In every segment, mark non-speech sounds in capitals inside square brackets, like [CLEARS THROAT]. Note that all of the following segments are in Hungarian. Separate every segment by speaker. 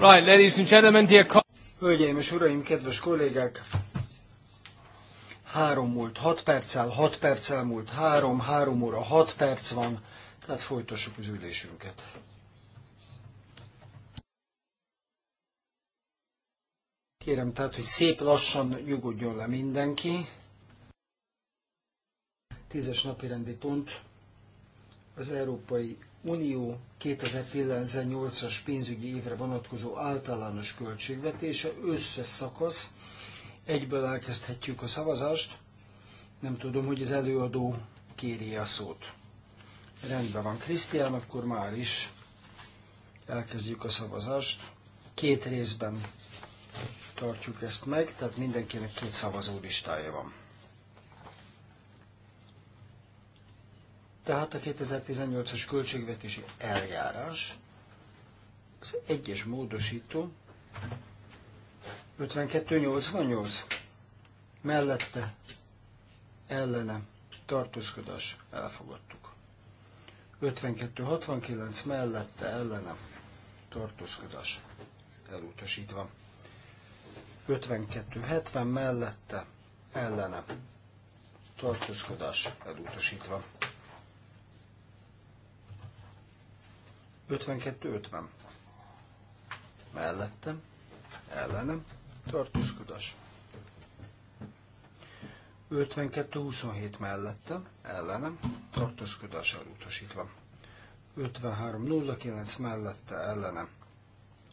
Speaker 1: Right, ladies and gentlemen, dear Hölgyeim és uraim, kedves kollégák! Három múlt, hat perccel, hat perccel múlt, három, három óra, hat perc van, tehát folytassuk az ülésünket. Kérem tehát, hogy szép lassan nyugodjon le mindenki. Tízes napi rendi pont, az Európai Unió 2018-as pénzügyi évre vonatkozó általános költségvetése összes szakasz. Egyből elkezdhetjük a szavazást. Nem tudom, hogy az előadó kéri a szót. Rendben van, Krisztián, akkor már is elkezdjük a szavazást. Két részben tartjuk ezt meg, tehát mindenkinek két szavazólistája van. Tehát a 2018-as költségvetési eljárás az egyes módosító 5288 mellette ellene tartózkodás elfogadtuk. 5269 mellette ellene tartózkodás elutasítva. 5270 mellette ellene tartózkodás elutasítva. 52-50. Mellettem, ellenem, tartózkodás. 52-27 mellettem, ellenem, tartózkodással utasítva. 53-09 mellette, ellenem,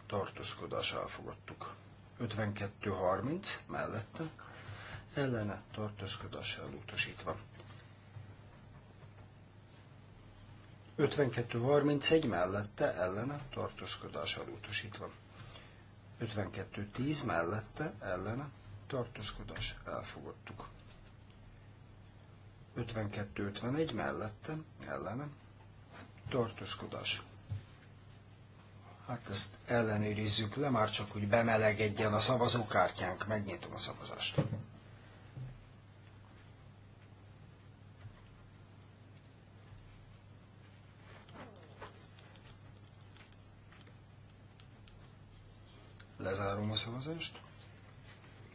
Speaker 1: tartózkodás elfogadtuk. 52-30 mellette, ellene tartózkodással utasítva. 52 mellette ellene tartózkodással utasítva. 52 mellette ellene tartózkodás elfogadtuk. 52-51 mellette ellene tartózkodás. Hát ezt ellenőrizzük le, már csak hogy bemelegedjen a szavazókártyánk. Megnyitom a szavazást. Lezárom a szavazást.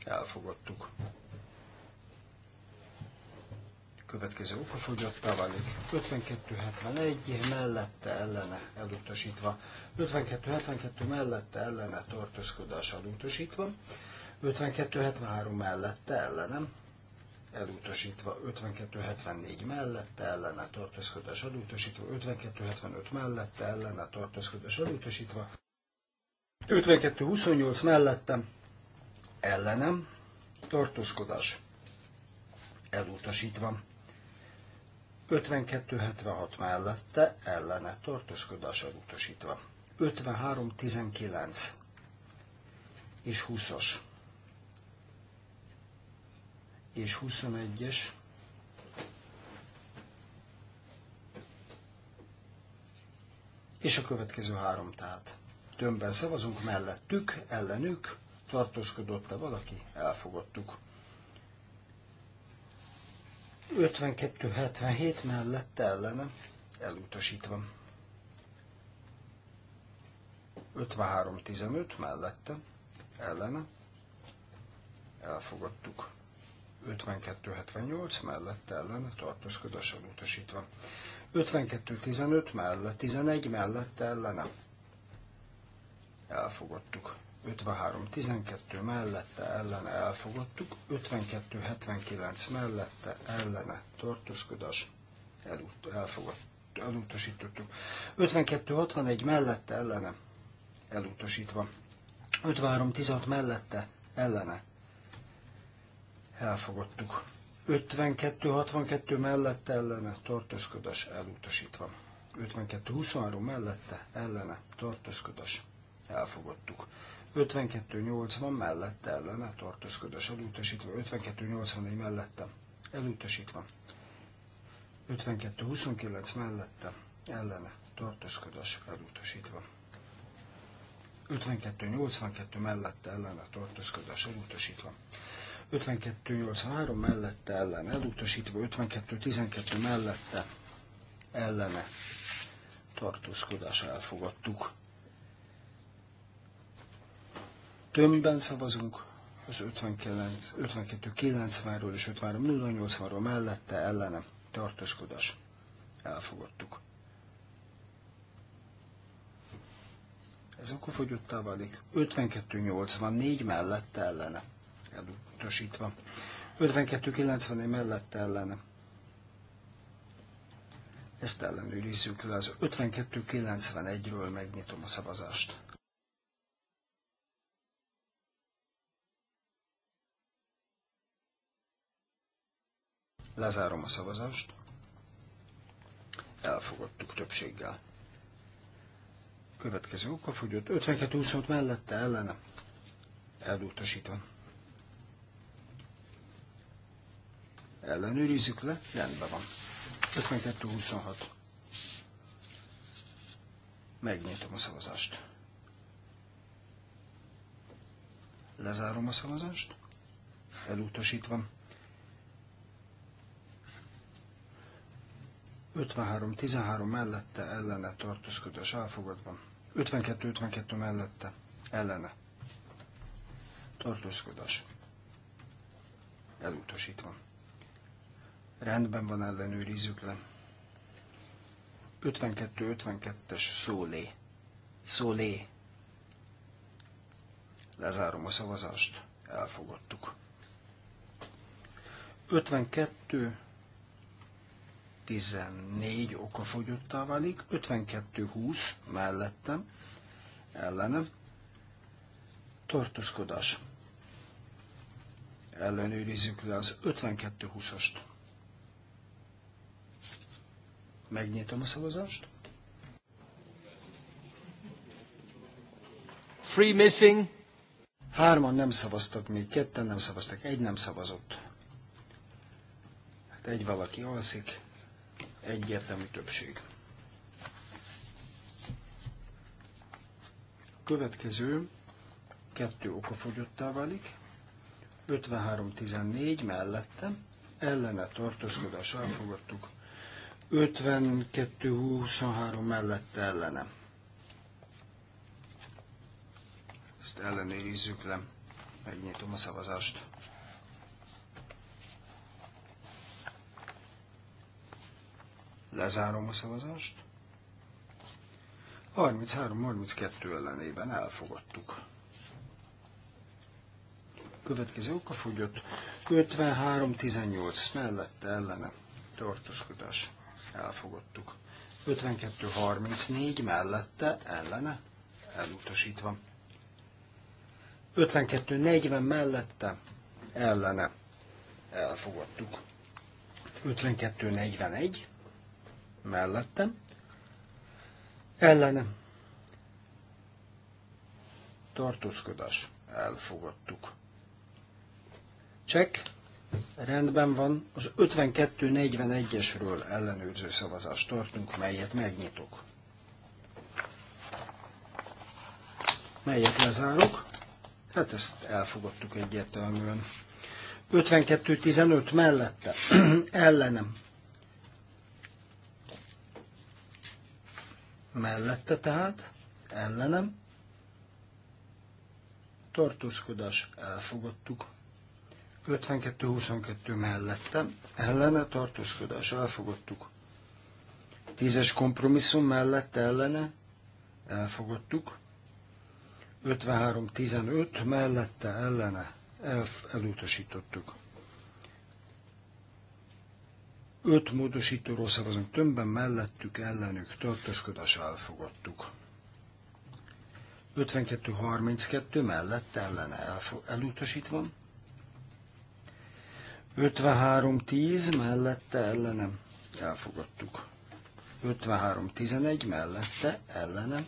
Speaker 1: Elfogadtuk. Következő okafogyottá válik. 52-71 mellette ellene elutasítva. 52-72 mellette ellene tartózkodás elutasítva. 52-73 mellette ellene elutasítva, 52-74 mellette ellene tartózkodás elutasítva, 52-75 mellette ellene tartózkodás elutasítva, 52-28 mellettem ellenem tartózkodás elutasítva. 52-76 mellette ellene tartózkodás elutasítva. 53-19 és 20-as és 21-es és a következő három tehát tömbben szavazunk mellettük, ellenük, tartózkodott-e valaki, elfogadtuk. 52-77 mellette ellene, elutasítva. 53-15 mellette, ellene, elfogadtuk. 52-78 mellette ellene, tartózkodással utasítva. 52-15 mellett, 11 mellette ellene, elfogadtuk. 53-12 mellette ellene elfogadtuk, 52-79 mellette ellene tartózkodás elut, elfogadt, elutasítottuk. 52-61 mellette ellene elutasítva. 53-16 mellette ellene elfogadtuk. 52-62 mellette ellene tartózkodás elutasítva. 52-23 mellette ellene tartózkodás elfogadtuk. 52-80 mellette ellene tartózkodás elutasítva, 52-81 mellette elutasítva, 52-29 mellette ellene tartózkodás elutasítva. 52-82 mellette ellene tartózkodás elutasítva. 52-83 mellette ellen elutasítva, 52-12 mellette ellene tartózkodás elfogadtuk. tömbben szavazunk, az 52 90-ről és 53 080-ról mellette ellene tartózkodás. Elfogadtuk. Ez akkor fogyottá válik. 52-84 mellette ellene. Elutasítva. 52-94 mellette ellene. Ezt ellenőrizzük le. Az 52-91-ről megnyitom a szavazást. Lezárom a szavazást. Elfogadtuk többséggel. Következő okafogyott 52-26 mellette ellene. Elutasítva. Ellenőrizzük le, rendben van. 52-26. Megnyitom a szavazást. Lezárom a szavazást. Elutasítva. 53-13 mellette ellene tartózkodás elfogadva. 52-52 mellette ellene tartózkodás elutasítva. Rendben van, ellenőrizzük le. 52-52-es szólé. Szólé. Lezárom a szavazást. Elfogadtuk. 52 14 okafogyottá válik, 52-20 mellettem, ellenem, tartózkodás. Ellenőrizzük le az 52-20-ast. Megnyitom a szavazást.
Speaker 2: Free missing.
Speaker 1: Hárman nem szavaztak még, ketten nem szavaztak, egy nem szavazott. Hát egy valaki alszik egyértelmű többség. A következő kettő okafogyottá válik, 53-14 mellette, ellene tartózkodás elfogadtuk, 52-23 mellette ellene. Ezt ellenőrizzük le, megnyitom a szavazást. Lezárom a szavazást. 33-32 ellenében elfogadtuk. Következő oka fogyott. 53-18 mellette ellene tartózkodás. Elfogadtuk. 52-34 mellette ellene elutasítva. 52-40 mellette ellene elfogadtuk. 52-41 mellettem, ellenem, tartózkodás, elfogadtuk. Csek. rendben van, az 52-41-esről ellenőrző szavazást tartunk, melyet megnyitok. Melyet lezárok? Hát ezt elfogadtuk egyértelműen. 52-15 mellette, [CLEARS THROAT] ellenem, mellette tehát, ellenem, tartózkodás, elfogadtuk. 52-22 mellette, ellene, tartózkodás, elfogadtuk. Tízes kompromisszum mellette, ellene, elfogadtuk. 53-15 mellette, ellene, elutasítottuk. Öt módosítóról szavazunk tömbben, mellettük, ellenük, tartózkodás elfogadtuk. 52-32 mellett ellene elutasítva. 53-10 mellette ellene elfogadtuk. 53-11 mellette ellene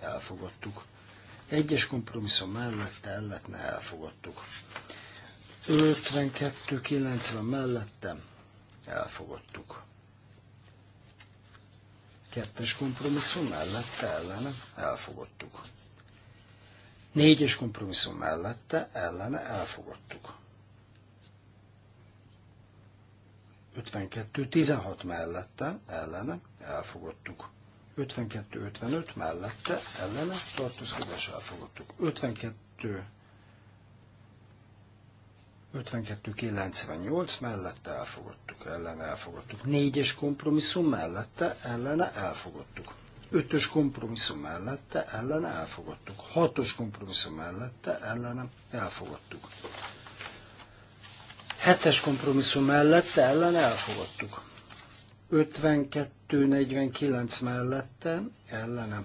Speaker 1: elfogadtuk. Egyes kompromisszum mellette ellene elfogadtuk. 52-90 mellette elfogadtuk. Kettes kompromisszum mellette ellene elfogadtuk. Négyes kompromisszum mellette ellene elfogadtuk. 52-16 mellette ellene elfogadtuk. 52-55 mellette ellene tartózkodás elfogadtuk. 52 52-98 mellette elfogadtuk, ellen elfogadtuk. 4-es kompromisszum mellette, ellene elfogadtuk. 5 kompromisszum mellette, ellene elfogadtuk. 6 kompromisszum mellette, ellene elfogadtuk. 7-es kompromisszum mellette, ellene elfogadtuk. 52-49 mellette, ellene.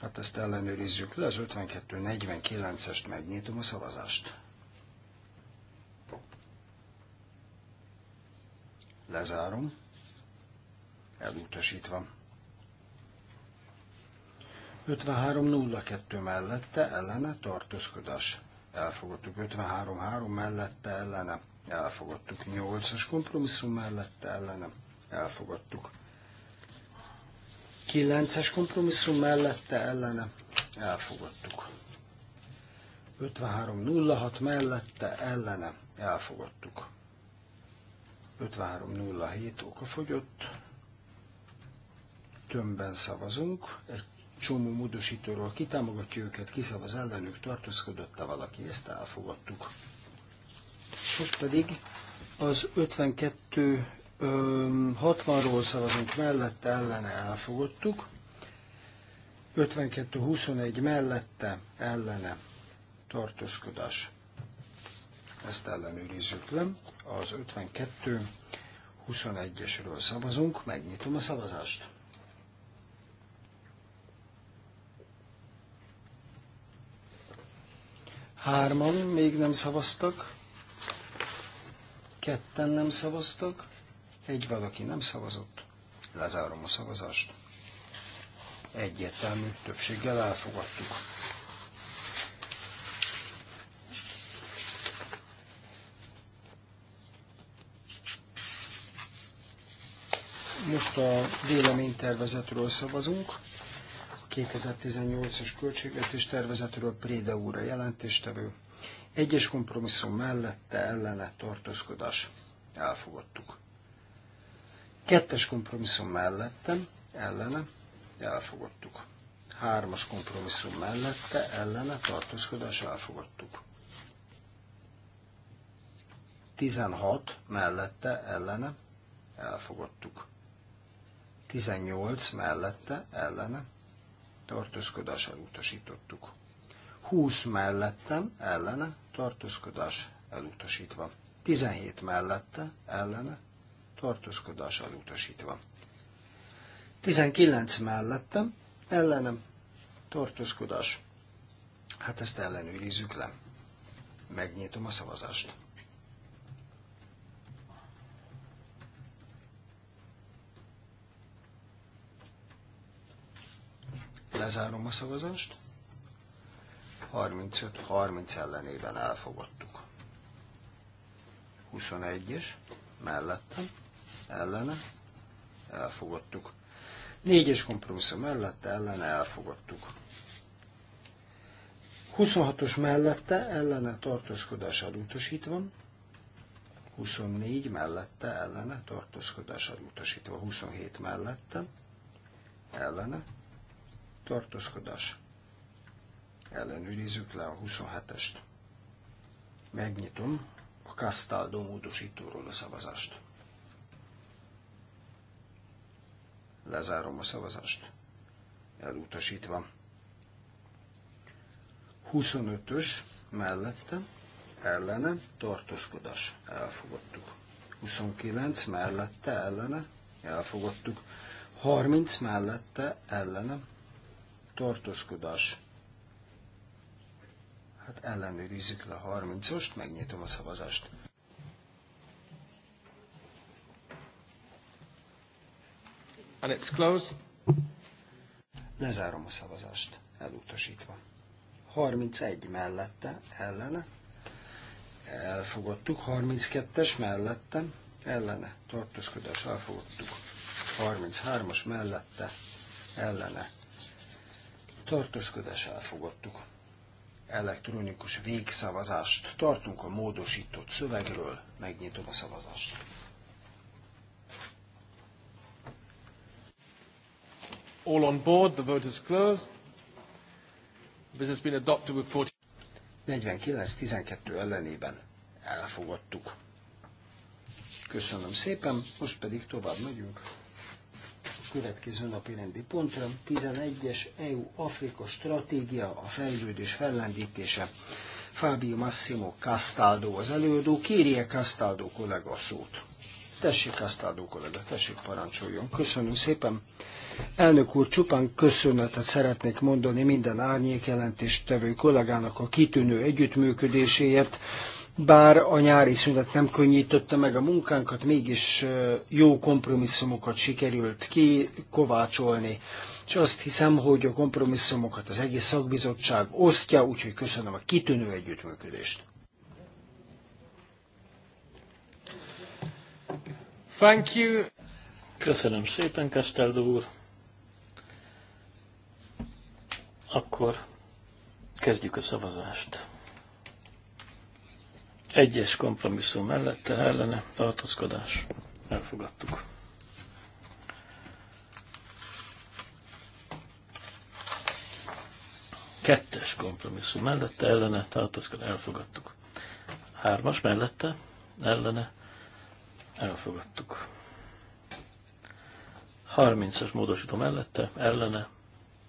Speaker 1: Hát ezt ellenőrizzük le, az 52-49-est megnyitom a szavazást. Lezárom. Elutasítva. 53.02 mellette ellene tartózkodás. Elfogadtuk 53.3 mellette ellene. Elfogadtuk 8-as kompromisszum mellette ellene. Elfogadtuk 9-es kompromisszum mellette ellene. Elfogadtuk. 53.06 mellette ellene. Elfogadtuk. 5307 oka fogyott. Tömbben szavazunk. Egy csomó módosítóról kitámogatja őket, kiszavaz ellenük, tartózkodott-e valaki, ezt elfogadtuk. Most pedig az 52 60-ról szavazunk mellette, ellene elfogadtuk. 52-21 mellette, ellene tartózkodás ezt ellenőrizzük le. Az 52 21-esről szavazunk, megnyitom a szavazást. Hárman még nem szavaztak, ketten nem szavaztak, egy valaki nem szavazott, lezárom a szavazást. Egyértelmű többséggel elfogadtuk. Most a véleménytervezetről szavazunk, a 2018-as költségvetés tervezetről Préde úr a jelentéstevő. Egyes kompromisszum mellette ellene tartózkodás. Elfogadtuk. Kettes kompromisszum mellette ellene, elfogadtuk. Hármas kompromisszum mellette, ellene, tartózkodás, elfogadtuk. 16 mellette, ellene, elfogadtuk. 18 mellette ellene tartózkodással utasítottuk. 20 mellettem ellene tartózkodás elutasítva. 17 mellette ellene tartózkodás elutasítva. 19 mellettem ellenem tartózkodás. Hát ezt ellenőrizzük le. Megnyitom a szavazást. Lezárom a szavazást. 35-30 ellenében elfogadtuk. 21-es, mellettem, ellene, elfogadtuk. 4-es kompromisszum mellette, ellene, elfogadtuk. 26-os mellette, ellene tartózkodását utasítva, 24 mellette, ellene tartózkodását utasítva, 27 mellette, ellene, tartózkodás. Ellenőrizzük le a 27-est. Megnyitom a Castaldo módosítóról a szavazást. Lezárom a szavazást. Elutasítva. 25-ös mellette ellene tartózkodás. Elfogadtuk. 29 mellette ellene elfogadtuk. 30 mellette ellene tartózkodás. Hát ellenőrizzük le a 30-ost, megnyitom a szavazást. And it's closed. Lezárom a szavazást, elutasítva. 31 mellette, ellene. Elfogadtuk. 32-es mellettem, ellene. Tartózkodás elfogadtuk. 33-as mellette, ellene tartózkodás elfogadtuk. Elektronikus végszavazást tartunk a módosított szövegről, megnyitom a szavazást.
Speaker 2: All on board, the vote is closed. This has been adopted with
Speaker 1: 40... 49-12 ellenében elfogadtuk. Köszönöm szépen, most pedig tovább megyünk következő napi rendi pontra, 11-es EU-Afrika stratégia a fejlődés fellendítése. Fábio Massimo Castaldo az előadó, kérje Castaldo kollega a szót. Tessék, Castaldo kollega, tessék, parancsoljon. Köszönöm szépen. Elnök úr, csupán köszönetet szeretnék mondani minden árnyék tevő kollégának a kitűnő együttműködéséért, bár a nyári szünet nem könnyítette meg a munkánkat, mégis jó kompromisszumokat sikerült kikovácsolni, és azt hiszem, hogy a kompromisszumokat az egész szakbizottság osztja, úgyhogy köszönöm a kitűnő
Speaker 3: együttműködést. Thank you. Köszönöm szépen, Castello úr. Akkor kezdjük a szavazást. Egyes kompromisszum mellette ellene tartózkodás. Elfogadtuk. Kettes kompromisszum mellette ellene tartózkodás. Elfogadtuk. Hármas mellette ellene elfogadtuk. 30-as módosító mellette ellene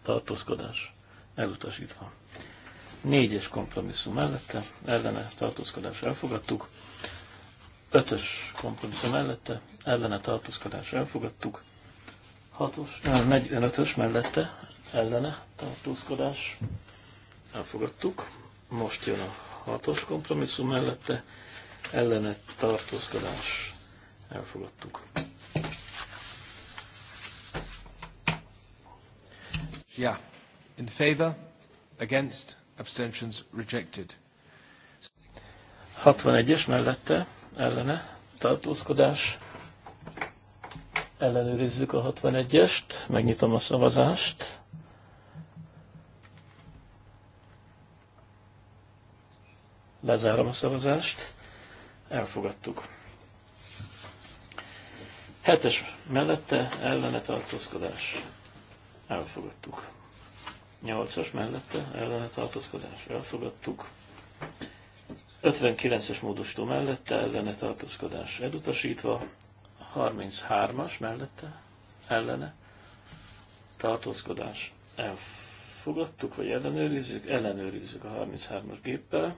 Speaker 3: tartózkodás elutasítva. Négyes kompromisszum mellette, ellene tartózkodás elfogadtuk. Ötös kompromisszum mellette, ellene tartózkodás elfogadtuk. Hatos, 45 ötös mellette, ellene tartózkodás elfogadtuk. Most jön a hatos kompromisszum mellette, ellene tartózkodás
Speaker 2: elfogadtuk. Yeah. In favor? Against? abstentions rejected.
Speaker 3: 61-es mellette ellene tartózkodás. Ellenőrizzük a 61-est, megnyitom a szavazást. Lezárom a szavazást. Elfogadtuk. 7-es mellette ellene tartózkodás. Elfogadtuk. 8-as mellette ellene tartózkodás elfogadtuk. 59-es módosító mellette ellene tartózkodás elutasítva. 33-as mellette ellene tartózkodás elfogadtuk, vagy ellenőrizzük, ellenőrizzük a 33-as géppel.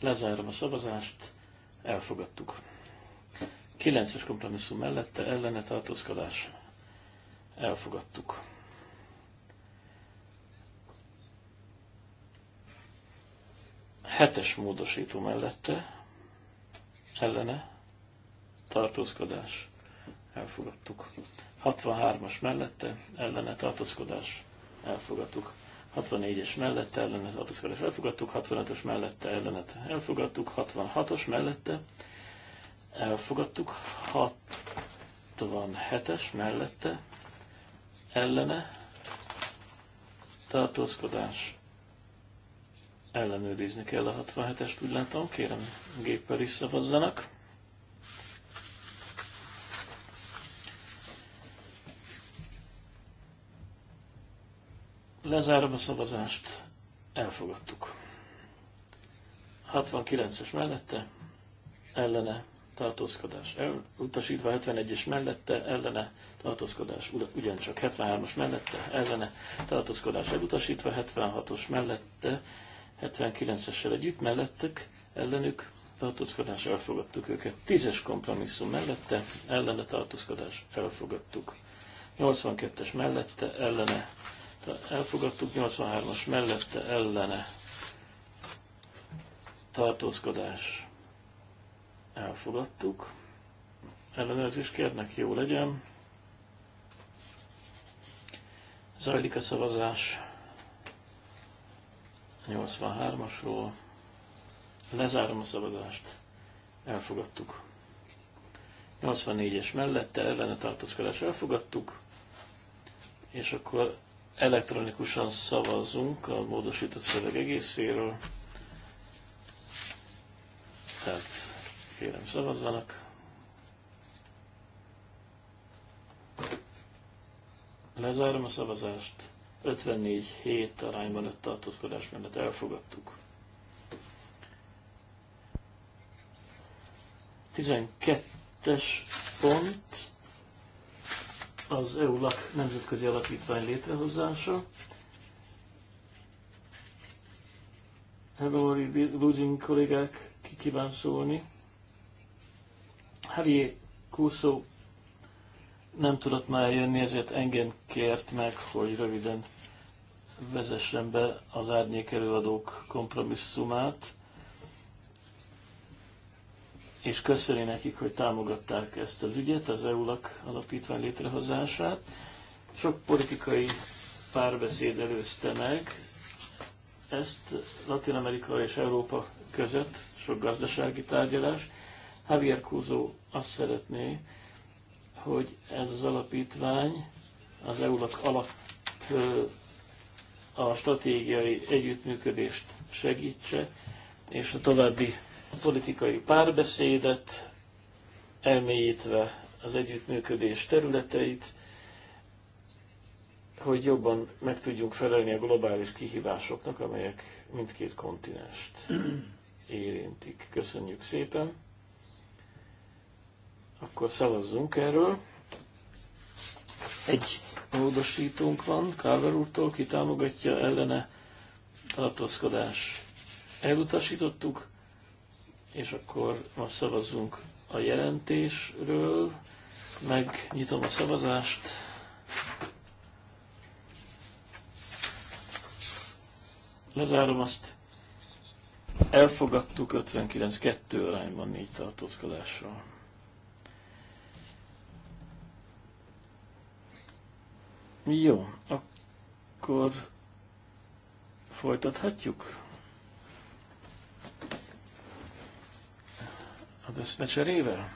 Speaker 3: Lezárom a szavazást, elfogadtuk kilences kompromisszum mellette ellene tartózkodás. Elfogadtuk. Hetes módosító mellette ellene tartózkodás. Elfogadtuk. 63-as mellette ellene tartózkodás. Elfogadtuk. 64-es mellette ellene tartózkodás. Elfogadtuk. 65-ös mellette ellenet. Elfogadtuk. 66-os mellette elfogadtuk, 67-es mellette, ellene, tartózkodás, ellenőrizni kell a 67-est, úgy látom, kérem géppel is szavazzanak. Lezárom a szavazást, elfogadtuk. 69-es mellette, ellene tartózkodás elutasítva, 71-es mellette, ellene tartózkodás ugyancsak 73-as mellette, ellene tartózkodás elutasítva, 76-os mellette, 79-essel együtt mellettük, ellenük tartózkodás elfogadtuk őket. 10-es kompromisszum mellette, ellene tartózkodás elfogadtuk. 82-es mellette, ellene elfogadtuk, 83-as mellette, ellene tartózkodás elfogadtuk. Ellenőrzést kérnek, jó legyen. Zajlik a szavazás 83-asról. Lezárom a szavazást. Elfogadtuk. 84-es mellette ellene tartózkodás elfogadtuk, és akkor elektronikusan szavazunk a módosított szöveg egészéről. Tehát Kérem szavazzanak. Lezárom a szavazást. 54-7 arányban 5 tartózkodás mellett elfogadtuk. 12-es pont az EU-lak nemzetközi alapítvány létrehozása. Hello, Luzin kollégák, ki kíván szólni? Javier Cuso nem tudott már jönni, ezért engem kért meg, hogy röviden vezessen be az árnyék előadók kompromisszumát, és köszöni nekik, hogy támogatták ezt az ügyet, az EULAK alapítvány létrehozását. Sok politikai párbeszéd előzte meg ezt Latin Amerika és Európa között, sok gazdasági tárgyalás, Javier Kuzó azt szeretné, hogy ez az alapítvány, az EULAC alap a stratégiai együttműködést segítse, és a további politikai párbeszédet, elmélyítve az együttműködés területeit, hogy jobban meg tudjunk felelni a globális kihívásoknak, amelyek mindkét kontinest érintik. Köszönjük szépen! Akkor szavazzunk erről. Egy módosítónk van, Carver úrtól, ki támogatja ellene tartózkodás. Elutasítottuk, és akkor most szavazzunk a jelentésről. Megnyitom a szavazást. Lezárom azt. Elfogadtuk 59-2 arányban négy tartózkodással. Jó, akkor folytathatjuk. Az összmecserével?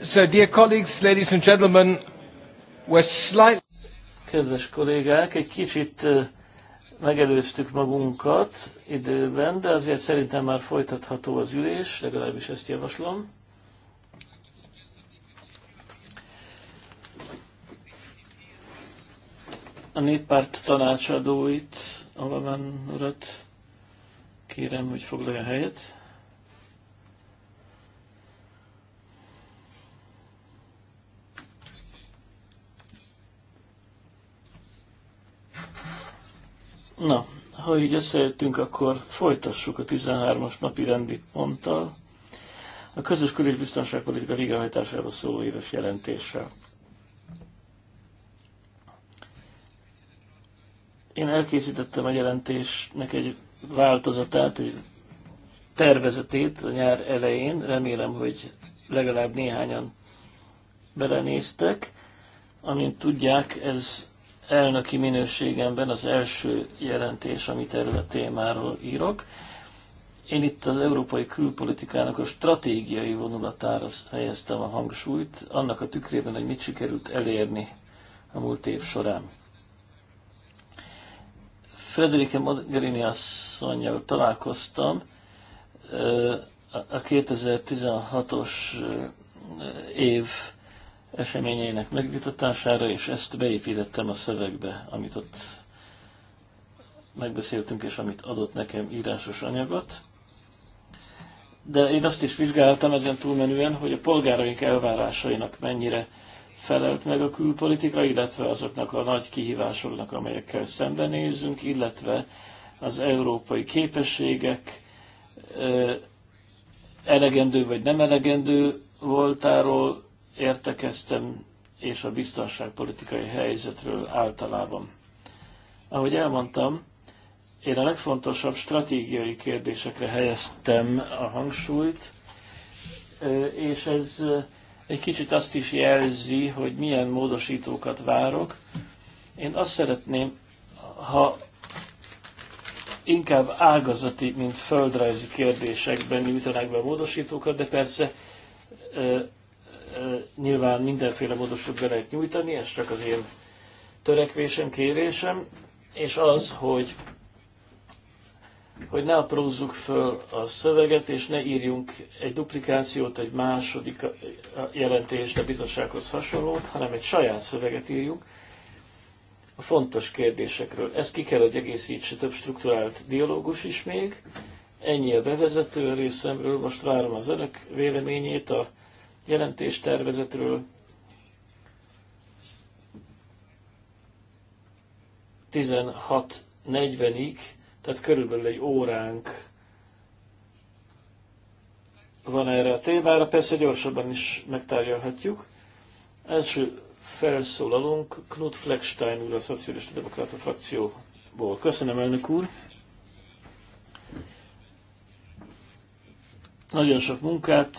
Speaker 2: So, dear colleagues, ladies and gentlemen,
Speaker 3: we're slightly... Kedves kollégák, egy kicsit megelőztük magunkat időben, de azért szerintem már folytatható az ülés, legalábbis ezt javaslom. A néppárt tanácsadóit, Alamán urat kérem, hogy foglalja helyet. Na, ha így összejöttünk, akkor folytassuk a 13-as napi rendi ponttal, a közös kül- és biztonságpolitika végrehajtásáról szóló éves jelentéssel. Én elkészítettem a jelentésnek egy változatát, egy tervezetét a nyár elején, remélem, hogy legalább néhányan belenéztek. Amint tudják, ez elnöki minőségemben az első jelentés, amit erről a témáról írok. Én itt az európai külpolitikának a stratégiai vonulatára helyeztem a hangsúlyt, annak a tükrében, hogy mit sikerült elérni a múlt év során. Frederike Mogherini asszonyjal találkoztam a 2016-os év eseményeinek megvitatására, és ezt beépítettem a szövegbe, amit ott megbeszéltünk, és amit adott nekem írásos anyagot. De én azt is vizsgáltam ezen túlmenően, hogy a polgáraink elvárásainak mennyire felelt meg a külpolitika, illetve azoknak a nagy kihívásoknak, amelyekkel szembenézünk, illetve az európai képességek elegendő vagy nem elegendő voltáról értekeztem, és a biztonságpolitikai helyzetről általában. Ahogy elmondtam, én a legfontosabb stratégiai kérdésekre helyeztem a hangsúlyt, és ez egy kicsit azt is jelzi, hogy milyen módosítókat várok. Én azt szeretném, ha inkább ágazati, mint földrajzi kérdésekben nyújtanák be a módosítókat, de persze Nyilván mindenféle módosok be lehet nyújtani, ez csak az én törekvésem, kérésem, és az, hogy hogy ne aprózzuk föl a szöveget, és ne írjunk egy duplikációt, egy második jelentést a bizonsághoz hasonlót, hanem egy saját szöveget írjunk a fontos kérdésekről. Ez ki kell, hogy egészítse több struktúrált dialógus is még. Ennyi a bevezető részemről, most várom az önök véleményét, a jelentéstervezetről. 16.40-ig, tehát körülbelül egy óránk van erre a témára, persze gyorsabban is megtárgyalhatjuk. Első felszólalunk Knut Fleckstein úr, a Szocialista Demokrata frakcióból. Köszönöm, elnök úr! Nagyon sok munkát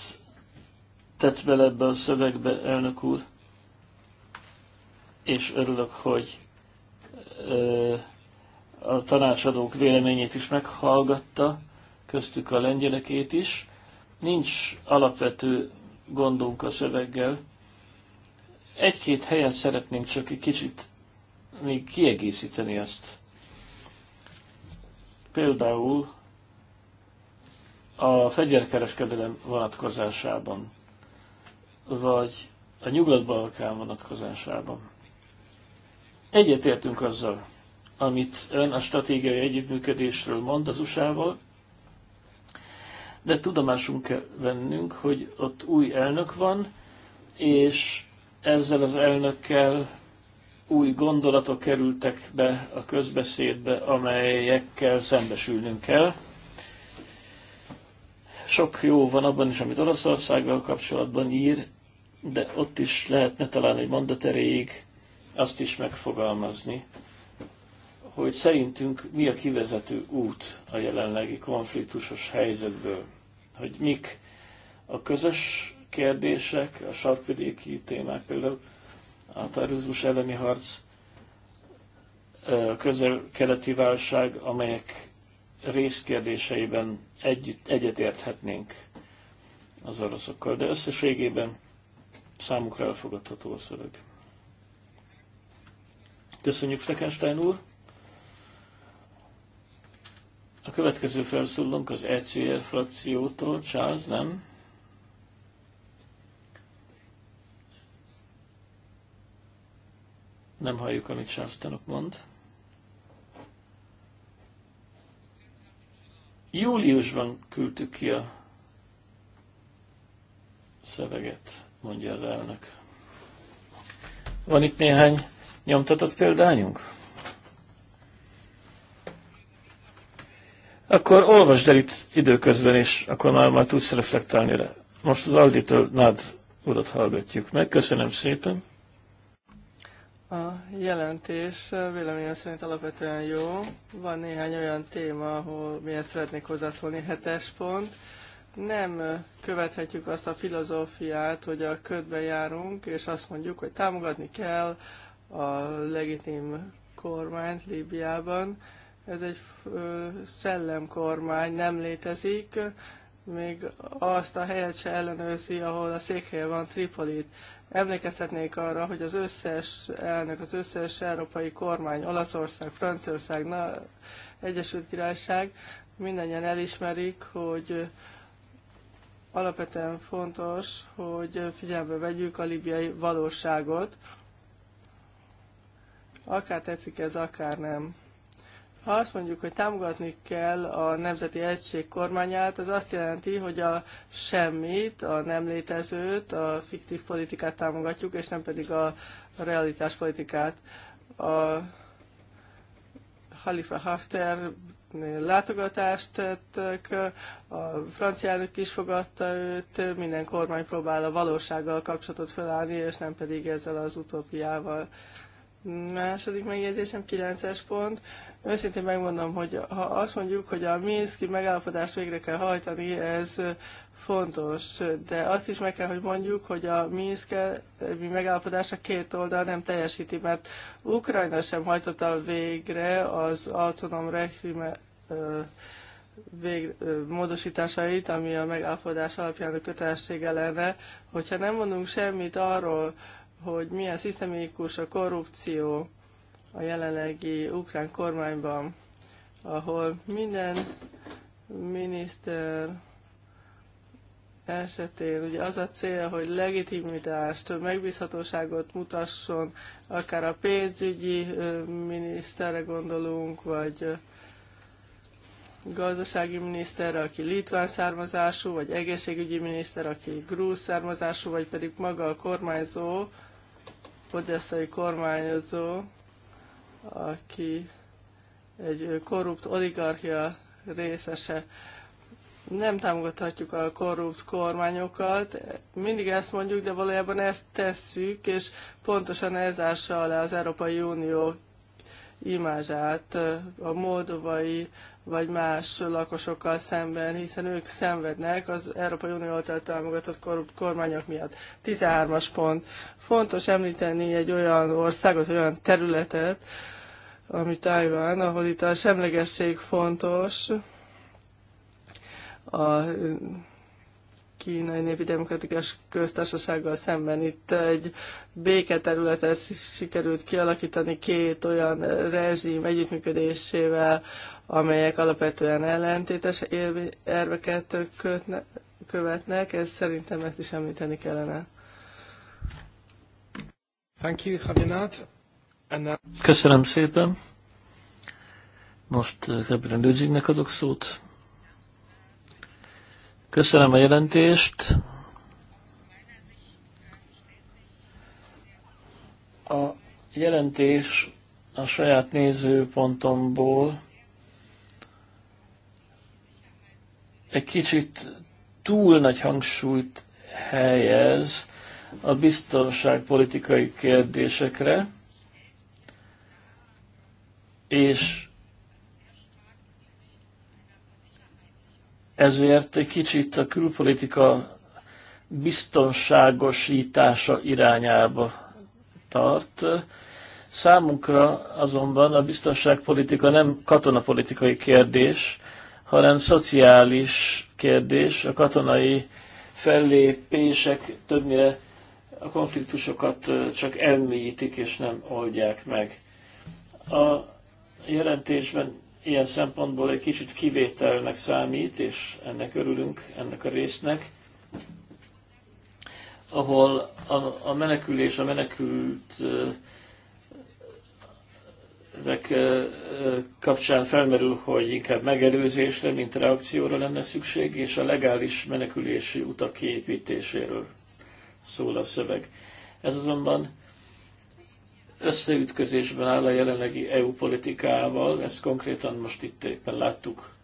Speaker 3: tett bele ebbe a szövegbe, elnök úr, és örülök, hogy a tanácsadók véleményét is meghallgatta, köztük a lengyelekét is. Nincs alapvető gondunk a szöveggel. Egy-két helyen szeretnénk csak egy kicsit még kiegészíteni ezt. Például a fegyverkereskedelem vonatkozásában vagy a Nyugat-Balkán vonatkozásában. Egyetértünk azzal, amit ön a stratégiai együttműködésről mond az USA-val, de tudomásunk kell vennünk, hogy ott új elnök van, és ezzel az elnökkel új gondolatok kerültek be a közbeszédbe, amelyekkel szembesülnünk kell. Sok jó van abban is, amit Oroszországgal kapcsolatban ír, de ott is lehetne talán egy mondat erejéig azt is megfogalmazni, hogy szerintünk mi a kivezető út a jelenlegi konfliktusos helyzetből, hogy mik a közös kérdések, a sarkvidéki témák, például a terrorizmus elleni harc, a közel-keleti válság, amelyek részkérdéseiben együtt egyetérthetnénk az oroszokkal. De összességében Számukra elfogadható a szöveg. Köszönjük, Fleckenstein úr! A következő felszólunk az ECR frakciótól, Charles, nem? Nem halljuk, amit Charles Tanok mond. Júliusban küldtük ki a szöveget mondja az elnök. Van itt néhány nyomtatott példányunk? Akkor olvasd el itt időközben, és akkor már majd tudsz reflektálni rá. Most az Auditől Nád urat hallgatjuk meg. Köszönöm szépen.
Speaker 4: A jelentés véleményem szerint alapvetően jó. Van néhány olyan téma, ahol milyen szeretnék hozzászólni. Hetes pont nem követhetjük azt a filozófiát, hogy a ködbe járunk, és azt mondjuk, hogy támogatni kell a legitim kormányt Líbiában. Ez egy szellemkormány, nem létezik, még azt a helyet se ellenőrzi, ahol a székhelye van Tripolit. Emlékeztetnék arra, hogy az összes elnök, az összes európai kormány, Olaszország, Franciaország, na, Egyesült Királyság mindannyian elismerik, hogy Alapvetően fontos, hogy figyelme vegyük a libiai valóságot, akár tetszik ez, akár nem. Ha azt mondjuk, hogy támogatni kell a Nemzeti Egység kormányát, az azt jelenti, hogy a semmit, a nem létezőt, a fiktív politikát támogatjuk, és nem pedig a realitás politikát. A Halifa Hafter látogatást tettek, a francia elnök is fogadta őt, minden kormány próbál a valósággal kapcsolatot felállni, és nem pedig ezzel az utópiával. Második megjegyzésem, 9-es pont. Őszintén megmondom, hogy ha azt mondjuk, hogy a Minszki megállapodást végre kell hajtani, ez fontos, de azt is meg kell, hogy mondjuk, hogy a Minsk eh, mi megállapodása két oldal nem teljesíti, mert Ukrajna sem hajtotta végre az autonóm rejime eh, vég, eh, módosításait, ami a megállapodás alapján a kötelessége lenne, hogyha nem mondunk semmit arról, hogy milyen szisztemikus a korrupció a jelenlegi ukrán kormányban, ahol minden miniszter esetén ugye az a cél, hogy legitimitást, megbízhatóságot mutasson, akár a pénzügyi miniszterre gondolunk, vagy gazdasági miniszter, aki litván származású, vagy egészségügyi miniszter, aki grúz származású, vagy pedig maga a kormányzó, odeszai kormányzó, aki egy korrupt oligarchia részese nem támogathatjuk a korrupt kormányokat. Mindig ezt mondjuk, de valójában ezt tesszük, és pontosan ez ássa le az Európai Unió imázsát a moldovai vagy más lakosokkal szemben, hiszen ők szenvednek az Európai Unió által támogatott korrupt kormányok miatt. 13-as pont. Fontos említeni egy olyan országot, olyan területet, ami Tajván, ahol itt a semlegesség fontos, a kínai népi demokratikus köztársasággal szemben. Itt egy béketerületet sikerült kialakítani két olyan rezsim együttműködésével, amelyek alapvetően ellentétes érveket kötne, követnek. Ez szerintem ezt is említeni kellene. Thank you,
Speaker 2: Javinat.
Speaker 3: Köszönöm szépen. Most eh, Gabriel Lőzsignek adok szót. Köszönöm a jelentést. A jelentés a saját nézőpontomból egy kicsit túl nagy hangsúlyt helyez a biztonságpolitikai kérdésekre, és Ezért egy kicsit a külpolitika biztonságosítása irányába tart. Számunkra azonban a biztonságpolitika nem katonapolitikai kérdés, hanem szociális kérdés. A katonai fellépések többnyire a konfliktusokat csak elmélyítik és nem oldják meg. A jelentésben ilyen szempontból egy kicsit kivételnek számít, és ennek örülünk, ennek a résznek, ahol a, a menekülés, a menekült kapcsán felmerül, hogy inkább megelőzésre, mint reakcióra lenne szükség, és a legális menekülési utak kiépítéséről szól a szöveg. Ez azonban összeütközésben áll a jelenlegi EU politikával, ezt konkrétan most itt éppen láttuk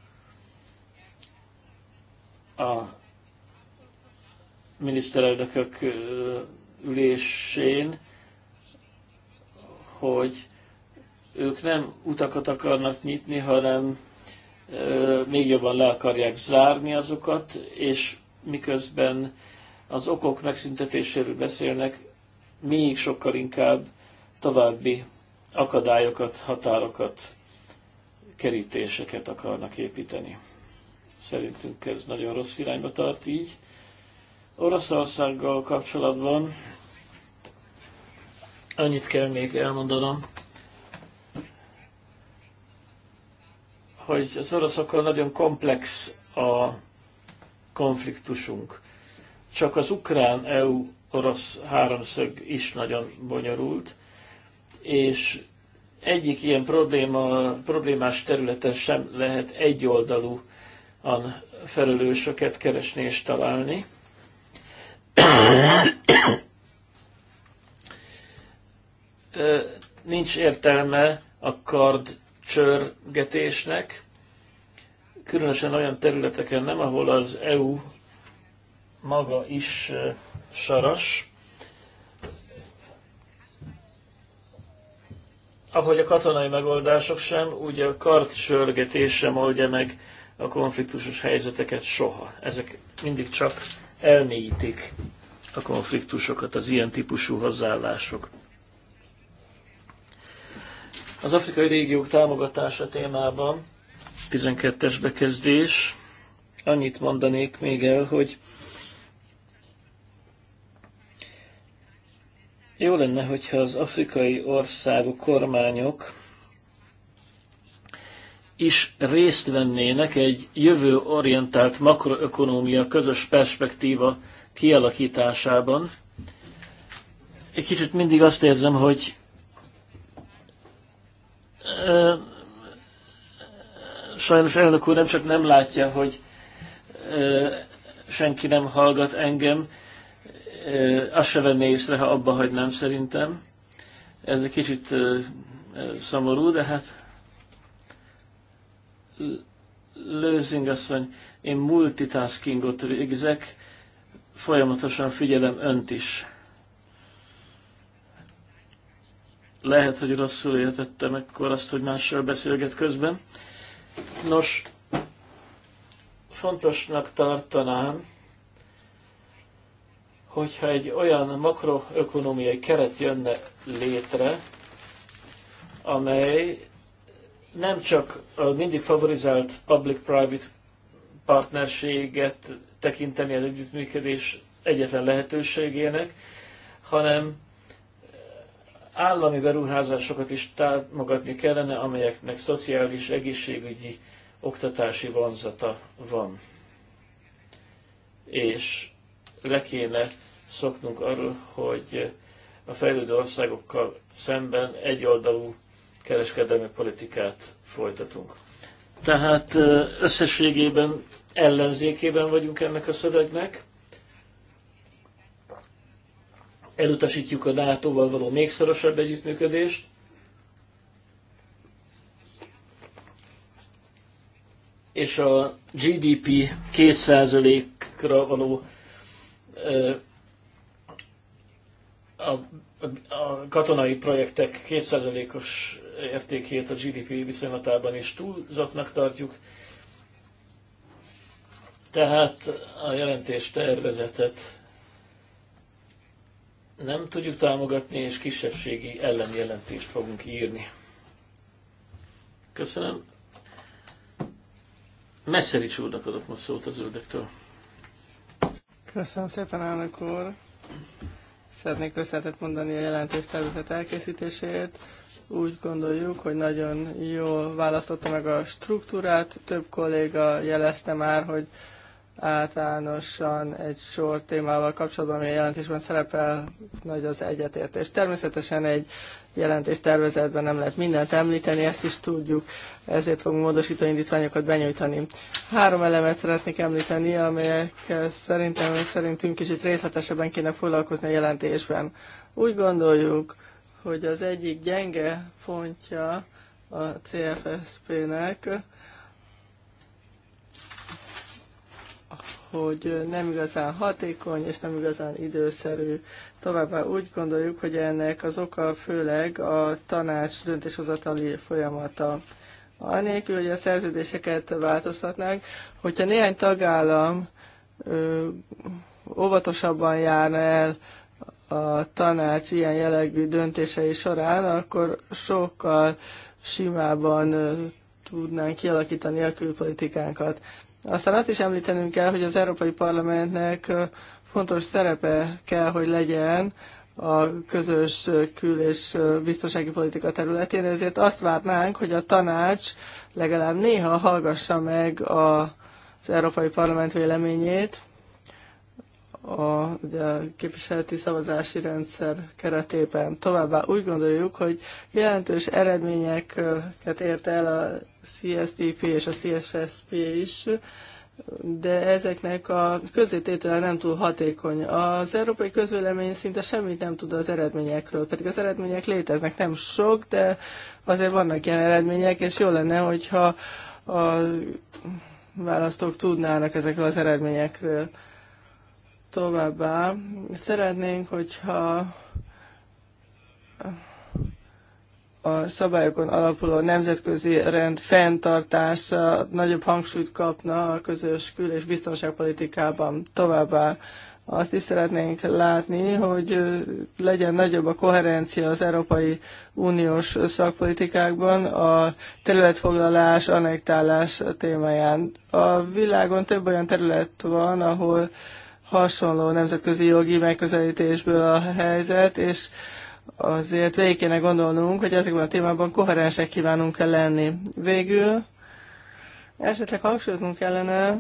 Speaker 3: a miniszterelnökök ülésén, hogy ők nem utakat akarnak nyitni, hanem még jobban le akarják zárni azokat, és miközben az okok megszüntetéséről beszélnek, még sokkal inkább további akadályokat, határokat, kerítéseket akarnak építeni. Szerintünk ez nagyon rossz irányba tart így. Oroszországgal kapcsolatban annyit kell még elmondanom, hogy az oroszokkal nagyon komplex a konfliktusunk. Csak az ukrán-EU-orosz háromszög is nagyon bonyolult, és egyik ilyen probléma, problémás területen sem lehet egyoldalúan felelősöket keresni és találni. Nincs értelme a kard csörgetésnek, különösen olyan területeken nem, ahol az EU maga is saras, ahogy a katonai megoldások sem, úgy a kart sörgetés sem oldja meg a konfliktusos helyzeteket soha. Ezek mindig csak elmélyítik a konfliktusokat, az ilyen típusú hozzáállások. Az afrikai régiók támogatása témában 12-es bekezdés. Annyit mondanék még el, hogy Jó lenne, hogyha az afrikai országok, kormányok is részt vennének egy jövőorientált makroökonómia közös perspektíva kialakításában. Egy kicsit mindig azt érzem, hogy sajnos elnök úr nem csak nem látja, hogy senki nem hallgat engem, azt se venné észre, ha abba hagynám szerintem. Ez egy kicsit szomorú, de hát Lőzing asszony, én multitaskingot végzek, folyamatosan figyelem önt is. Lehet, hogy rosszul értettem ekkor azt, hogy mással beszélget közben. Nos, fontosnak tartanám, hogyha egy olyan makroökonomiai keret jönne létre, amely nem csak a mindig favorizált public-private partnerséget tekinteni az együttműködés egyetlen lehetőségének, hanem állami beruházásokat is támogatni kellene, amelyeknek szociális, egészségügyi, oktatási vonzata van. És le kéne szoknunk arról, hogy a fejlődő országokkal szemben egyoldalú kereskedelmi politikát folytatunk. Tehát összességében ellenzékében vagyunk ennek a szövegnek. Elutasítjuk a NATO-val való még szorosabb együttműködést. És a GDP 2%-ra való a, a katonai projektek 2%-os értékét a GDP viszonylatában is túlzatnak tartjuk, tehát a jelentés tervezetet nem tudjuk támogatni, és kisebbségi ellenjelentést fogunk írni. Köszönöm. Messzeri csúrnak adok most szót az zöldektől.
Speaker 4: Köszönöm szépen, elnök úr. Szeretnék köszönetet mondani a jelentős tervezet elkészítéséért. Úgy gondoljuk, hogy nagyon jól választotta meg a struktúrát. Több kolléga jelezte már, hogy általánosan egy sor témával kapcsolatban, ami a jelentésben szerepel, nagy az egyetértés. Természetesen egy jelentéstervezetben nem lehet mindent említeni, ezt is tudjuk, ezért fogunk módosító indítványokat benyújtani. Három elemet szeretnék említeni, amelyek szerintem szerintünk kicsit részletesebben kéne foglalkozni a jelentésben. Úgy gondoljuk, hogy az egyik gyenge pontja a CFSP-nek, hogy nem igazán hatékony és nem igazán időszerű. Továbbá úgy gondoljuk, hogy ennek az oka főleg a tanács döntéshozatali folyamata. Anélkül, hogy a szerződéseket változtatnánk, hogyha néhány tagállam ö, óvatosabban járna el a tanács ilyen jellegű döntései során, akkor sokkal simában tudnánk kialakítani a külpolitikánkat. Aztán azt is említenünk kell, hogy az Európai Parlamentnek fontos szerepe kell, hogy legyen a közös kül- és biztonsági politika területén, ezért azt várnánk, hogy a tanács legalább néha hallgassa meg a, az Európai Parlament véleményét, a, ugye, a képviseleti szavazási rendszer keretében. Továbbá úgy gondoljuk, hogy jelentős eredményeket ért el a CSDP és a CSSP is, de ezeknek a közététele nem túl hatékony. Az európai közvélemény szinte semmit nem tud az eredményekről, pedig az eredmények léteznek, nem sok, de azért vannak ilyen eredmények, és jó lenne, hogyha a választók tudnának ezekről az eredményekről. Továbbá szeretnénk, hogyha a szabályokon alapuló nemzetközi rend fenntartása nagyobb hangsúlyt kapna a közös kül- és biztonságpolitikában. Továbbá azt is szeretnénk látni, hogy legyen nagyobb a koherencia az Európai Uniós szakpolitikákban a területfoglalás, annektálás témáján. A világon több olyan terület van, ahol hasonló nemzetközi jogi megközelítésből a helyzet, és azért végig kéne gondolnunk, hogy ezekben a témában koherensek kívánunk kell lenni. Végül esetleg hangsúlyoznunk kellene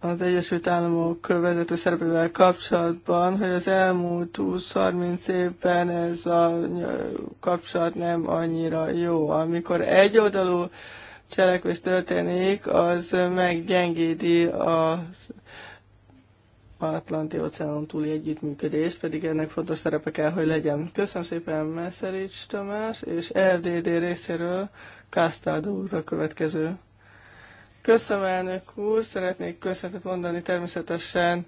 Speaker 4: az Egyesült Államok vezető szerepével kapcsolatban, hogy az elmúlt 20-30 évben ez a kapcsolat nem annyira jó. Amikor egyoldalú cselekvés történik, az meggyengíti az Atlanti óceánon túli együttműködés, pedig ennek fontos szerepe kell, hogy legyen. Köszönöm szépen messerics Tamás, és FDD részéről Kásztáld úrra következő. Köszönöm elnök úr, szeretnék köszönetet mondani természetesen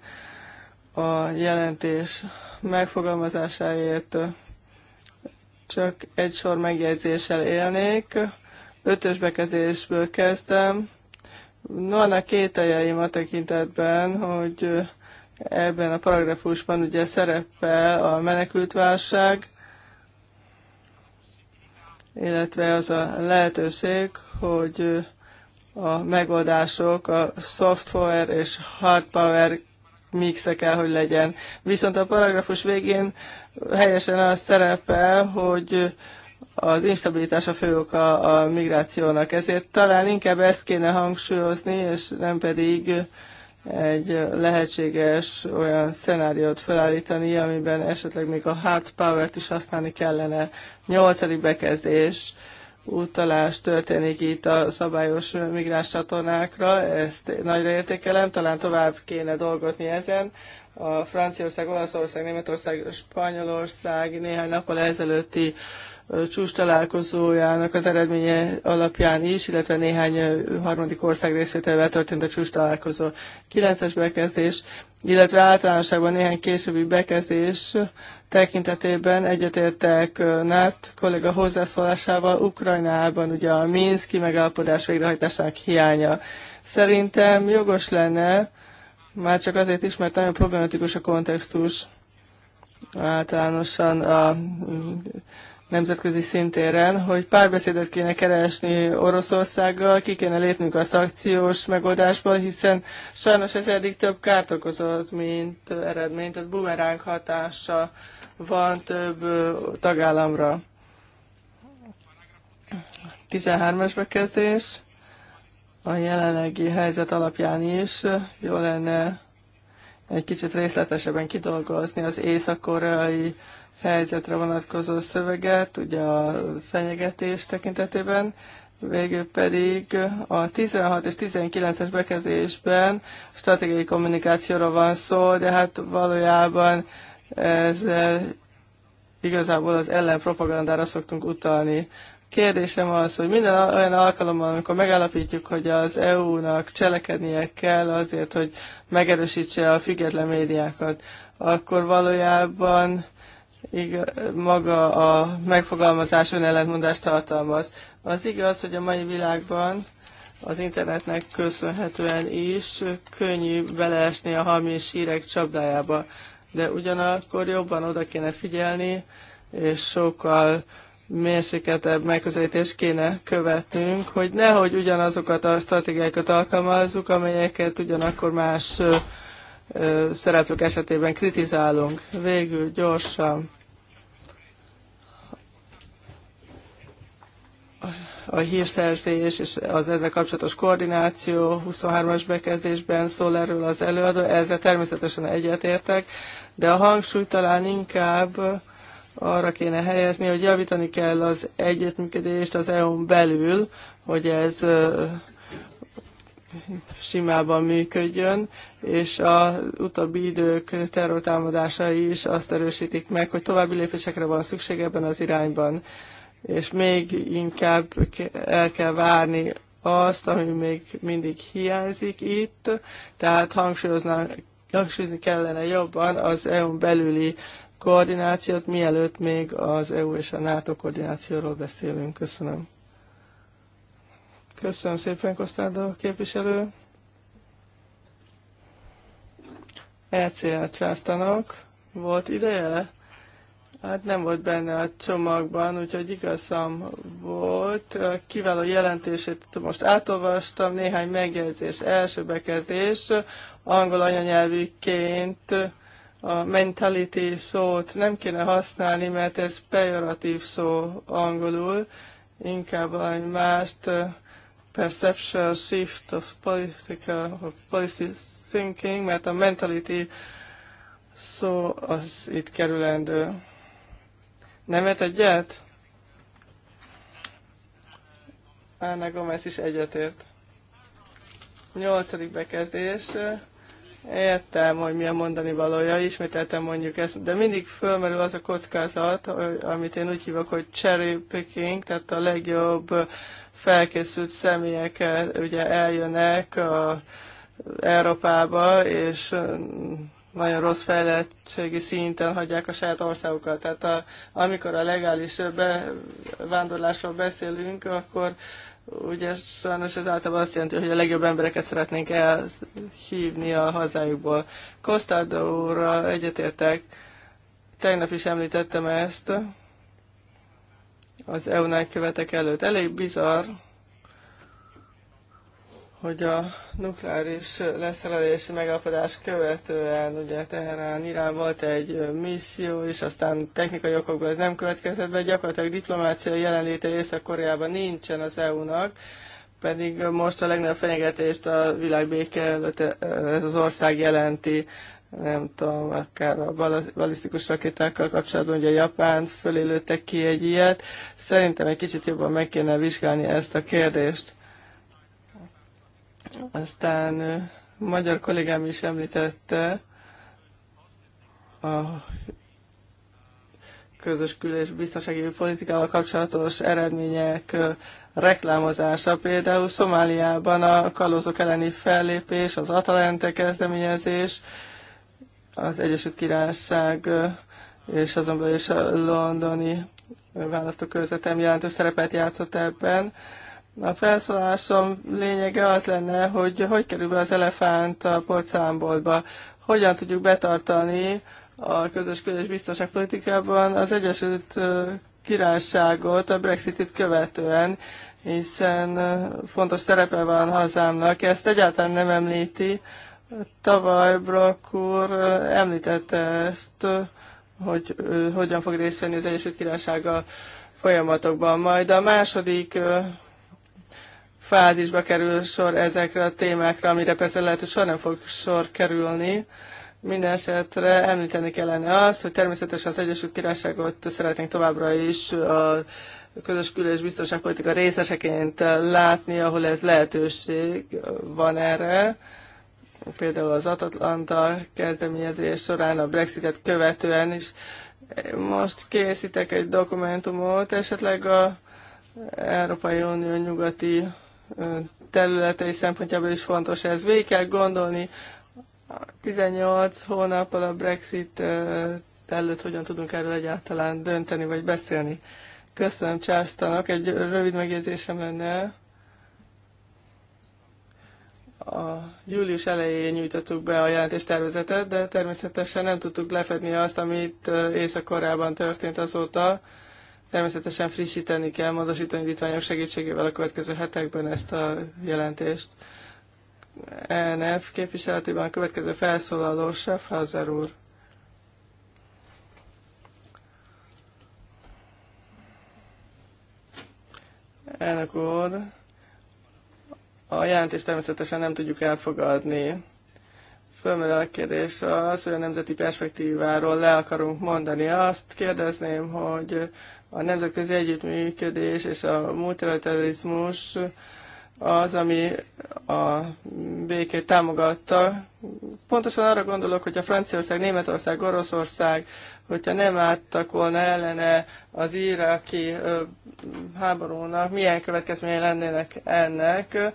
Speaker 4: a jelentés megfogalmazásáért. Csak egy sor megjegyzéssel élnék ötös bekezdésből kezdtem. a kételjeim a tekintetben, hogy ebben a paragrafusban ugye szerepel a menekültválság, illetve az a lehetőség, hogy a megoldások a soft power és hard power mixe kell, hogy legyen. Viszont a paragrafus végén helyesen az szerepel, hogy az instabilitás a fő oka a migrációnak. Ezért talán inkább ezt kéne hangsúlyozni, és nem pedig egy lehetséges olyan szenáriót felállítani, amiben esetleg még a hard power-t is használni kellene. Nyolcadik bekezdés utalás történik itt a szabályos migráns csatornákra, ezt nagyra értékelem, talán tovább kéne dolgozni ezen. A Franciaország, Olaszország, Németország, Spanyolország néhány nappal ezelőtti csúcs találkozójának az eredménye alapján is, illetve néhány harmadik ország részvételével történt a csúcs találkozó kilences bekezdés, illetve általánosságban néhány későbbi bekezdés tekintetében egyetértek NART kollega hozzászólásával Ukrajnában ugye a Minszki megállapodás végrehajtásának hiánya. Szerintem jogos lenne, már csak azért is, mert nagyon problematikus a kontextus általánosan a nemzetközi szintéren, hogy párbeszédet kéne keresni Oroszországgal, ki kéne lépnünk a szakciós megoldásból, hiszen sajnos ez eddig több kárt okozott, mint eredményt, tehát bumeránk hatása van több tagállamra. 13 es bekezdés. A jelenlegi helyzet alapján is jó lenne egy kicsit részletesebben kidolgozni az észak-koreai helyzetre vonatkozó szöveget, ugye a fenyegetés tekintetében, végül pedig a 16 és 19-es bekezdésben stratégiai kommunikációra van szó, de hát valójában ez e, igazából az ellenpropagandára szoktunk utalni. Kérdésem az, hogy minden olyan alkalommal, amikor megállapítjuk, hogy az EU-nak cselekednie kell azért, hogy megerősítse a független médiákat, akkor valójában így maga a megfogalmazáson ellentmondást tartalmaz. Az igaz, hogy a mai világban az internetnek köszönhetően is könnyű beleesni a hamis hírek csapdájába, de ugyanakkor jobban oda kéne figyelni, és sokkal mérsékeltebb megközelítést kéne követnünk, hogy nehogy ugyanazokat a stratégiákat alkalmazzuk, amelyeket ugyanakkor más szereplők esetében kritizálunk. Végül gyorsan a hírszerzés és az ezzel kapcsolatos koordináció 23-as bekezdésben szól erről az előadó, ezzel természetesen egyetértek, de a hangsúly talán inkább arra kéne helyezni, hogy javítani kell az együttműködést az EU-n belül, hogy ez simában működjön, és a utóbbi idők terrortámadásai is azt erősítik meg, hogy további lépésekre van szükség ebben az irányban, és még inkább el kell várni azt, ami még mindig hiányzik itt, tehát hangsúlyozni kellene jobban az EU-n belüli koordinációt, mielőtt még az EU és a NATO koordinációról beszélünk. Köszönöm. Köszönöm szépen, Kosztáldó képviselő. ECL császtanok. Volt ideje? Hát nem volt benne a csomagban, úgyhogy igazam volt. A kiváló jelentését most átolvastam, néhány megjegyzés, első bekezdés, angol anyanyelvűként a mentality szót nem kéne használni, mert ez pejoratív szó angolul, inkább valami mást, perceptual shift of political, of policies thinking, mert a mentality szó az itt kerülendő. Nem ért egyet? Anna Gomez is egyetért. Nyolcadik bekezdés. Értem, hogy mi a mondani valója, ismételtem mondjuk ezt, de mindig fölmerül az a kockázat, amit én úgy hívok, hogy cherry picking, tehát a legjobb felkészült személyek ugye eljönnek a Európába, és nagyon rossz fejlettségi szinten hagyják a saját országukat. Tehát a, amikor a legális bevándorlásról beszélünk, akkor ugye sajnos ez általában azt jelenti, hogy a legjobb embereket szeretnénk elhívni a hazájukból. Kostádó úrral egyetértek, tegnap is említettem ezt az EU-nál követek előtt. Elég bizarr, hogy a nukleáris leszerelési megalapodás követően ugye Teherán Irán volt egy misszió is, aztán technikai okokból ez nem következett be, gyakorlatilag diplomáciai jelenléte Észak-Koreában nincsen az EU-nak, pedig most a legnagyobb fenyegetést a világbéke előtt ez az ország jelenti, nem tudom, akár a balisztikus rakétákkal kapcsolatban, ugye Japán fölé lőttek ki egy ilyet. Szerintem egy kicsit jobban meg kéne vizsgálni ezt a kérdést aztán magyar kollégám is említette a közös kül- és biztonsági politikával kapcsolatos eredmények reklámozása. Például Szomáliában a kalózok elleni fellépés, az Atalante kezdeményezés, az Egyesült Királyság és azon belül is a londoni választókörzetem jelentős szerepet játszott ebben. A felszólásom lényege az lenne, hogy hogy kerül be az elefánt a porcelánboltba, hogyan tudjuk betartani a közös közös biztonságpolitikában az Egyesült Királyságot a Brexitit követően, hiszen fontos szerepe van hazámnak. Ezt egyáltalán nem említi. Tavaly Brock úr említette ezt, hogy hogyan fog részt venni az Egyesült Királyság a folyamatokban. Majd a második fázisba kerül sor ezekre a témákra, amire persze lehet, hogy soha nem fog sor kerülni. Minden esetre említeni kellene azt, hogy természetesen az Egyesült Királyságot szeretnénk továbbra is a közös kül- és biztonságpolitika részeseként látni, ahol ez lehetőség van erre. Például az Atlanta kezdeményezés során a Brexitet követően is. Most készítek egy dokumentumot, esetleg a Európai Unió nyugati területei szempontjából is fontos ez. Végig kell gondolni 18 hónappal a Brexit előtt hogyan tudunk erről egyáltalán dönteni vagy beszélni. Köszönöm Császtának, egy rövid megjegyzésem lenne. A július elején nyújtottuk be a jelentéstervezetet, de természetesen nem tudtuk lefedni azt, amit észak történt azóta Természetesen frissíteni kell módosítani indítványok segítségével a következő hetekben ezt a jelentést. ENF képviseletében a következő felszólaló Hazer úr. Elnök úr, a jelentést természetesen nem tudjuk elfogadni. Fölmerül a kérdés az, hogy a nemzeti perspektíváról le akarunk mondani. Azt kérdezném, hogy a nemzetközi együttműködés és a multilateralizmus az, ami a békét támogatta. Pontosan arra gondolok, hogy a Franciaország, Németország, Oroszország, hogyha nem álltak volna ellene az iraki háborúnak, milyen következményei lennének ennek,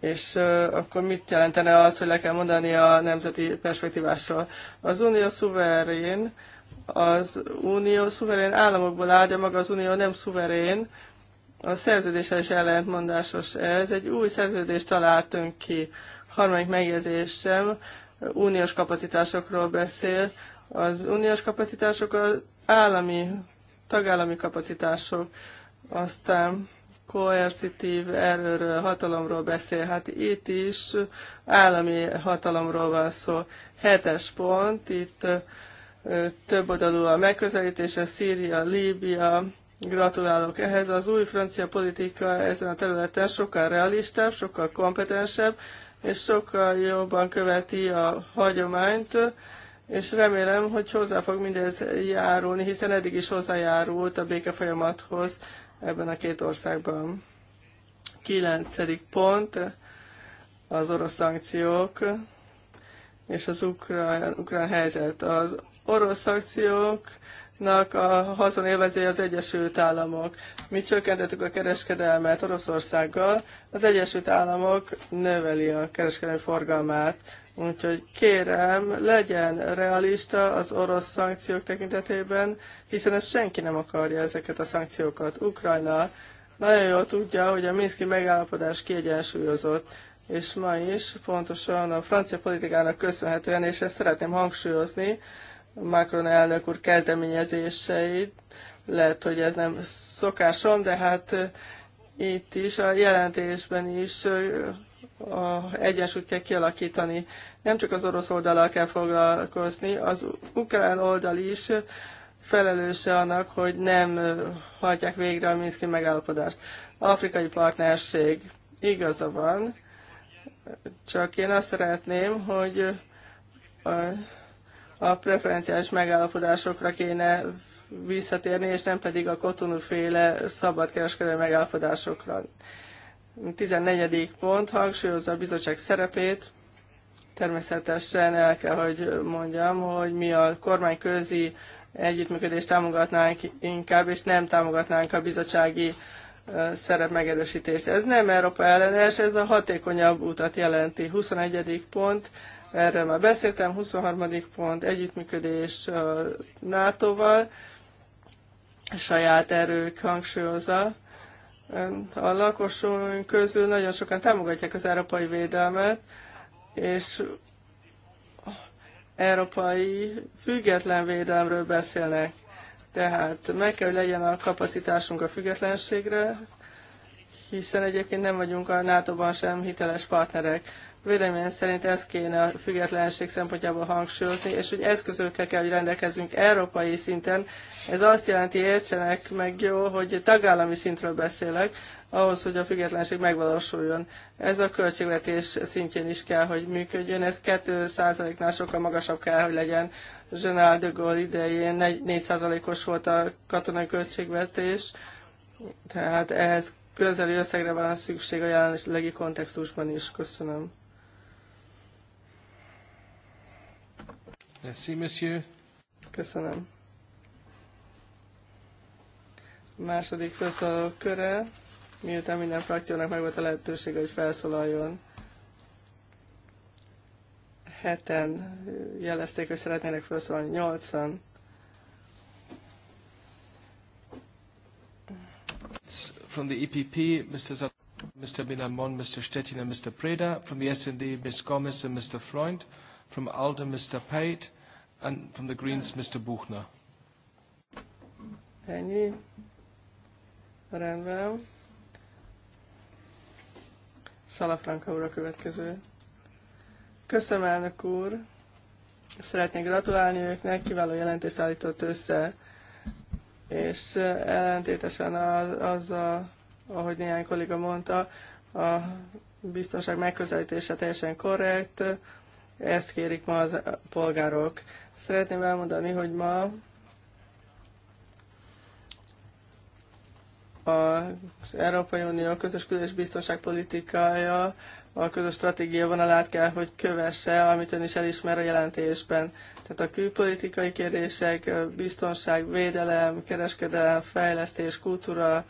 Speaker 4: és akkor mit jelentene az, hogy le kell mondani a nemzeti perspektívásról? Az unió szuverén, az unió szuverén államokból áll, de maga az unió nem szuverén. A szerződéssel is ellentmondásos ez. Egy új szerződést találtunk ki. Harmadik megjegyzésem, uniós kapacitásokról beszél. Az uniós kapacitások az állami, tagállami kapacitások. Aztán koercitív erőről, hatalomról beszél. Hát itt is állami hatalomról van szó. Hetes pont, itt több oldalú a megközelítése, Szíria, Líbia, Gratulálok ehhez. Az új francia politika ezen a területen sokkal realistább, sokkal kompetensebb, és sokkal jobban követi a hagyományt, és remélem, hogy hozzá fog mindez járulni, hiszen eddig is hozzájárult a béke folyamathoz ebben a két országban. Kilencedik pont az orosz szankciók és az ukrán, ukrán helyzet. Az orosz szankcióknak a haszonélvezője az Egyesült Államok. Mi csökkentettük a kereskedelmet Oroszországgal, az Egyesült Államok növeli a kereskedelmi forgalmát. Úgyhogy kérem, legyen realista az orosz szankciók tekintetében, hiszen ezt senki nem akarja ezeket a szankciókat. Ukrajna nagyon jól tudja, hogy a Minszki megállapodás kiegyensúlyozott, és ma is pontosan a francia politikának köszönhetően, és ezt szeretném hangsúlyozni, Macron elnök úr kezdeményezéseit. Lehet, hogy ez nem szokásom, de hát itt is, a jelentésben is a egyensúlyt kell kialakítani. Nem csak az orosz oldalal kell foglalkozni, az ukrán oldal is felelőse annak, hogy nem hagyják végre a Minszki megállapodást. Afrikai partnerség igaza van, csak én azt szeretném, hogy a a preferenciális megállapodásokra kéne visszatérni, és nem pedig a kotonúféle szabadkereskedelmi megállapodásokra. 14. pont hangsúlyozza a bizottság szerepét. Természetesen el kell, hogy mondjam, hogy mi a kormányközi együttműködést támogatnánk inkább, és nem támogatnánk a bizottsági szerep megerősítést. Ez nem Európa ellenes, ez a hatékonyabb utat jelenti. 21. pont erről már beszéltem, 23. pont együttműködés NATO-val, saját erők hangsúlyozza. A lakosunk közül nagyon sokan támogatják az európai védelmet, és európai független védelemről beszélnek. Tehát meg kell, hogy legyen a kapacitásunk a függetlenségre, hiszen egyébként nem vagyunk a NATO-ban sem hiteles partnerek Véleményem szerint ezt kéne a függetlenség szempontjából hangsúlyozni, és hogy eszközökkel kell, hogy rendelkezzünk európai szinten. Ez azt jelenti, értsenek meg jó, hogy tagállami szintről beszélek, ahhoz, hogy a függetlenség megvalósuljon. Ez a költségvetés szintjén is kell, hogy működjön. Ez 2%-nál sokkal magasabb kell, hogy legyen. General de Gaulle idején 4%-os volt a katonai költségvetés, tehát ehhez közeli összegre van szükség a jelenlegi kontextusban is. Köszönöm.
Speaker 2: Merci, monsieur.
Speaker 4: Köszönöm. második felszólaló köre, miután minden frakciónak megvolt a lehetősége, hogy felszólaljon. Heten jelezték, hogy szeretnének felszólalni, nyolcan.
Speaker 2: From the EPP, Mr. Zat Mr. Binamon, Mr. Stettin Mr. Preda. From the S&D, Ms. Gomez and Mr. Freund. From ALDE, Mr. Pate And from the Greens, Mr. Buchner.
Speaker 4: Ennyi. Rendben. Szalafranka úr a következő. Köszönöm, elnök úr. Szeretnék gratulálni őknek, kiváló jelentést állított össze, és ellentétesen az a, ahogy néhány kolléga mondta, a biztonság megközelítése teljesen korrekt, ezt kérik ma a polgárok. Szeretném elmondani, hogy ma az Európai Unió közös közös biztonságpolitikája, a közös stratégia vonalát kell, hogy kövesse, amit ön is elismer a jelentésben. Tehát a külpolitikai kérdések, biztonság, védelem, kereskedelem, fejlesztés, kultúra,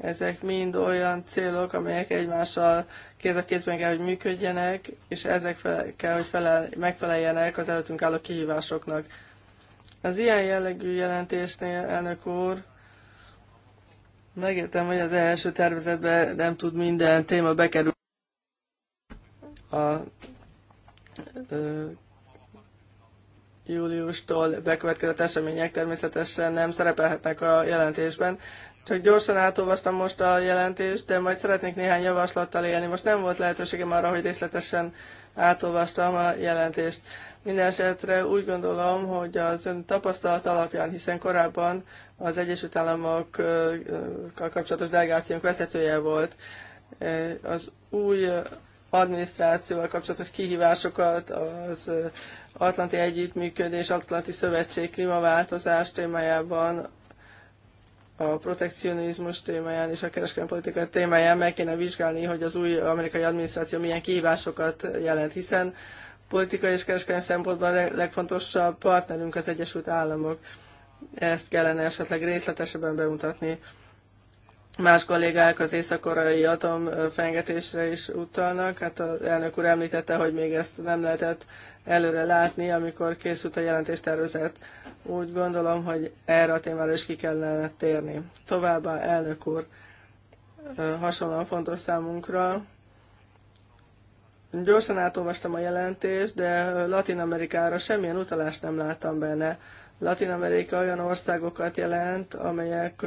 Speaker 4: ezek mind olyan célok, amelyek egymással kéz a kézben kell, hogy működjenek, és ezek fel, kell, hogy felel, megfeleljenek az előttünk álló kihívásoknak. Az ilyen jellegű jelentésnél, elnök úr, megértem, hogy az első tervezetben nem tud minden téma bekerülni. A ö, júliustól bekövetkezett események természetesen nem szerepelhetnek a jelentésben, csak gyorsan átolvastam most a jelentést, de majd szeretnék néhány javaslattal élni. Most nem volt lehetőségem arra, hogy részletesen átolvastam a jelentést. Minden esetre úgy gondolom, hogy az ön tapasztalat alapján, hiszen korábban az Egyesült Államokkal kapcsolatos delegációnk vezetője volt, az új adminisztrációval kapcsolatos kihívásokat, az Atlanti Együttműködés, Atlanti Szövetség klímaváltozás témájában a protekcionizmus témáján és a kereskedelmi politika témáján meg kéne vizsgálni, hogy az új amerikai adminisztráció milyen kihívásokat jelent, hiszen politikai és kereskedelmi szempontban a legfontosabb partnerünk az Egyesült Államok. Ezt kellene esetleg részletesebben bemutatni. Más kollégák az észak-koreai atomfengetésre is utalnak. Hát az elnök úr említette, hogy még ezt nem lehetett előre látni, amikor készült a jelentéstervezet. Úgy gondolom, hogy erre a témára is ki kellene térni. Továbbá, elnök úr, hasonlóan fontos számunkra. Gyorsan átolvastam a jelentést, de Latin Amerikára semmilyen utalást nem láttam benne. Latin Amerika olyan országokat jelent, amelyek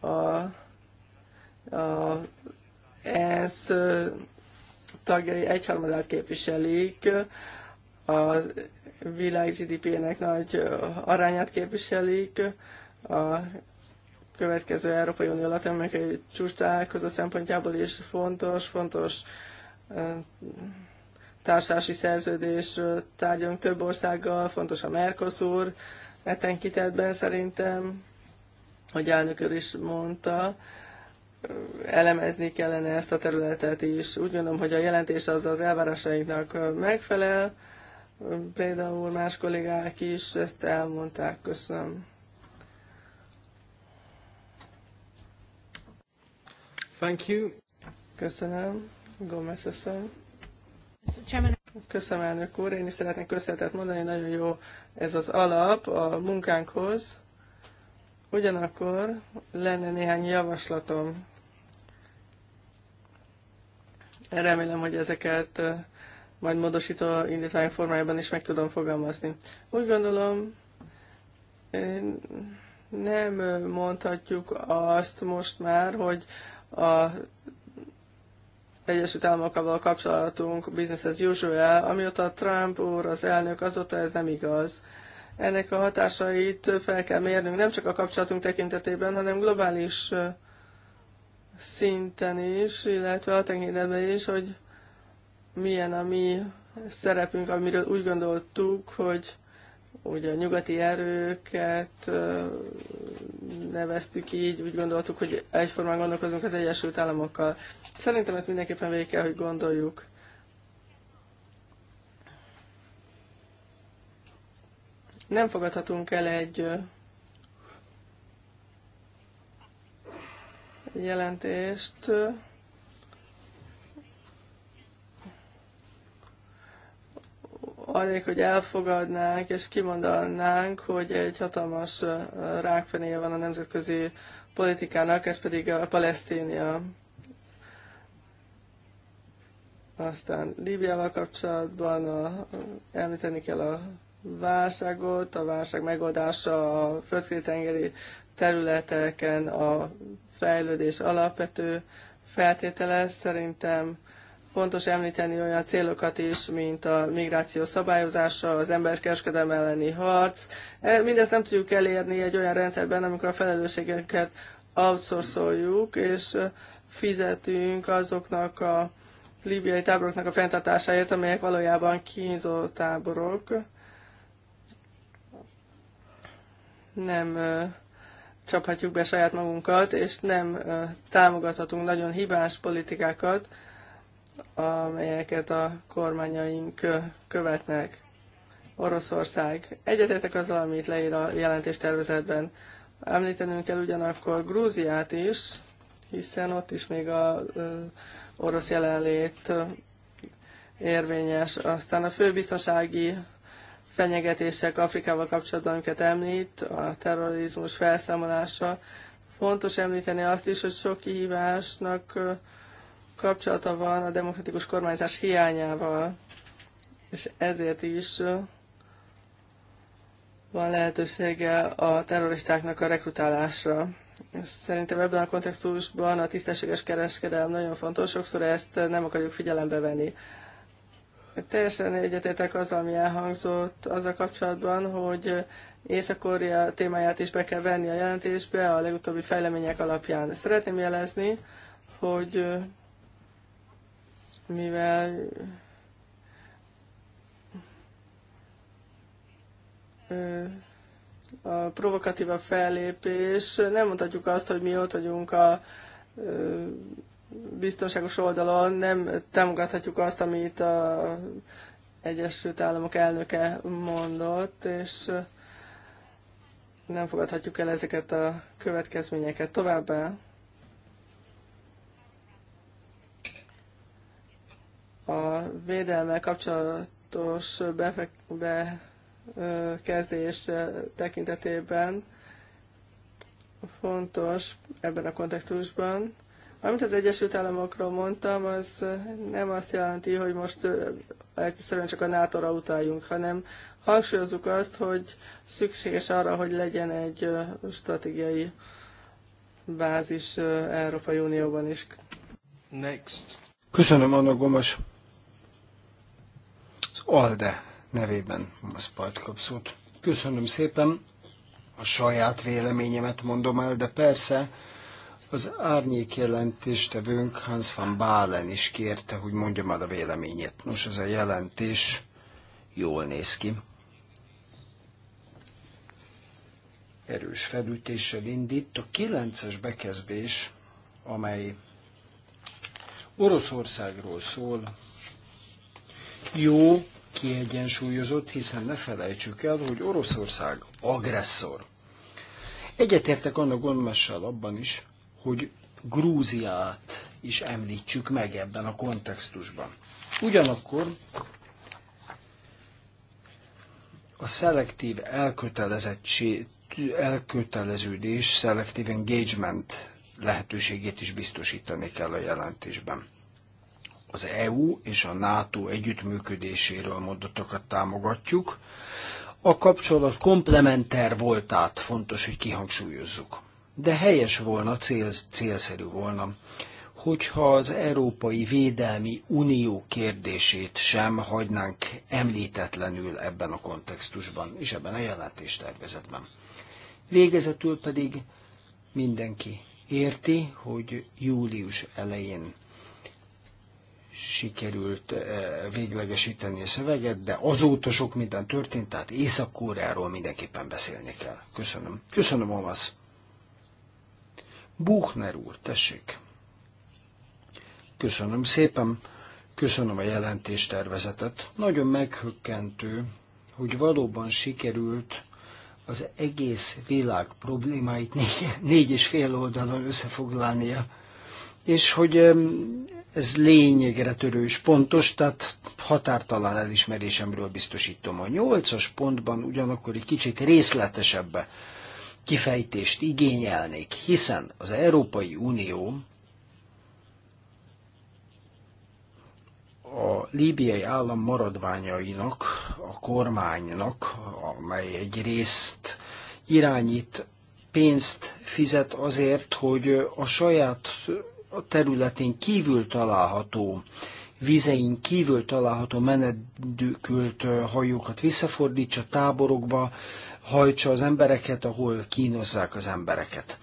Speaker 4: a a ENSZ tagjai egyharmadát képviselik, a világ GDP-nek nagy arányát képviselik, a következő Európai Unió latin-amerikai csúcs találkozó szempontjából is fontos, fontos társasi szerződés tárgyalunk több országgal, fontos a Mercosur, etenkitetben szerintem, hogy elnök is mondta, elemezni kellene ezt a területet is. Úgy gondolom, hogy a jelentés az az elvárásainknak megfelel. Préda úr, más kollégák is ezt elmondták. Köszönöm. Thank you. Köszönöm. Gomez asszony. Köszönöm, elnök úr. Én is szeretnék köszönetet mondani. Nagyon jó ez az alap a munkánkhoz. Ugyanakkor lenne néhány javaslatom Remélem, hogy ezeket majd módosító indítvány formájában is meg tudom fogalmazni. Úgy gondolom, nem mondhatjuk azt most már, hogy a Egyesült Államokkal kapcsolatunk business as usual, amióta Trump úr az elnök, azóta ez nem igaz. Ennek a hatásait fel kell mérnünk nem csak a kapcsolatunk tekintetében, hanem globális szinten is, illetve a tekintetben is, hogy milyen a mi szerepünk, amiről úgy gondoltuk, hogy ugye a nyugati erőket neveztük így, úgy gondoltuk, hogy egyformán gondolkozunk az Egyesült Államokkal. Szerintem ezt mindenképpen végig kell, hogy gondoljuk. Nem fogadhatunk el egy jelentést. Annélkül, hogy elfogadnánk és kimondanánk, hogy egy hatalmas rákfenéje van a nemzetközi politikának, ez pedig a Palesztínia. Aztán Líbiával kapcsolatban a, említeni kell a válságot, a válság megoldása a földközi tengeri területeken a fejlődés alapvető feltétele. Szerintem fontos említeni olyan célokat is, mint a migráció szabályozása, az emberkereskedelem elleni harc. E, mindezt nem tudjuk elérni egy olyan rendszerben, amikor a felelősségeket outsourcoljuk, és fizetünk azoknak a líbiai táboroknak a fenntartásáért, amelyek valójában kínzó táborok. Nem csaphatjuk be saját magunkat, és nem támogathatunk nagyon hibás politikákat, amelyeket a kormányaink követnek. Oroszország. Egyetértek azzal, amit leír a jelentéstervezetben. Említenünk kell ugyanakkor Grúziát is, hiszen ott is még a orosz jelenlét érvényes. Aztán a főbiztonsági fenyegetések Afrikával kapcsolatban, amiket említ, a terrorizmus felszámolása. Fontos említeni azt is, hogy sok kihívásnak kapcsolata van a demokratikus kormányzás hiányával, és ezért is van lehetősége a terroristáknak a rekrutálásra. Szerintem ebben a kontextusban a tisztességes kereskedelem nagyon fontos, sokszor ezt nem akarjuk figyelembe venni. Teljesen egyetértek azzal, ami elhangzott azzal kapcsolatban, hogy Észak-Korea témáját is be kell venni a jelentésbe a legutóbbi fejlemények alapján. Szeretném jelezni, hogy eh, mivel eh, a provokatíva fellépés, nem mondhatjuk azt, hogy mi ott vagyunk a eh, biztonságos oldalon nem támogathatjuk azt, amit a Egyesült Államok elnöke mondott, és nem fogadhatjuk el ezeket a következményeket továbbá. A védelme kapcsolatos bekezdés tekintetében fontos ebben a kontextusban, amit az Egyesült Államokról mondtam, az nem azt jelenti, hogy most egyszerűen csak a NATO-ra utaljunk, hanem hangsúlyozzuk azt, hogy szükséges arra, hogy legyen egy stratégiai bázis Európai Unióban is. Next.
Speaker 1: Köszönöm, Anna Gomos. Az ALDE nevében a kapszót. Köszönöm szépen. A saját véleményemet mondom el, de persze az árnyék jelentéstevőnk Hans van Bálen is kérte, hogy mondjam el a véleményét. Nos, ez a jelentés jól néz ki. Erős felütéssel indít a kilences bekezdés, amely Oroszországról szól. Jó, kiegyensúlyozott, hiszen ne felejtsük el, hogy Oroszország agresszor. Egyetértek annak gondmással abban is, hogy Grúziát is említsük meg ebben a kontextusban. Ugyanakkor a szelektív elköteleződés, szelektív engagement lehetőségét is biztosítani kell a jelentésben. Az EU és a NATO együttműködéséről mondottakat támogatjuk. A kapcsolat komplementer voltát fontos, hogy kihangsúlyozzuk de helyes volna, cél, célszerű volna, hogyha az Európai Védelmi Unió kérdését sem hagynánk említetlenül ebben a kontextusban és ebben a jelentéstervezetben. Végezetül pedig mindenki érti, hogy július elején sikerült eh, véglegesíteni a szöveget, de azóta sok minden történt, tehát Észak-Koreáról mindenképpen beszélni kell. Köszönöm. Köszönöm, Olasz. Buchner úr, tessék. Köszönöm szépen, köszönöm a jelentéstervezetet. Nagyon meghökkentő, hogy valóban sikerült az egész világ problémáit négy, négy és fél oldalon összefoglalnia, és hogy ez lényegre törő és pontos, tehát határtalan elismerésemről biztosítom. A nyolcas pontban ugyanakkor egy kicsit részletesebben kifejtést igényelnék, hiszen az Európai Unió a líbiai állam maradványainak, a kormánynak, amely egy részt irányít, pénzt fizet azért, hogy a saját területén kívül található vizein kívül található menedőkült hajókat visszafordítsa, táborokba hajtsa az embereket, ahol kínozzák az embereket.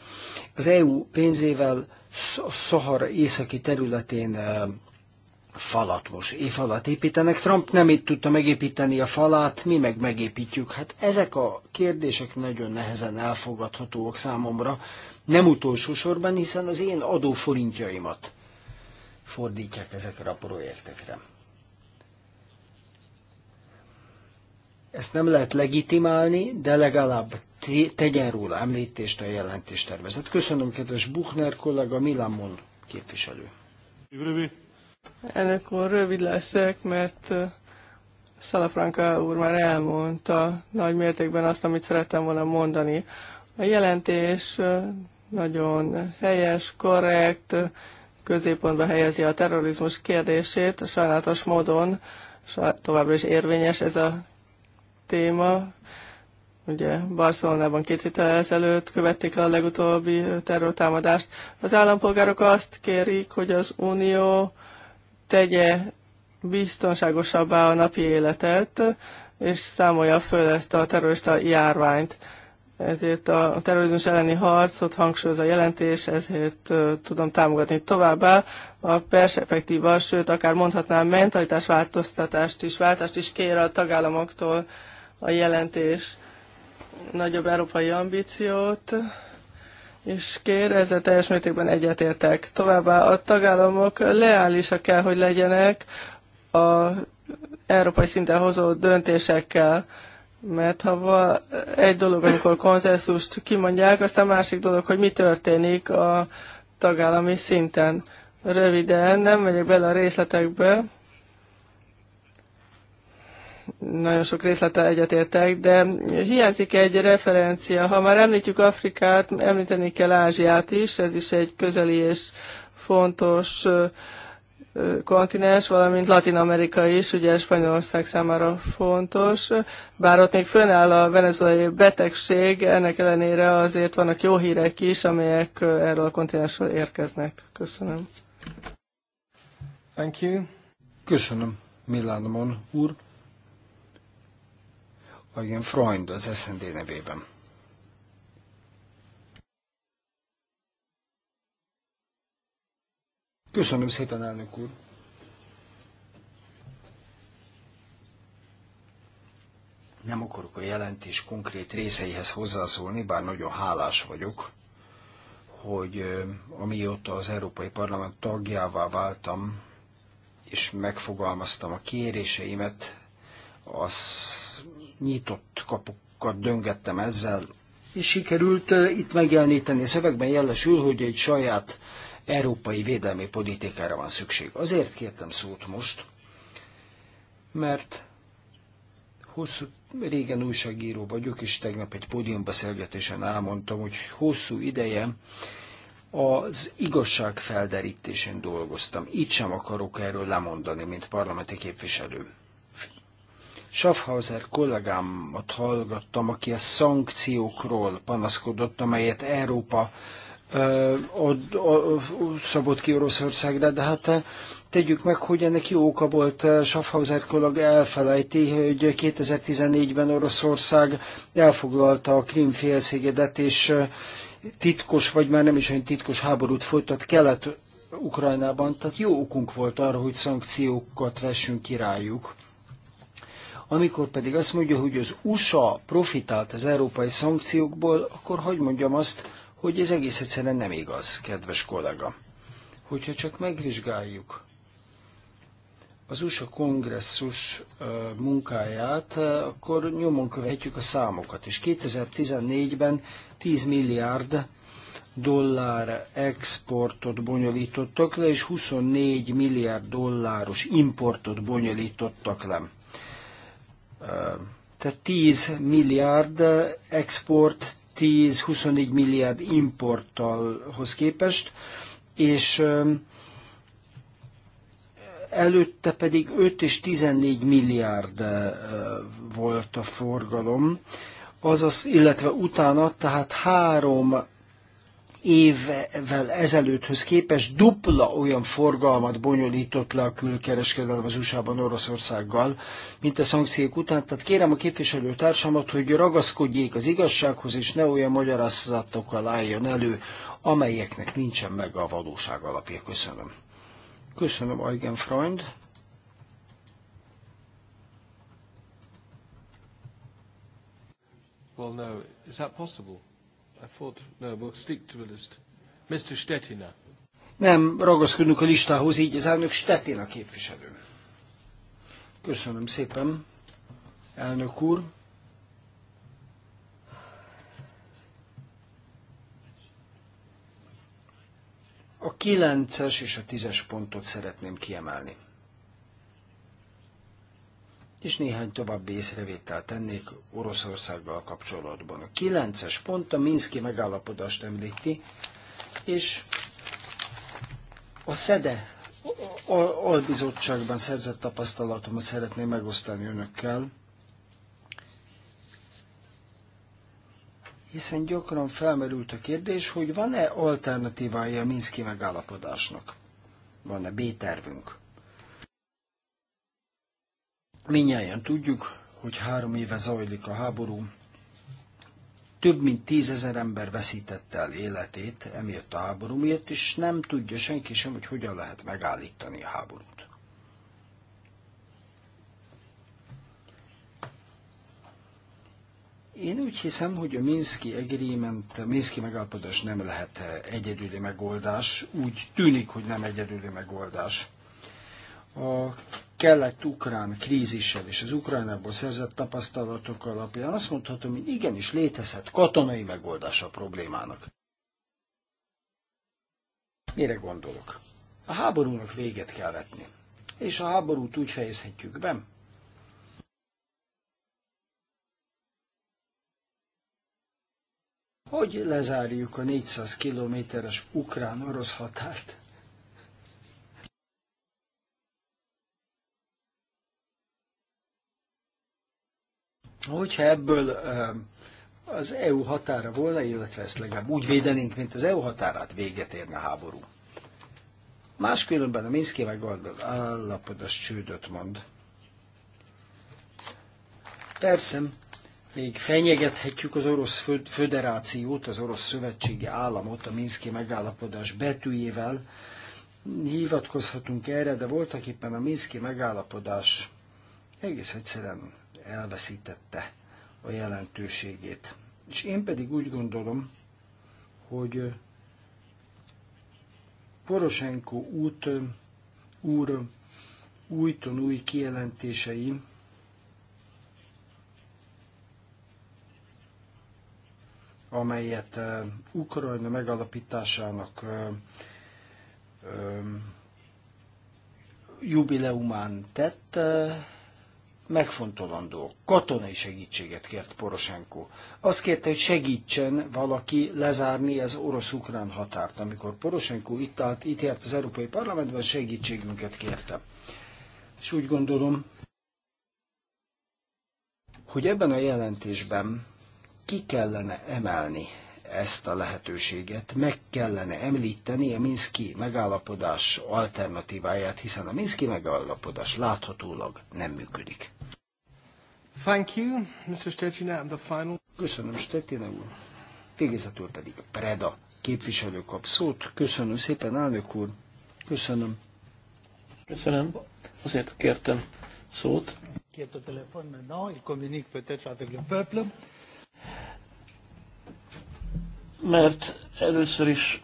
Speaker 1: Az EU pénzével Szahara északi területén falat most, éjfalat építenek. Trump nem itt tudta megépíteni a falát, mi meg megépítjük. Hát ezek a kérdések nagyon nehezen elfogadhatóak számomra, nem utolsó sorban, hiszen az én adóforintjaimat fordítják ezekre a projektekre. Ezt nem lehet legitimálni, de legalább tegyen róla említést a jelentéstervezet. Köszönöm, kedves Buchner kollega, Milan képviselő.
Speaker 4: Ennek a rövid leszek, mert Szalafranka úr már elmondta nagy mértékben azt, amit szerettem volna mondani. A jelentés nagyon helyes, korrekt, középpontba helyezi a terrorizmus kérdését. Sajnálatos módon továbbra is érvényes ez a téma. Ugye Barcelonában két héttel ezelőtt követték a legutóbbi terrortámadást. Az állampolgárok azt kérik, hogy az Unió tegye biztonságosabbá a napi életet, és számolja föl ezt a terrorista járványt ezért a terrorizmus elleni harcot hangsúlyoz a jelentés, ezért tudom támogatni továbbá a perspektíva, sőt, akár mondhatnám mentalitás változtatást is, váltást is kér a tagállamoktól a jelentés nagyobb európai ambíciót, és kér, ezzel teljes mértékben egyetértek. Továbbá a tagállamok leálisak kell, hogy legyenek a európai szinten hozott döntésekkel, mert ha van egy dolog, amikor konzenzust kimondják, a másik dolog, hogy mi történik a tagállami szinten. Röviden, nem megyek bele a részletekbe, nagyon sok részlete egyetértek, de hiányzik egy referencia. Ha már említjük Afrikát, említeni kell Ázsiát is, ez is egy közeli és fontos kontinens, valamint Latin Amerika is, ugye Spanyolország számára fontos. Bár ott még fönnáll a venezuelai betegség, ennek ellenére azért vannak jó hírek is, amelyek erről a kontinensről érkeznek. Köszönöm.
Speaker 1: Thank you. Köszönöm, Milánomon úr. A igen, Freund az SND nevében. Köszönöm szépen, elnök úr. Nem akarok a jelentés konkrét részeihez hozzászólni, bár nagyon hálás vagyok, hogy amióta az Európai Parlament tagjává váltam, és megfogalmaztam a kéréseimet, az nyitott kapukat döngettem ezzel, és sikerült itt megjeleníteni a szövegben jelesül, hogy egy saját európai védelmi politikára van szükség. Azért kértem szót most, mert hosszú régen újságíró vagyok, és tegnap egy pódiumbeszélgetésen elmondtam, hogy hosszú ideje az igazság felderítésén dolgoztam. Itt sem akarok erről lemondani, mint parlamenti képviselő. Schaffhauser kollégámat hallgattam, aki a szankciókról panaszkodott, amelyet Európa ad, ad, szabott ki Oroszországra, de hát tegyük meg, hogy ennek jó oka volt, Schaffhauser kollag elfelejti, hogy 2014-ben Oroszország elfoglalta a Krim félszigetet, és titkos, vagy már nem is olyan titkos háborút folytat kelet Ukrajnában, tehát jó okunk volt arra, hogy szankciókat vessünk rájuk. Amikor pedig azt mondja, hogy az USA profitált az európai szankciókból, akkor hogy mondjam azt, hogy ez egész egyszerűen nem igaz, kedves kollega. Hogyha csak megvizsgáljuk az USA kongresszus munkáját, akkor nyomon követjük a számokat. És 2014-ben 10 milliárd dollár exportot bonyolítottak le, és 24 milliárd dolláros importot bonyolítottak le. Tehát 10 milliárd export, 10-24 milliárd importtalhoz képest, és előtte pedig 5 és 14 milliárd volt a forgalom, azaz, illetve utána, tehát három évvel ezelőtthöz képest dupla olyan forgalmat bonyolított le a külkereskedelem az USA-ban Oroszországgal, mint a szankciók után. Tehát kérem a képviselőtársamat, hogy ragaszkodjék az igazsághoz, és ne olyan magyarázatokkal álljon elő, amelyeknek nincsen meg a valóság alapja. Köszönöm. Köszönöm, Eugen Freund.
Speaker 2: Well, no. Is that possible?
Speaker 1: Nem, ragaszkodunk a listához, így az elnök Stetina képviselő. Köszönöm szépen, elnök úr. A kilences és a tízes pontot szeretném kiemelni és néhány további észrevételt tennék Oroszországgal kapcsolatban. A kilences pont a Minszki megállapodást említi, és a SZEDE albizottságban szerzett tapasztalatomat szeretném megosztani önökkel, hiszen gyakran felmerült a kérdés, hogy van-e alternatívája a Minszki megállapodásnak? Van-e B-tervünk? Minnyáján tudjuk, hogy három éve zajlik a háború, több mint tízezer ember veszítette el életét emiatt a háború miatt, és nem tudja senki sem, hogy hogyan lehet megállítani a háborút. Én úgy hiszem, hogy a Minszki Agreement, a Minszki megállapodás nem lehet egyedüli megoldás. Úgy tűnik, hogy nem egyedüli megoldás a kelet-ukrán krízissel és az Ukrajnából szerzett tapasztalatok alapján azt mondhatom, hogy igenis létezhet katonai megoldás a problémának. Mire gondolok? A háborúnak véget kell vetni. És a háborút úgy fejezhetjük be, hogy lezárjuk a 400 kilométeres ukrán-orosz határt. Hogyha ebből ehm, az EU határa volna, illetve ezt legalább úgy védenénk, mint az EU határát, véget érne a háború. Máskülönben a Minszki megoldott állapodás csődöt mond. Persze, még fenyegethetjük az orosz föderációt, az orosz szövetségi államot a Minszki megállapodás betűjével, hivatkozhatunk erre, de voltak éppen a Minszki megállapodás egész egyszerűen elveszítette a jelentőségét. És én pedig úgy gondolom, hogy Poroshenko út, úr újton új kijelentései amelyet uh, Ukrajna megalapításának uh, um, jubileumán tett, megfontolandó. Katonai segítséget kért Poroshenko. Azt kérte, hogy segítsen valaki lezárni az orosz-ukrán határt. Amikor Poroshenko itt állt, itt járt az Európai Parlamentben, segítségünket kérte. És úgy gondolom, hogy ebben a jelentésben ki kellene emelni ezt a lehetőséget, meg kellene említeni a Minszki megállapodás alternatíváját, hiszen a Minszki megállapodás láthatólag nem működik. Thank you, Mr. Stetina, and the final... Köszönöm, Stetina úr. Végezetül pedig Preda képviselő kap szót. Köszönöm szépen, elnök úr. Köszönöm.
Speaker 3: Köszönöm. Azért kértem szót.
Speaker 1: Kért a telefon maintenant, il communique peut-être avec le peuple.
Speaker 3: Mert először is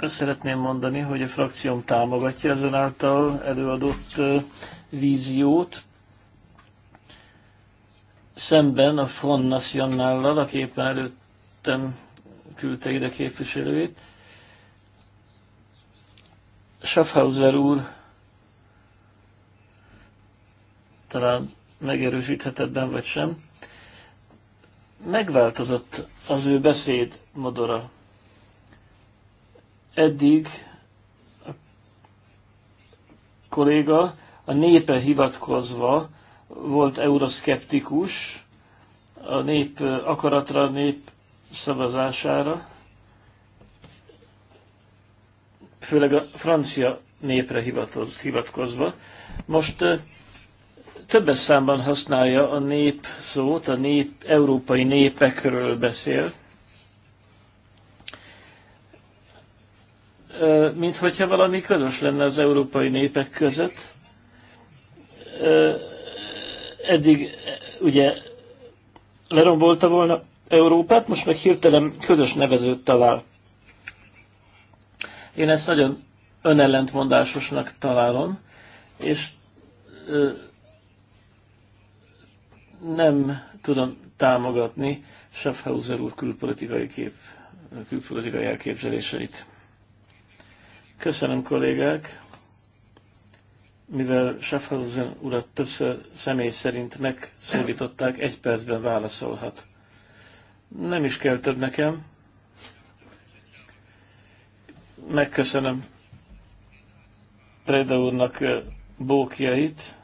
Speaker 3: Azt szeretném mondani, hogy a frakcióm támogatja az ön által előadott víziót, szemben a Front Nationallal, aki éppen előttem küldte ide képviselőjét. Schaffhauser úr talán megerősíthet vagy sem. Megváltozott az ő beszéd modora eddig a kolléga a népe hivatkozva volt euroszkeptikus, a nép akaratra, a nép szavazására, főleg a francia népre hivatkozva. Most többes számban használja a nép szót, a nép, európai népekről beszél, mint hogyha valami közös lenne az európai népek között. Eddig ugye lerombolta volna Európát, most meg hirtelen közös nevezőt talál. Én ezt nagyon önellentmondásosnak találom, és nem tudom támogatni Schaffhauser úr külpolitikai, kép, külpolitikai elképzeléseit. Köszönöm, kollégák! Mivel Schaffhausen urat többször személy szerint megszólították, egy percben válaszolhat. Nem is kell több nekem. Megköszönöm Preda úrnak eh, bókjait.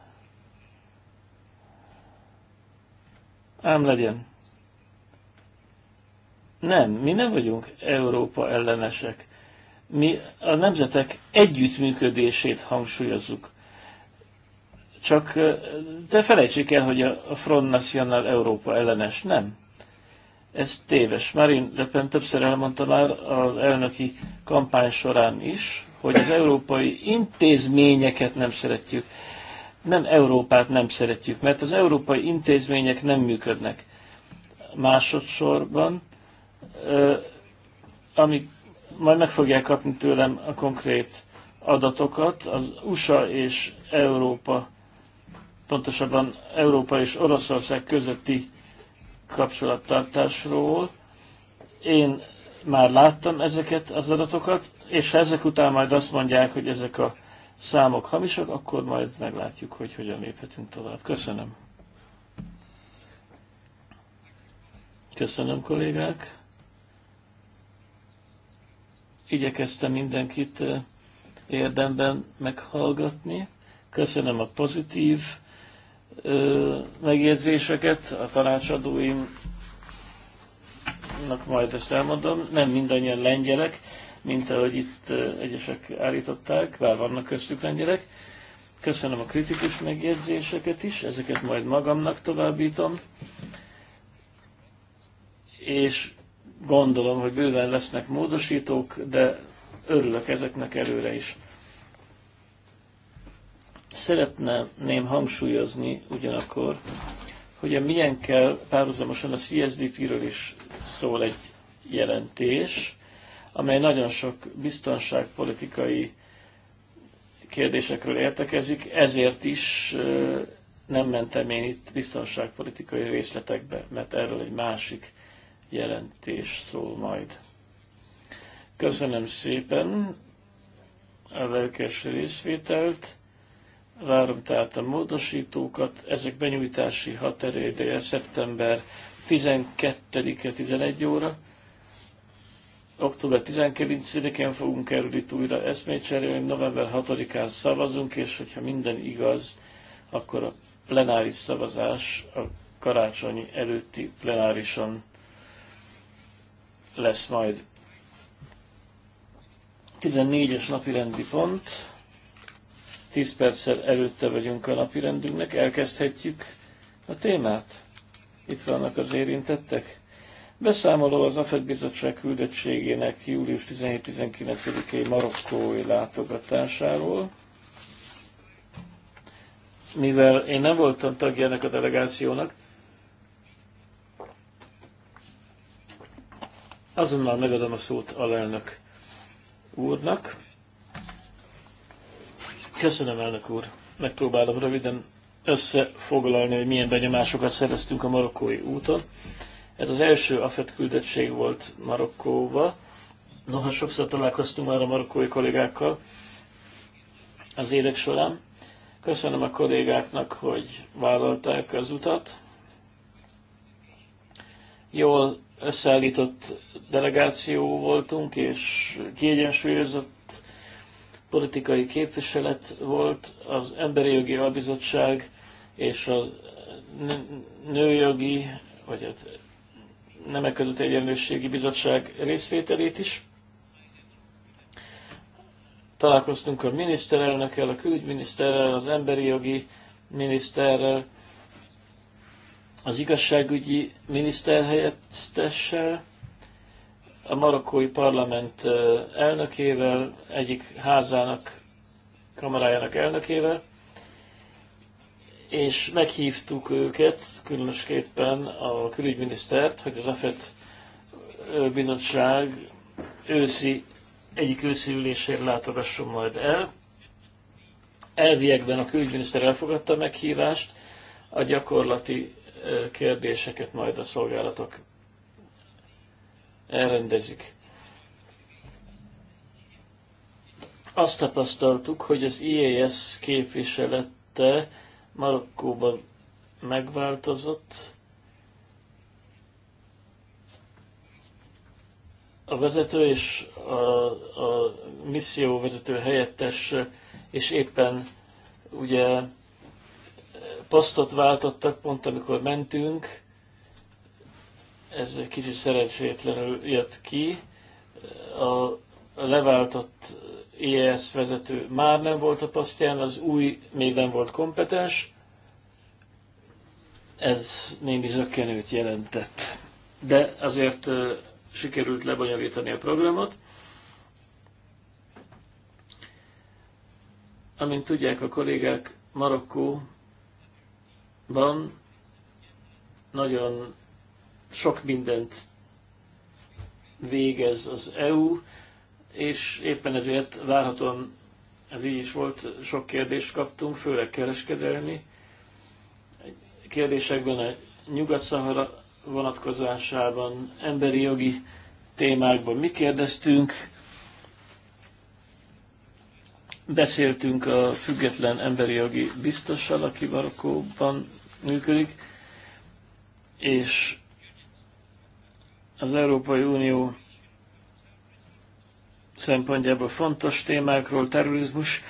Speaker 3: Ám legyen. Nem, mi nem vagyunk Európa ellenesek mi a nemzetek együttműködését hangsúlyozzuk. Csak te felejtsék el, hogy a Front National Európa ellenes nem. Ez téves. Marine Le Pen többször elmondta már az elnöki kampány során is, hogy az európai intézményeket nem szeretjük. Nem Európát nem szeretjük, mert az európai intézmények nem működnek. Másodszorban, amik majd meg fogják kapni tőlem a konkrét adatokat. Az USA és Európa, pontosabban Európa és Oroszország közötti kapcsolattartásról. Én már láttam ezeket az adatokat, és ha ezek után majd azt mondják, hogy ezek a számok hamisak, akkor majd meglátjuk, hogy hogyan léphetünk tovább. Köszönöm. Köszönöm, kollégák igyekeztem mindenkit eh, érdemben meghallgatni. Köszönöm a pozitív eh, megjegyzéseket, a tanácsadóimnak majd ezt elmondom. Nem mindannyian lengyelek, mint ahogy itt eh, egyesek állították, bár vannak köztük lengyelek. Köszönöm a kritikus megjegyzéseket is, ezeket majd magamnak továbbítom. És gondolom, hogy bőven lesznek módosítók, de örülök ezeknek előre is. Szeretném hangsúlyozni ugyanakkor, hogy a milyen kell, párhuzamosan a CSDP-ről is szól egy jelentés, amely nagyon sok biztonságpolitikai kérdésekről értekezik, ezért is nem mentem én itt biztonságpolitikai részletekbe, mert erről egy másik jelentés szól majd. Köszönöm szépen a lelkes részvételt, várom tehát a módosítókat, ezek benyújtási határideje szeptember 12-e 11 óra, október 19-én fogunk kerülni újra eszmét cserélni, november 6-án szavazunk, és hogyha minden igaz, akkor a plenáris szavazás a karácsonyi előtti plenárison lesz majd. 14-es napi rendi pont. 10 perccel előtte vagyunk a napi rendünknek, elkezdhetjük a témát. Itt vannak az érintettek. Beszámoló az AFED bizottság küldöttségének július 17-19-i marokkói látogatásáról. Mivel én nem voltam tagja ennek a delegációnak, Azonnal megadom a szót alelnök úrnak. Köszönöm, elnök úr. Megpróbálom röviden összefoglalni, hogy milyen benyomásokat szereztünk a marokkói úton. Ez az első AFET küldettség volt Marokkóba. Noha sokszor találkoztunk már a marokkói kollégákkal az évek során. Köszönöm a kollégáknak, hogy vállalták az utat. Jól összeállított delegáció voltunk, és kiegyensúlyozott politikai képviselet volt az Emberi Jogi Albizottság és a Nőjogi, vagy hát Nemek között Egyenlőségi Bizottság részvételét is. Találkoztunk a miniszterelnökkel, a külügyminiszterrel, az emberi jogi miniszterrel, az igazságügyi miniszter helyettessel, a marokkói parlament elnökével, egyik házának, kamarájának elnökével, és meghívtuk őket, különösképpen a külügyminisztert, hogy az AFET bizottság őszi, egyik őszi ülésére látogasson majd el. Elviekben a külügyminiszter elfogadta a meghívást, a gyakorlati kérdéseket majd a szolgálatok elrendezik. Azt tapasztaltuk, hogy az IAS képviselette Marokkóban megváltozott, a vezető és a, a misszió vezető helyettes, és éppen ugye posztot váltottak pont, amikor mentünk. Ez egy kicsit szerencsétlenül jött ki. A leváltott ES vezető már nem volt a posztján, az új még nem volt kompetens. Ez némi zökkenőt jelentett. De azért sikerült lebonyolítani a programot. Amint tudják a kollégák, Marokkó Ban nagyon sok mindent végez az EU, és éppen ezért várhatóan ez így is volt, sok kérdést kaptunk, főleg kereskedelmi kérdésekben, a Nyugat-Szahara vonatkozásában, emberi jogi témákban mi kérdeztünk, Beszéltünk a független emberi jogi biztossal, aki Marokkóban működik, és az Európai Unió szempontjából fontos témákról, terrorizmus,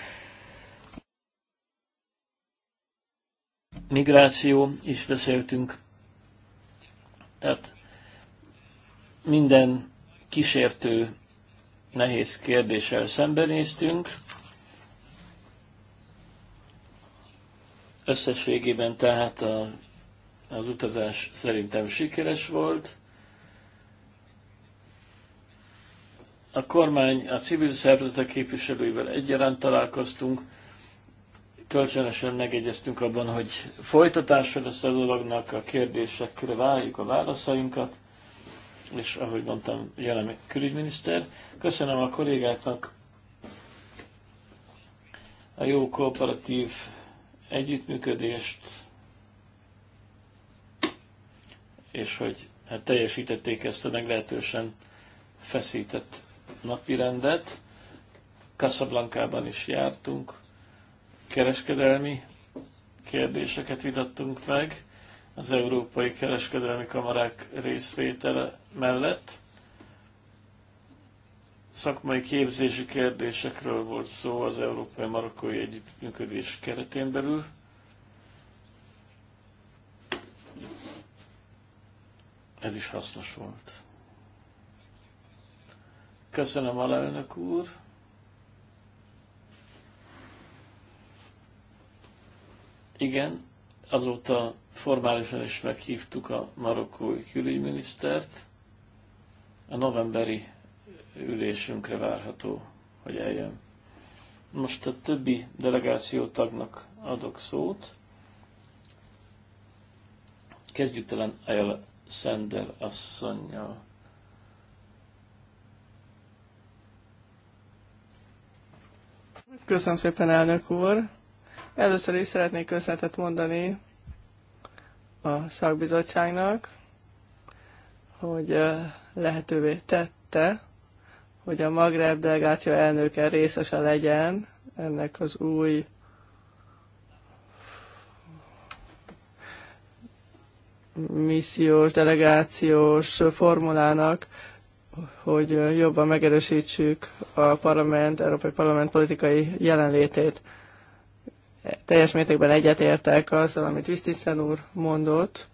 Speaker 3: migráció is beszéltünk. Tehát minden kísértő nehéz kérdéssel szembenéztünk, Összességében tehát a, az utazás szerintem sikeres volt. A kormány, a civil szervezetek képviselőivel egyaránt találkoztunk, kölcsönösen megegyeztünk abban, hogy folytatásra lesz a dolognak, a kérdésekre várjuk a válaszainkat, és ahogy mondtam, jelen külügyminiszter. Köszönöm a kollégáknak a jó kooperatív együttműködést, és hogy hát teljesítették ezt a meglehetősen feszített rendet. Casablanca-ban is jártunk, kereskedelmi kérdéseket vitattunk meg az Európai Kereskedelmi Kamarák részvétele mellett, szakmai képzési kérdésekről volt szó az Európai Marokkói Együttműködés keretén belül. Ez is hasznos volt. Köszönöm, alelnök úr! Igen, azóta formálisan is meghívtuk a marokkói külügyminisztert a novemberi ülésünkre várható, hogy eljön. Most a többi delegáció tagnak adok szót. Kezdjük talán el Sender asszonynal.
Speaker 4: Köszönöm szépen, elnök úr! Először is szeretnék köszönetet mondani a szakbizottságnak, hogy lehetővé tette, hogy a Magreb delegáció elnöke részese legyen ennek az új missziós, delegációs formulának, hogy jobban megerősítsük a parlament, Európai Parlament politikai jelenlétét. Teljes mértékben egyetértek azzal, amit Visztincen úr mondott.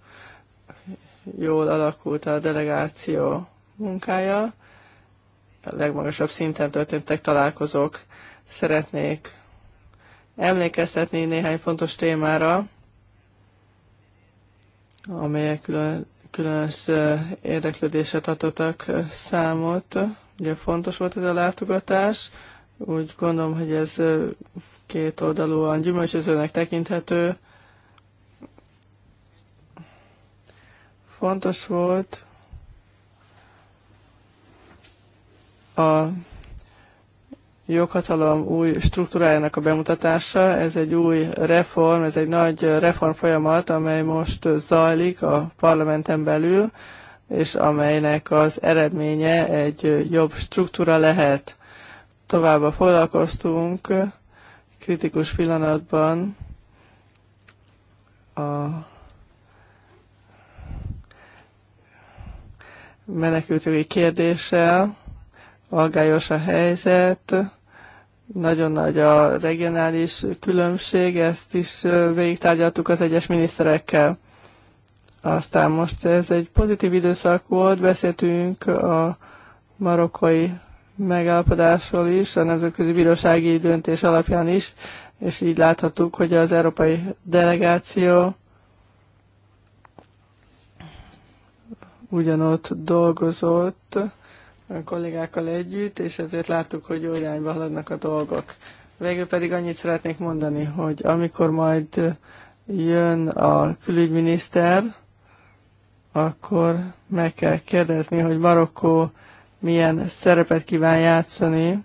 Speaker 4: Jól alakult a delegáció munkája legmagasabb szinten történtek találkozók. Szeretnék emlékeztetni néhány fontos témára, amelyek külön, különös érdeklődésre tartottak számot. Ugye fontos volt ez a látogatás, úgy gondolom, hogy ez két oldalúan gyümölcsözőnek tekinthető. Fontos volt, a joghatalom új struktúrájának a bemutatása. Ez egy új reform, ez egy nagy reform folyamat, amely most zajlik a parlamenten belül, és amelynek az eredménye egy jobb struktúra lehet. Továbbá foglalkoztunk kritikus pillanatban a menekültjogi kérdéssel, aggályos a helyzet, nagyon nagy a regionális különbség, ezt is végigtárgyaltuk az egyes miniszterekkel. Aztán most ez egy pozitív időszak volt, beszéltünk a marokkai megállapodásról is, a Nemzetközi Bírósági Döntés alapján is, és így láthattuk, hogy az európai delegáció ugyanott dolgozott, kollégákkal együtt, és ezért láttuk, hogy jó irányba haladnak a dolgok. Végül pedig annyit szeretnék mondani, hogy amikor majd jön a külügyminiszter, akkor meg kell kérdezni, hogy Marokkó milyen szerepet kíván játszani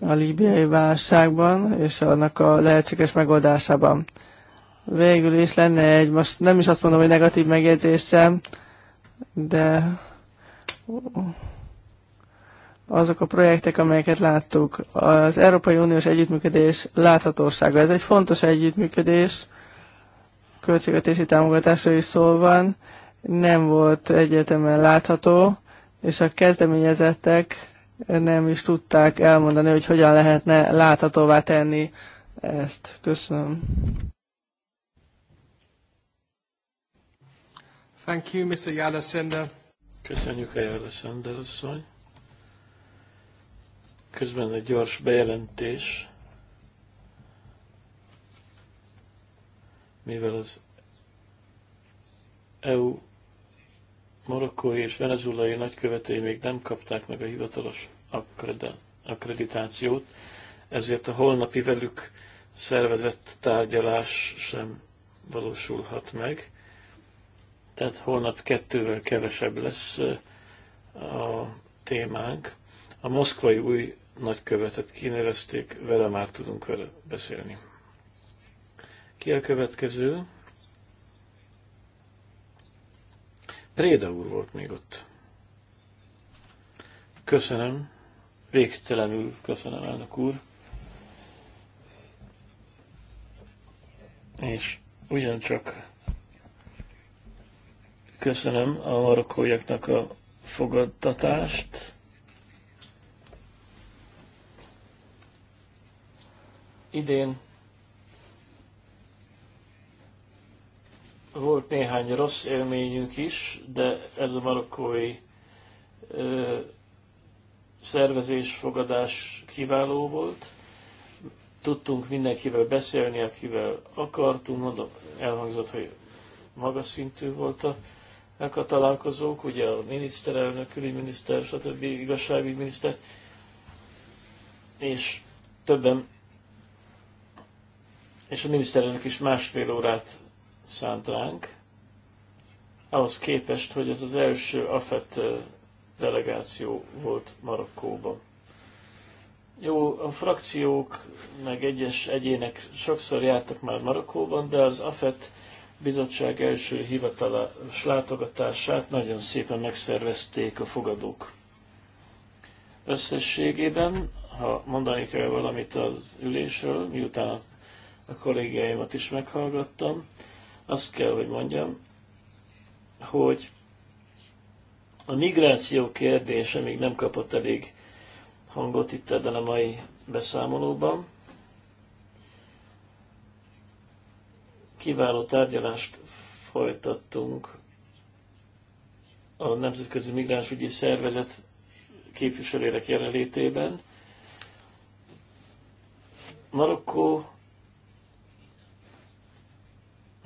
Speaker 4: a líbiai válságban és annak a lehetséges megoldásában. Végül is lenne egy, most nem is azt mondom, hogy negatív megjegyzésem, de azok a projektek, amelyeket láttuk. Az Európai Uniós Együttműködés láthatósága. Ez egy fontos együttműködés, költségvetési támogatásra is szó van, nem volt egyetemen látható, és a kezdeményezettek nem is tudták elmondani, hogy hogyan lehetne láthatóvá tenni ezt. Köszönöm.
Speaker 2: Thank you, Mr.
Speaker 3: Köszönjük, a Sender asszony. Közben egy gyors bejelentés, mivel az EU marokkói és venezuelai nagykövetei még nem kapták meg a hivatalos akkreditációt, ezért a holnapi velük szervezett tárgyalás sem valósulhat meg. Tehát holnap kettővel kevesebb lesz a témánk. A moszkvai új nagykövetet kinevezték, vele már tudunk vele beszélni. Ki a következő? Préda úr volt még ott. Köszönöm, végtelenül köszönöm, elnök úr. És ugyancsak köszönöm a marokkóiaknak a fogadtatást, idén volt néhány rossz élményünk is, de ez a marokkói ö, szervezés, fogadás kiváló volt. Tudtunk mindenkivel beszélni, akivel akartunk. Mondom, elhangzott, hogy magas szintű volt a, a találkozók, ugye a miniszterelnök, külügyminiszter, stb. igazságügyminiszter, és többen és a miniszterelnök is másfél órát szánt ránk, ahhoz képest, hogy ez az első AFET delegáció volt Marokkóban. Jó, a frakciók meg egyes egyének sokszor jártak már Marokkóban, de az AFET bizottság első hivatalos látogatását nagyon szépen megszervezték a fogadók. Összességében, ha mondani kell valamit az ülésről, miután a a kollégiáimat is meghallgattam. Azt kell, hogy mondjam, hogy a migráció kérdése még nem kapott elég hangot itt ebben a mai beszámolóban. Kiváló tárgyalást folytattunk a Nemzetközi Migránsügyi Szervezet képviselőnek jelenlétében. Marokkó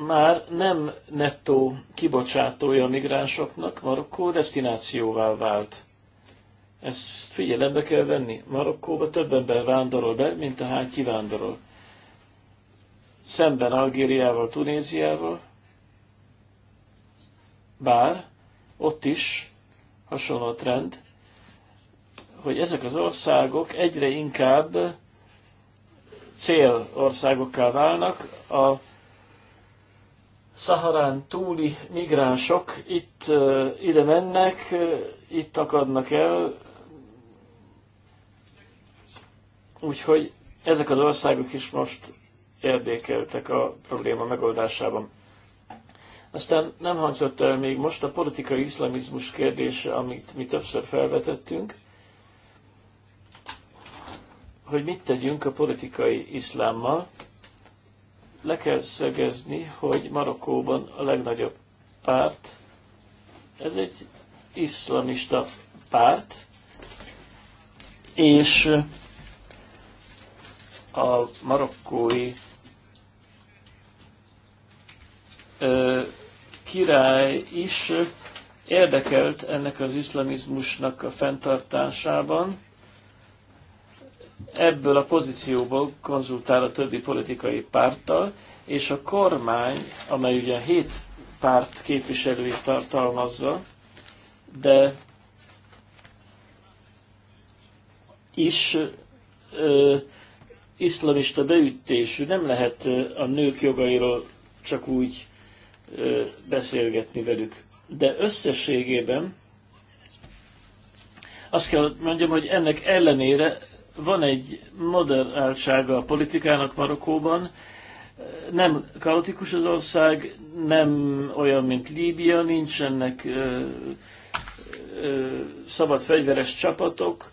Speaker 3: már nem nettó kibocsátója a migránsoknak, Marokkó destinációvá vált. Ezt figyelembe kell venni. Marokkóba több ember vándorol be, mint ahány kivándorol. Szemben Algériával, Tunéziával, bár ott is hasonló trend, hogy ezek az országok egyre inkább célországokká válnak a Szaharán túli migránsok itt ide mennek, itt akadnak el, úgyhogy ezek az országok is most érdékeltek a probléma megoldásában. Aztán nem hangzott el még most a politikai iszlamizmus kérdése, amit mi többször felvetettünk, hogy mit tegyünk a politikai iszlámmal, le kell szögezni, hogy Marokkóban a legnagyobb párt, ez egy iszlamista párt, és a marokkói ö, király is érdekelt ennek az iszlamizmusnak a fenntartásában, ebből a pozícióból konzultál a többi politikai párttal, és a kormány, amely ugye hét párt képviselőit tartalmazza, de is ö, iszlamista beütésű, nem lehet a nők jogairól csak úgy ö, beszélgetni velük. De összességében azt kell mondjam, hogy ennek ellenére van egy modernáltsága a politikának Marokkóban, nem kaotikus az ország, nem olyan, mint Líbia, nincsenek ö, ö, szabad fegyveres csapatok,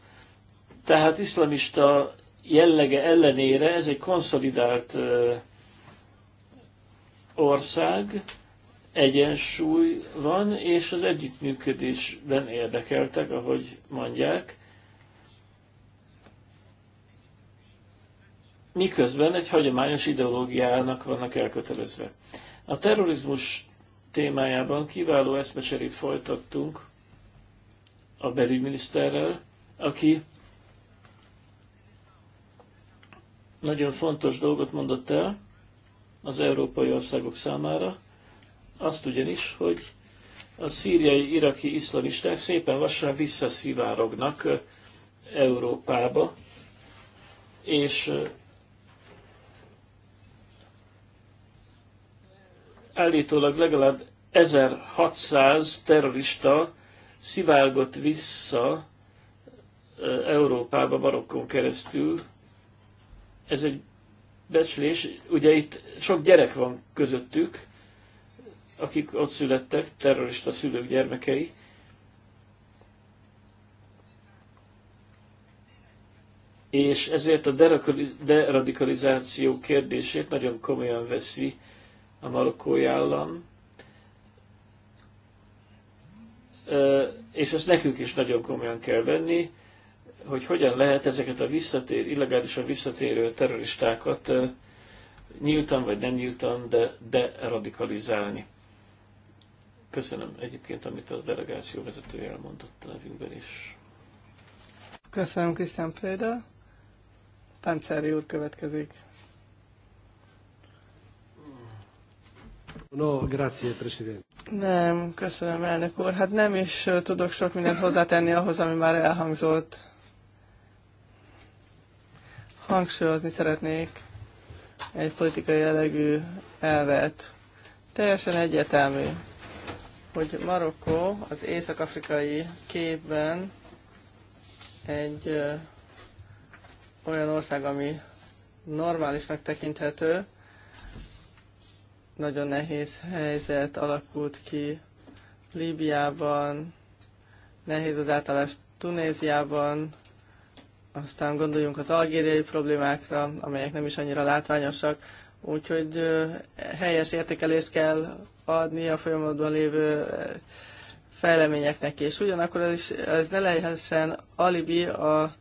Speaker 3: tehát iszlamista jellege ellenére ez egy konszolidált ö, ország, egyensúly van, és az együttműködésben érdekeltek, ahogy mondják. miközben egy hagyományos ideológiának vannak elkötelezve. A terrorizmus témájában kiváló eszmecserét folytattunk a belügyminiszterrel, aki nagyon fontos dolgot mondott el az európai országok számára, azt ugyanis, hogy a szíriai iraki iszlamisták szépen lassan visszaszivárognak Európába, és állítólag legalább 1600 terrorista szivárgott vissza Európába, Marokkon keresztül. Ez egy becslés. Ugye itt sok gyerek van közöttük, akik ott születtek, terrorista szülők gyermekei. És ezért a deradikalizáció kérdését nagyon komolyan veszi a marokkói állam, és ezt nekünk is nagyon komolyan kell venni, hogy hogyan lehet ezeket a visszatér, illegálisan visszatérő terroristákat nyíltan vagy nem nyíltan, de, de radikalizálni. Köszönöm egyébként, amit a delegáció vezetője elmondott a nevünkben is.
Speaker 4: Köszönöm, Krisztán Péda. Pancári úr következik.
Speaker 1: No, grazie,
Speaker 4: Nem, köszönöm, elnök úr. Hát nem is tudok sok mindent hozzátenni ahhoz, ami már elhangzott. Hangsúlyozni szeretnék egy politikai jellegű elvet. Teljesen egyetelmű, hogy Marokkó az észak-afrikai képben egy ö, olyan ország, ami normálisnak tekinthető, nagyon nehéz helyzet alakult ki Líbiában, nehéz az átállás Tunéziában, aztán gondoljunk az algériai problémákra, amelyek nem is annyira látványosak, úgyhogy helyes értékelést kell adni a folyamatban lévő fejleményeknek, és ugyanakkor ez, is, ez ne lehessen alibi a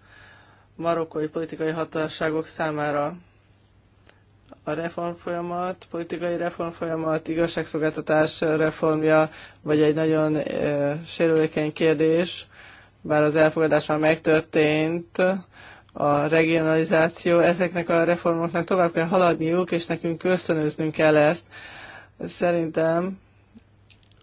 Speaker 4: marokkói politikai hatóságok számára a reformfolyamat, politikai reformfolyamat, igazságszolgáltatás reformja, vagy egy nagyon e, sérülékeny kérdés, bár az elfogadás már megtörtént, a regionalizáció, ezeknek a reformoknak tovább kell haladniuk, és nekünk ösztönöznünk kell ezt. Szerintem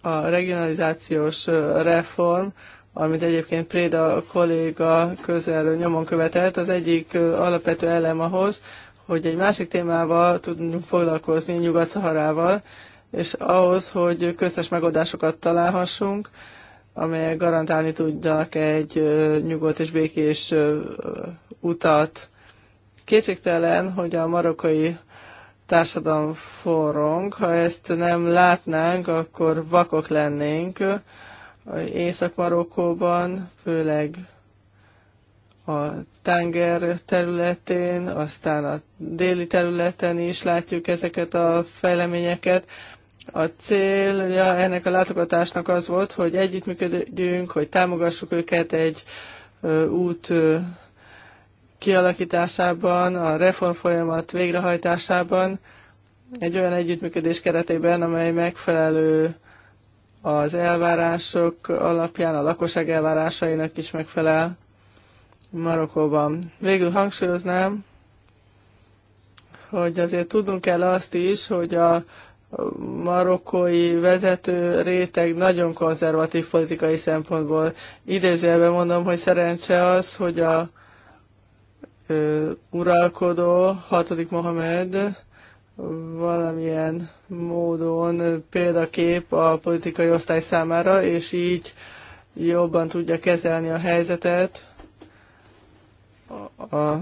Speaker 4: a regionalizációs reform, amit egyébként Préda kolléga közelről nyomon követett, az egyik alapvető elem ahhoz, hogy egy másik témával tudjunk foglalkozni, Nyugat-Szaharával, és ahhoz, hogy köztes megoldásokat találhassunk, amelyek garantálni tudjanak egy nyugodt és békés utat. Kétségtelen, hogy a marokkai társadalom forrong, ha ezt nem látnánk, akkor vakok lennénk. Észak-Marokkóban, főleg a tenger területén, aztán a déli területen is látjuk ezeket a fejleményeket. A célja ennek a látogatásnak az volt, hogy együttműködjünk, hogy támogassuk őket egy út kialakításában, a reformfolyamat végrehajtásában, egy olyan együttműködés keretében, amely megfelelő az elvárások alapján, a lakosság elvárásainak is megfelel. Marokkóban. Végül hangsúlyoznám, hogy azért tudnunk kell azt is, hogy a marokkói vezető réteg nagyon konzervatív politikai szempontból. Idézőjelben mondom, hogy szerencse az, hogy a ö, uralkodó, hatodik Mohamed valamilyen módon példakép a politikai osztály számára, és így jobban tudja kezelni a helyzetet, a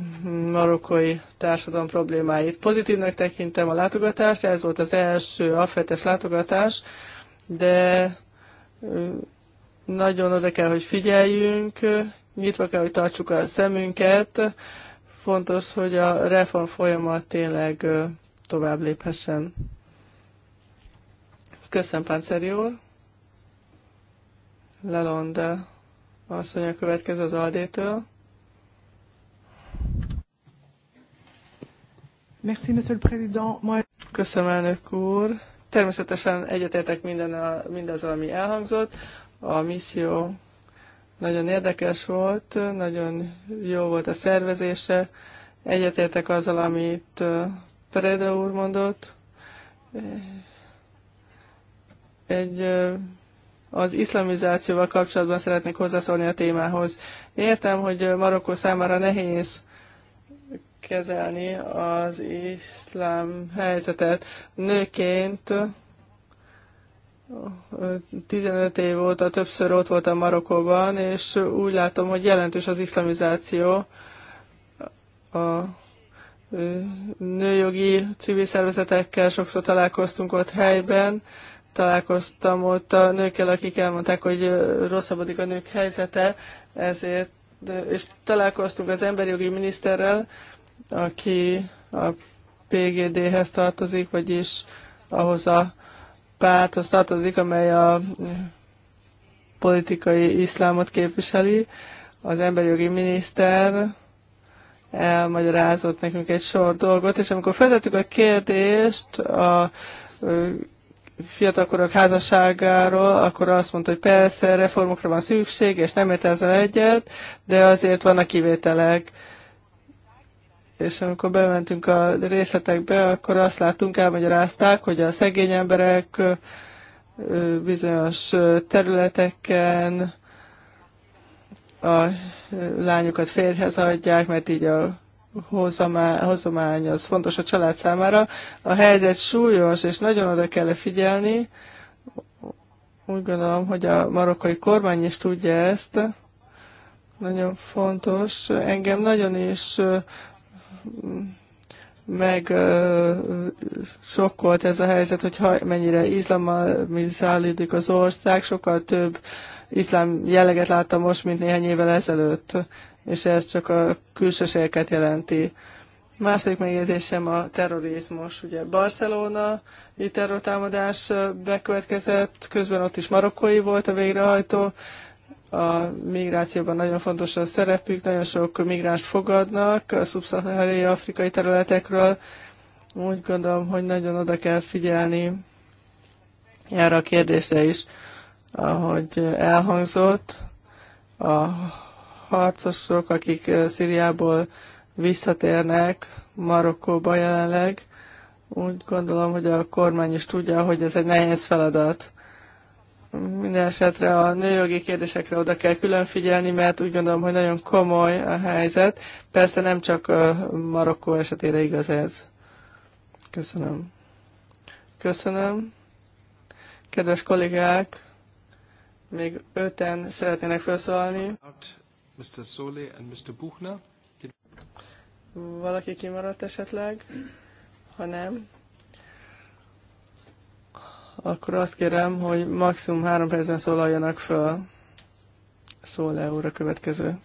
Speaker 4: marokkói társadalom problémáit. Pozitívnak tekintem a látogatást, ez volt az első affetes látogatás, de nagyon oda kell, hogy figyeljünk, nyitva kell, hogy tartsuk a szemünket. Fontos, hogy a reform folyamat tényleg tovább léphessen. Köszönöm, Pánceri úr. Lelonda a következő az Aldétől. Merci, Monsieur le Président. Köszönöm, elnök úr. Természetesen egyetértek minden a, mindazzal, ami elhangzott. A misszió nagyon érdekes volt, nagyon jó volt a szervezése. Egyetértek azzal, amit Pereda úr mondott. Egy az iszlamizációval kapcsolatban szeretnék hozzászólni a témához. Értem, hogy Marokkó számára nehéz kezelni az iszlám helyzetet. Nőként 15 év óta többször ott voltam Marokkóban, és úgy látom, hogy jelentős az iszlamizáció. A nőjogi civil szervezetekkel sokszor találkoztunk ott helyben, találkoztam ott a nőkkel, akik elmondták, hogy rosszabbodik a nők helyzete, ezért és találkoztunk az emberi jogi miniszterrel, aki a PGD-hez tartozik, vagyis ahhoz a párthoz tartozik, amely a politikai iszlámot képviseli. Az emberjogi miniszter elmagyarázott nekünk egy sor dolgot, és amikor feltettük a kérdést a fiatalkorok házasságáról, akkor azt mondta, hogy persze reformokra van szükség, és nem ért ezzel egyet, de azért vannak kivételek és amikor bementünk a részletekbe, akkor azt láttunk, elmagyarázták, hogy a szegény emberek bizonyos területeken a lányokat férhez adják, mert így a hozomány az fontos a család számára. A helyzet súlyos, és nagyon oda kell figyelni. Úgy gondolom, hogy a marokkai kormány is tudja ezt. Nagyon fontos. Engem nagyon is meg sokkolt ez a helyzet, hogy ha, mennyire izlamizálódik az ország, sokkal több iszlám jelleget láttam most, mint néhány évvel ezelőtt, és ez csak a külsőségeket jelenti. Második megjegyzésem a terrorizmus. Ugye Barcelona terrortámadás bekövetkezett, közben ott is marokkói volt a végrehajtó, a migrációban nagyon fontos a szerepük, nagyon sok migráns fogadnak a szubszaharai afrikai területekről. Úgy gondolom, hogy nagyon oda kell figyelni erre a kérdésre is, ahogy elhangzott. A harcosok, akik eh, Szíriából visszatérnek Marokkóba jelenleg, úgy gondolom, hogy a kormány is tudja, hogy ez egy nehéz feladat minden esetre a nőjogi kérdésekre oda kell külön figyelni, mert úgy gondolom, hogy nagyon komoly a helyzet. Persze nem csak Marokkó esetére igaz ez. Köszönöm. Köszönöm. Kedves kollégák, még öten szeretnének felszólalni.
Speaker 2: Mr. Soli and Mr. Buchner.
Speaker 4: Valaki kimaradt esetleg? Ha nem, akkor azt kérem, hogy maximum három percben szólaljanak föl. szól le úr a következő?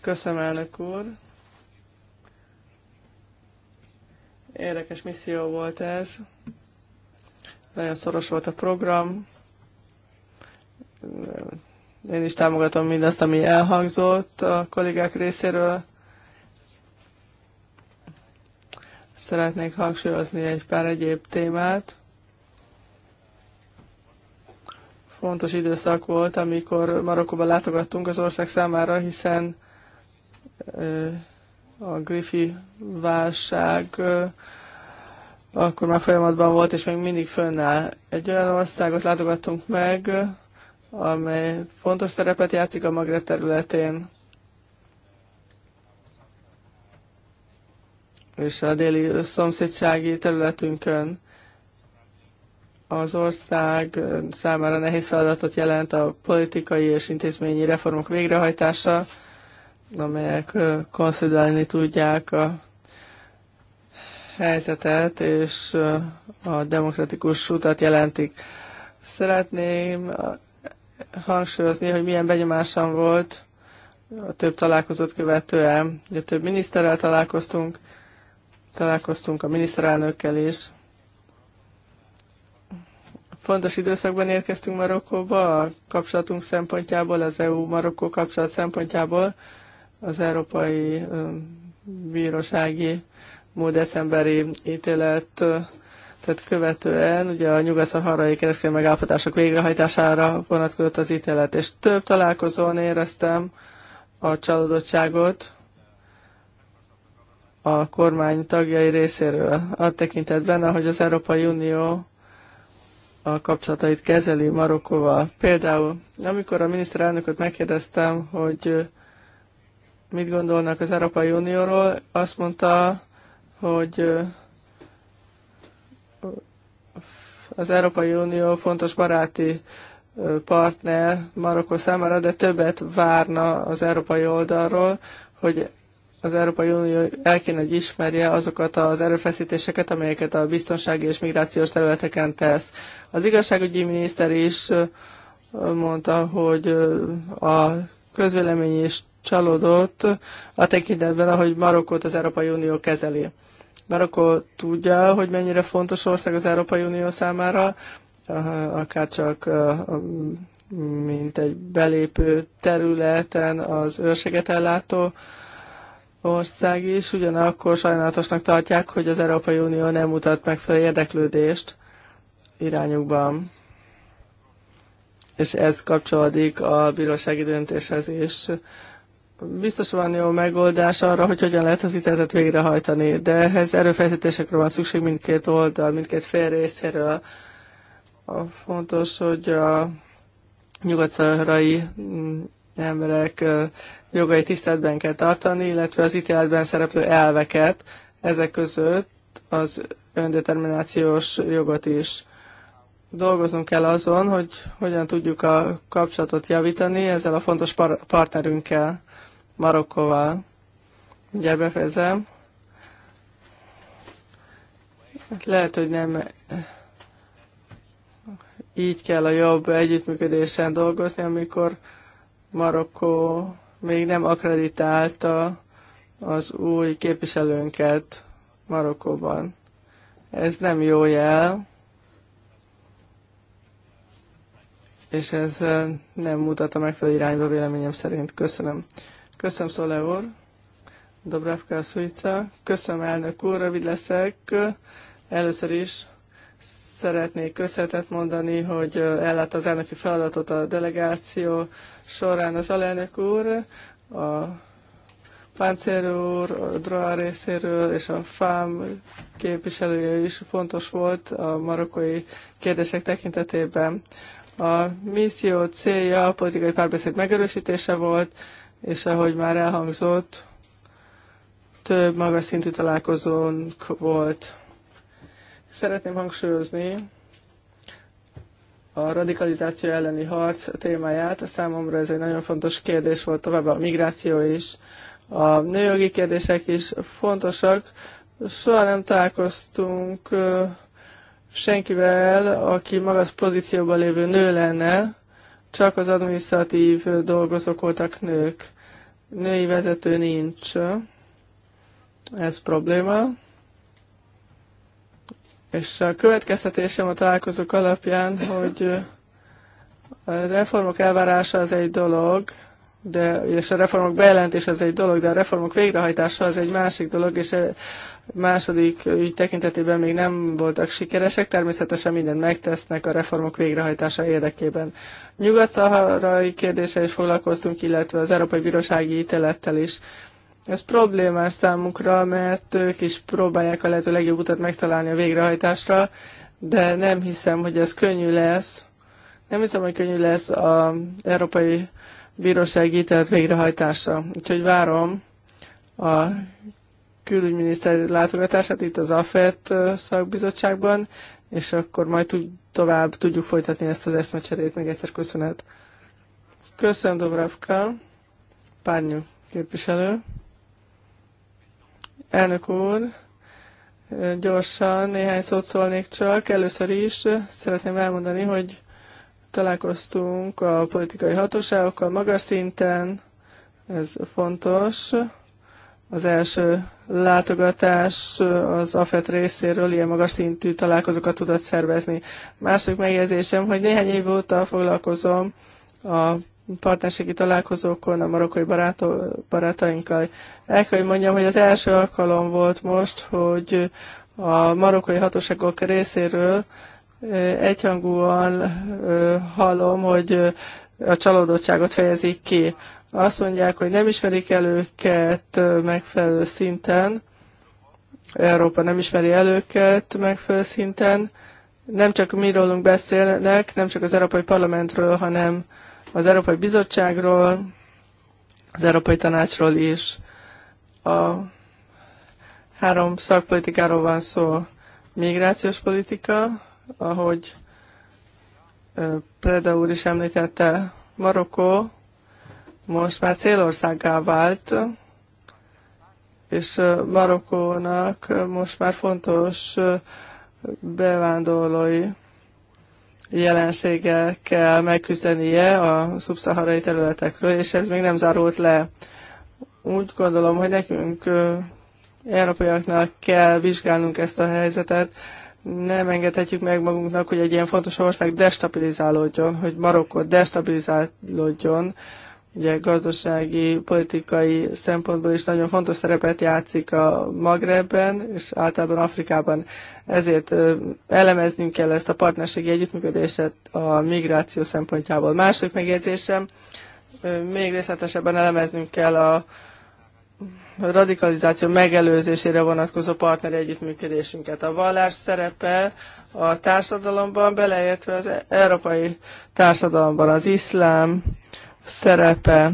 Speaker 4: Köszönöm, elnök úr. Érdekes misszió volt ez. Nagyon szoros volt a program. Én is támogatom mindazt, ami elhangzott a kollégák részéről. Szeretnék hangsúlyozni egy pár egyéb témát. Fontos időszak volt, amikor Marokkóba látogattunk az ország számára, hiszen a Griffi válság akkor már folyamatban volt, és még mindig fönnáll. Egy olyan országot látogattunk meg, amely fontos szerepet játszik a Magreb területén. és a déli szomszédsági területünkön az ország számára nehéz feladatot jelent a politikai és intézményi reformok végrehajtása, amelyek konszolidálni tudják a helyzetet, és a demokratikus utat jelentik. Szeretném hangsúlyozni, hogy milyen benyomásom volt a több találkozót követően. Ugye több miniszterrel találkoztunk, Találkoztunk a miniszterelnökkel is. Fontos időszakban érkeztünk Marokkóba, a kapcsolatunk szempontjából, az EU-Marokkó kapcsolat szempontjából, az Európai um, Bírósági múlt decemberi ítélet uh, tehát követően ugye a nyugat-szaharai kereskedelmi megállapodások végrehajtására vonatkozott az ítélet, és több találkozón éreztem a csalódottságot, a kormány tagjai részéről a tekintetben, ahogy az Európai Unió a kapcsolatait kezeli Marokkóval. Például, amikor a miniszterelnököt megkérdeztem, hogy mit gondolnak az Európai Unióról, azt mondta, hogy az Európai Unió fontos baráti partner Marokkó számára, de többet várna az európai oldalról, hogy az Európai Unió el kéne, hogy ismerje azokat az erőfeszítéseket, amelyeket a biztonsági és migrációs területeken tesz. Az igazságügyi miniszter is mondta, hogy a közvélemény is csalódott a tekintetben, ahogy Marokkót az Európai Unió kezeli. Marokkó tudja, hogy mennyire fontos ország az Európai Unió számára, akár csak mint egy belépő területen az őrséget ellátó ország is, ugyanakkor sajnálatosnak tartják, hogy az Európai Unió nem mutat fel érdeklődést irányukban. És ez kapcsolódik a bírósági döntéshez is. Biztos van jó megoldás arra, hogy hogyan lehet az ítéletet végrehajtani, de ehhez erőfeszítésekre van szükség mindkét oldal, mindkét fél részéről. A fontos, hogy a nyugat mm, emberek jogai tiszteletben kell tartani, illetve az ítéletben szereplő elveket, ezek között az öndeterminációs jogot is. Dolgoznunk kell azon, hogy hogyan tudjuk a kapcsolatot javítani ezzel a fontos par- partnerünkkel, Marokkóval. Ugye befejezem. Lehet, hogy nem így kell a jobb együttműködésen dolgozni, amikor Marokkó még nem akreditálta az új képviselőnket Marokkóban. Ez nem jó jel, és ez nem mutat a megfelelő irányba véleményem szerint. Köszönöm. Köszönöm, Szole úr. Dobravka Szuica. Köszönöm, elnök úr, rövid leszek. Először is Szeretnék köszönetet mondani, hogy ellát az elnöki feladatot a delegáció során az alelnök úr, a Páncér úr, a DROA részéről és a FAM képviselője is fontos volt a marokkói kérdések tekintetében. A misszió célja a politikai párbeszéd megerősítése volt, és ahogy már elhangzott, több magas szintű találkozónk volt Szeretném hangsúlyozni a radikalizáció elleni harc témáját. Számomra ez egy nagyon fontos kérdés volt, továbbá a migráció is. A nőjogi kérdések is fontosak. Soha nem találkoztunk senkivel, aki magas pozícióban lévő nő lenne, csak az administratív dolgozók voltak nők. Női vezető nincs. Ez probléma. És a következtetésem a találkozók alapján, hogy a reformok elvárása az egy dolog, de, és a reformok bejelentése az egy dolog, de a reformok végrehajtása az egy másik dolog, és a e második ügy tekintetében még nem voltak sikeresek. Természetesen mindent megtesznek a reformok végrehajtása érdekében. Nyugat-szaharai kérdéssel is foglalkoztunk, illetve az Európai Bírósági ítélettel is. Ez problémás számukra, mert ők is próbálják a lehető legjobb utat megtalálni a végrehajtásra, de nem hiszem, hogy ez könnyű lesz. Nem hiszem, hogy könnyű lesz az Európai Bíróság ítélet végrehajtása. Úgyhogy várom a külügyminiszter látogatását itt az AFET szakbizottságban, és akkor majd tovább tudjuk folytatni ezt az eszmecserét. Még egyszer köszönet. Köszönöm, Dobravka. Párnyú képviselő. Elnök úr, gyorsan néhány szót szólnék csak. Először is szeretném elmondani, hogy találkoztunk a politikai hatóságokkal magas szinten, ez fontos. Az első látogatás az AFET részéről ilyen magas szintű találkozókat tudott szervezni. Második megjegyzésem, hogy néhány év óta foglalkozom a partnerségi találkozókon a marokkai barátó, barátainkkal. El kell, hogy mondjam, hogy az első alkalom volt most, hogy a marokkai hatóságok részéről egyhangúan hallom, hogy a csalódottságot fejezik ki. Azt mondják, hogy nem ismerik el őket megfelelő szinten, Európa nem ismeri el őket megfelelő szinten, nem csak mi rólunk beszélnek, nem csak az Európai Parlamentről, hanem az Európai Bizottságról, az Európai Tanácsról is. A három szakpolitikáról van szó. Migrációs politika, ahogy Preda úr is említette, Marokkó most már célországá vált, és Marokkónak most már fontos bevándorlói jelenséggel kell megküzdenie a szubszaharai területekről, és ez még nem zárult le. Úgy gondolom, hogy nekünk, európaiaknak kell vizsgálnunk ezt a helyzetet, nem engedhetjük meg magunknak, hogy egy ilyen fontos ország destabilizálódjon, hogy Marokkó destabilizálódjon, ugye gazdasági, politikai szempontból is nagyon fontos szerepet játszik a Magrebben és általában Afrikában. Ezért elemeznünk kell ezt a partnerségi együttműködést a migráció szempontjából. Második megjegyzésem, még részletesebben elemeznünk kell a radikalizáció megelőzésére vonatkozó partner együttműködésünket. A vallás szerepe a társadalomban, beleértve az európai társadalomban az iszlám, szerepe.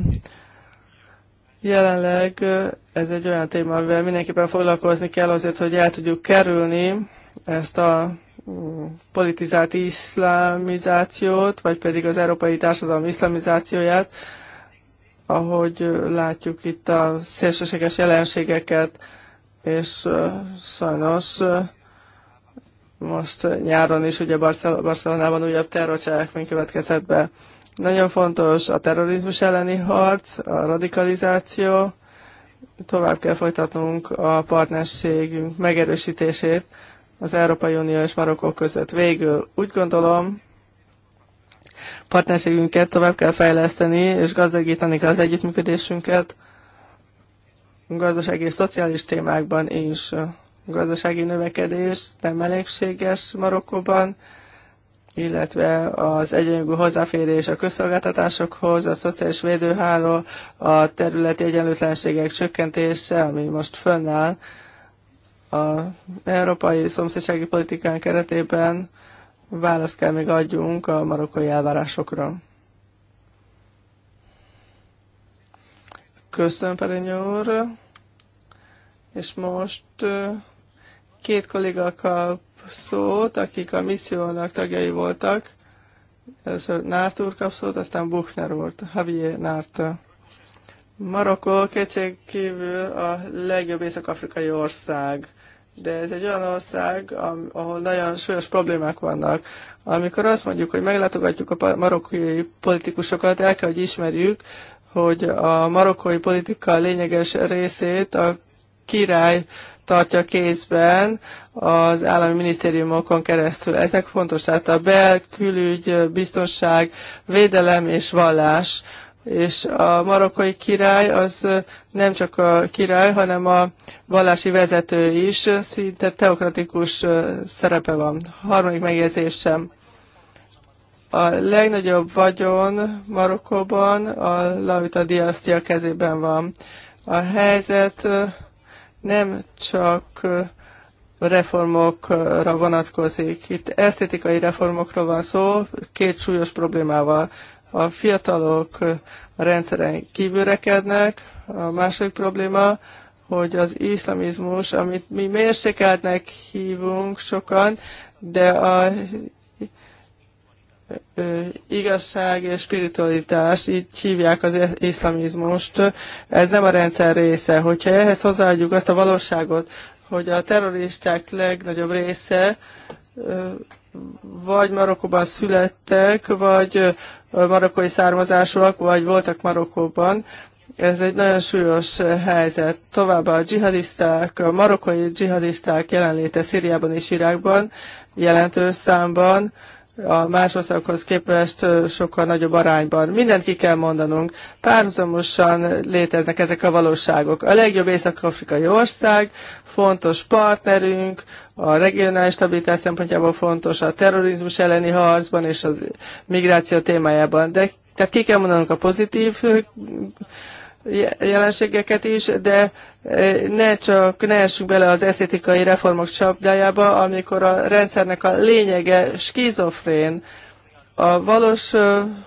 Speaker 4: Jelenleg ez egy olyan téma, amivel mindenképpen foglalkozni kell azért, hogy el tudjuk kerülni ezt a politizált iszlamizációt, vagy pedig az európai társadalom iszlamizációját, ahogy látjuk itt a szélsőséges jelenségeket, és sajnos most nyáron is ugye Barcelonában újabb terrorcselekmény következett be. Nagyon fontos a terrorizmus elleni harc, a radikalizáció, tovább kell folytatnunk a partnerségünk megerősítését az Európai Unió és Marokkó között. Végül úgy gondolom, partnerségünket tovább kell fejleszteni, és gazdagítani kell az együttműködésünket gazdasági és szociális témákban is. Gazdasági növekedés nem elégséges Marokkóban, illetve az egyenjogú hozzáférés a közszolgáltatásokhoz, a szociális védőháló, a területi egyenlőtlenségek csökkentése, ami most fönnáll az európai szomszédsági politikán keretében, választ kell még adjunk a marokkai elvárásokra. Köszönöm, Perinyó úr. És most két kollégakkal szót, akik a missziónak tagjai voltak. Először Nárt úr kap szót, aztán Buchner úr, Javier Nárt. Marokkó kétségkívül a legjobb észak-afrikai ország, de ez egy olyan ország, ahol nagyon súlyos problémák vannak. Amikor azt mondjuk, hogy meglátogatjuk a marokkói politikusokat, el kell, hogy ismerjük, hogy a marokkói politika lényeges részét a király tartja kézben az állami minisztériumokon keresztül. Ezek fontos, tehát a belkülügy, biztonság, védelem és vallás. És a marokkai király az nem csak a király, hanem a vallási vezető is, szinte teokratikus szerepe van. Harmadik megjegyzésem. A legnagyobb vagyon Marokkóban a Lauta diasztia kezében van. A helyzet nem csak reformokra vonatkozik. Itt esztétikai reformokról van szó, két súlyos problémával. A fiatalok a rendszeren kívülrekednek, a második probléma, hogy az iszlamizmus, amit mi mérsékeltnek hívunk sokan, de a igazság és spiritualitás, így hívják az iszlamizmust. Ez nem a rendszer része. Hogyha ehhez hozzáadjuk azt a valóságot, hogy a terroristák legnagyobb része vagy Marokkóban születtek, vagy marokkói származásúak, vagy voltak Marokkóban, ez egy nagyon súlyos helyzet. Továbbá a dzsihadisták, a marokkói dzsihadisták jelenléte Szíriában és Irákban jelentős számban a más országokhoz képest sokkal nagyobb arányban. Mindent ki kell mondanunk. Párhuzamosan léteznek ezek a valóságok. A legjobb észak-afrikai ország, fontos partnerünk, a regionális stabilitás szempontjából fontos a terrorizmus elleni harcban és a migráció témájában. De tehát ki kell mondanunk a pozitív jelenségeket is, de e, ne csak ne essünk bele az esztétikai reformok csapdájába, amikor a rendszernek a lényege skizofrén. A valós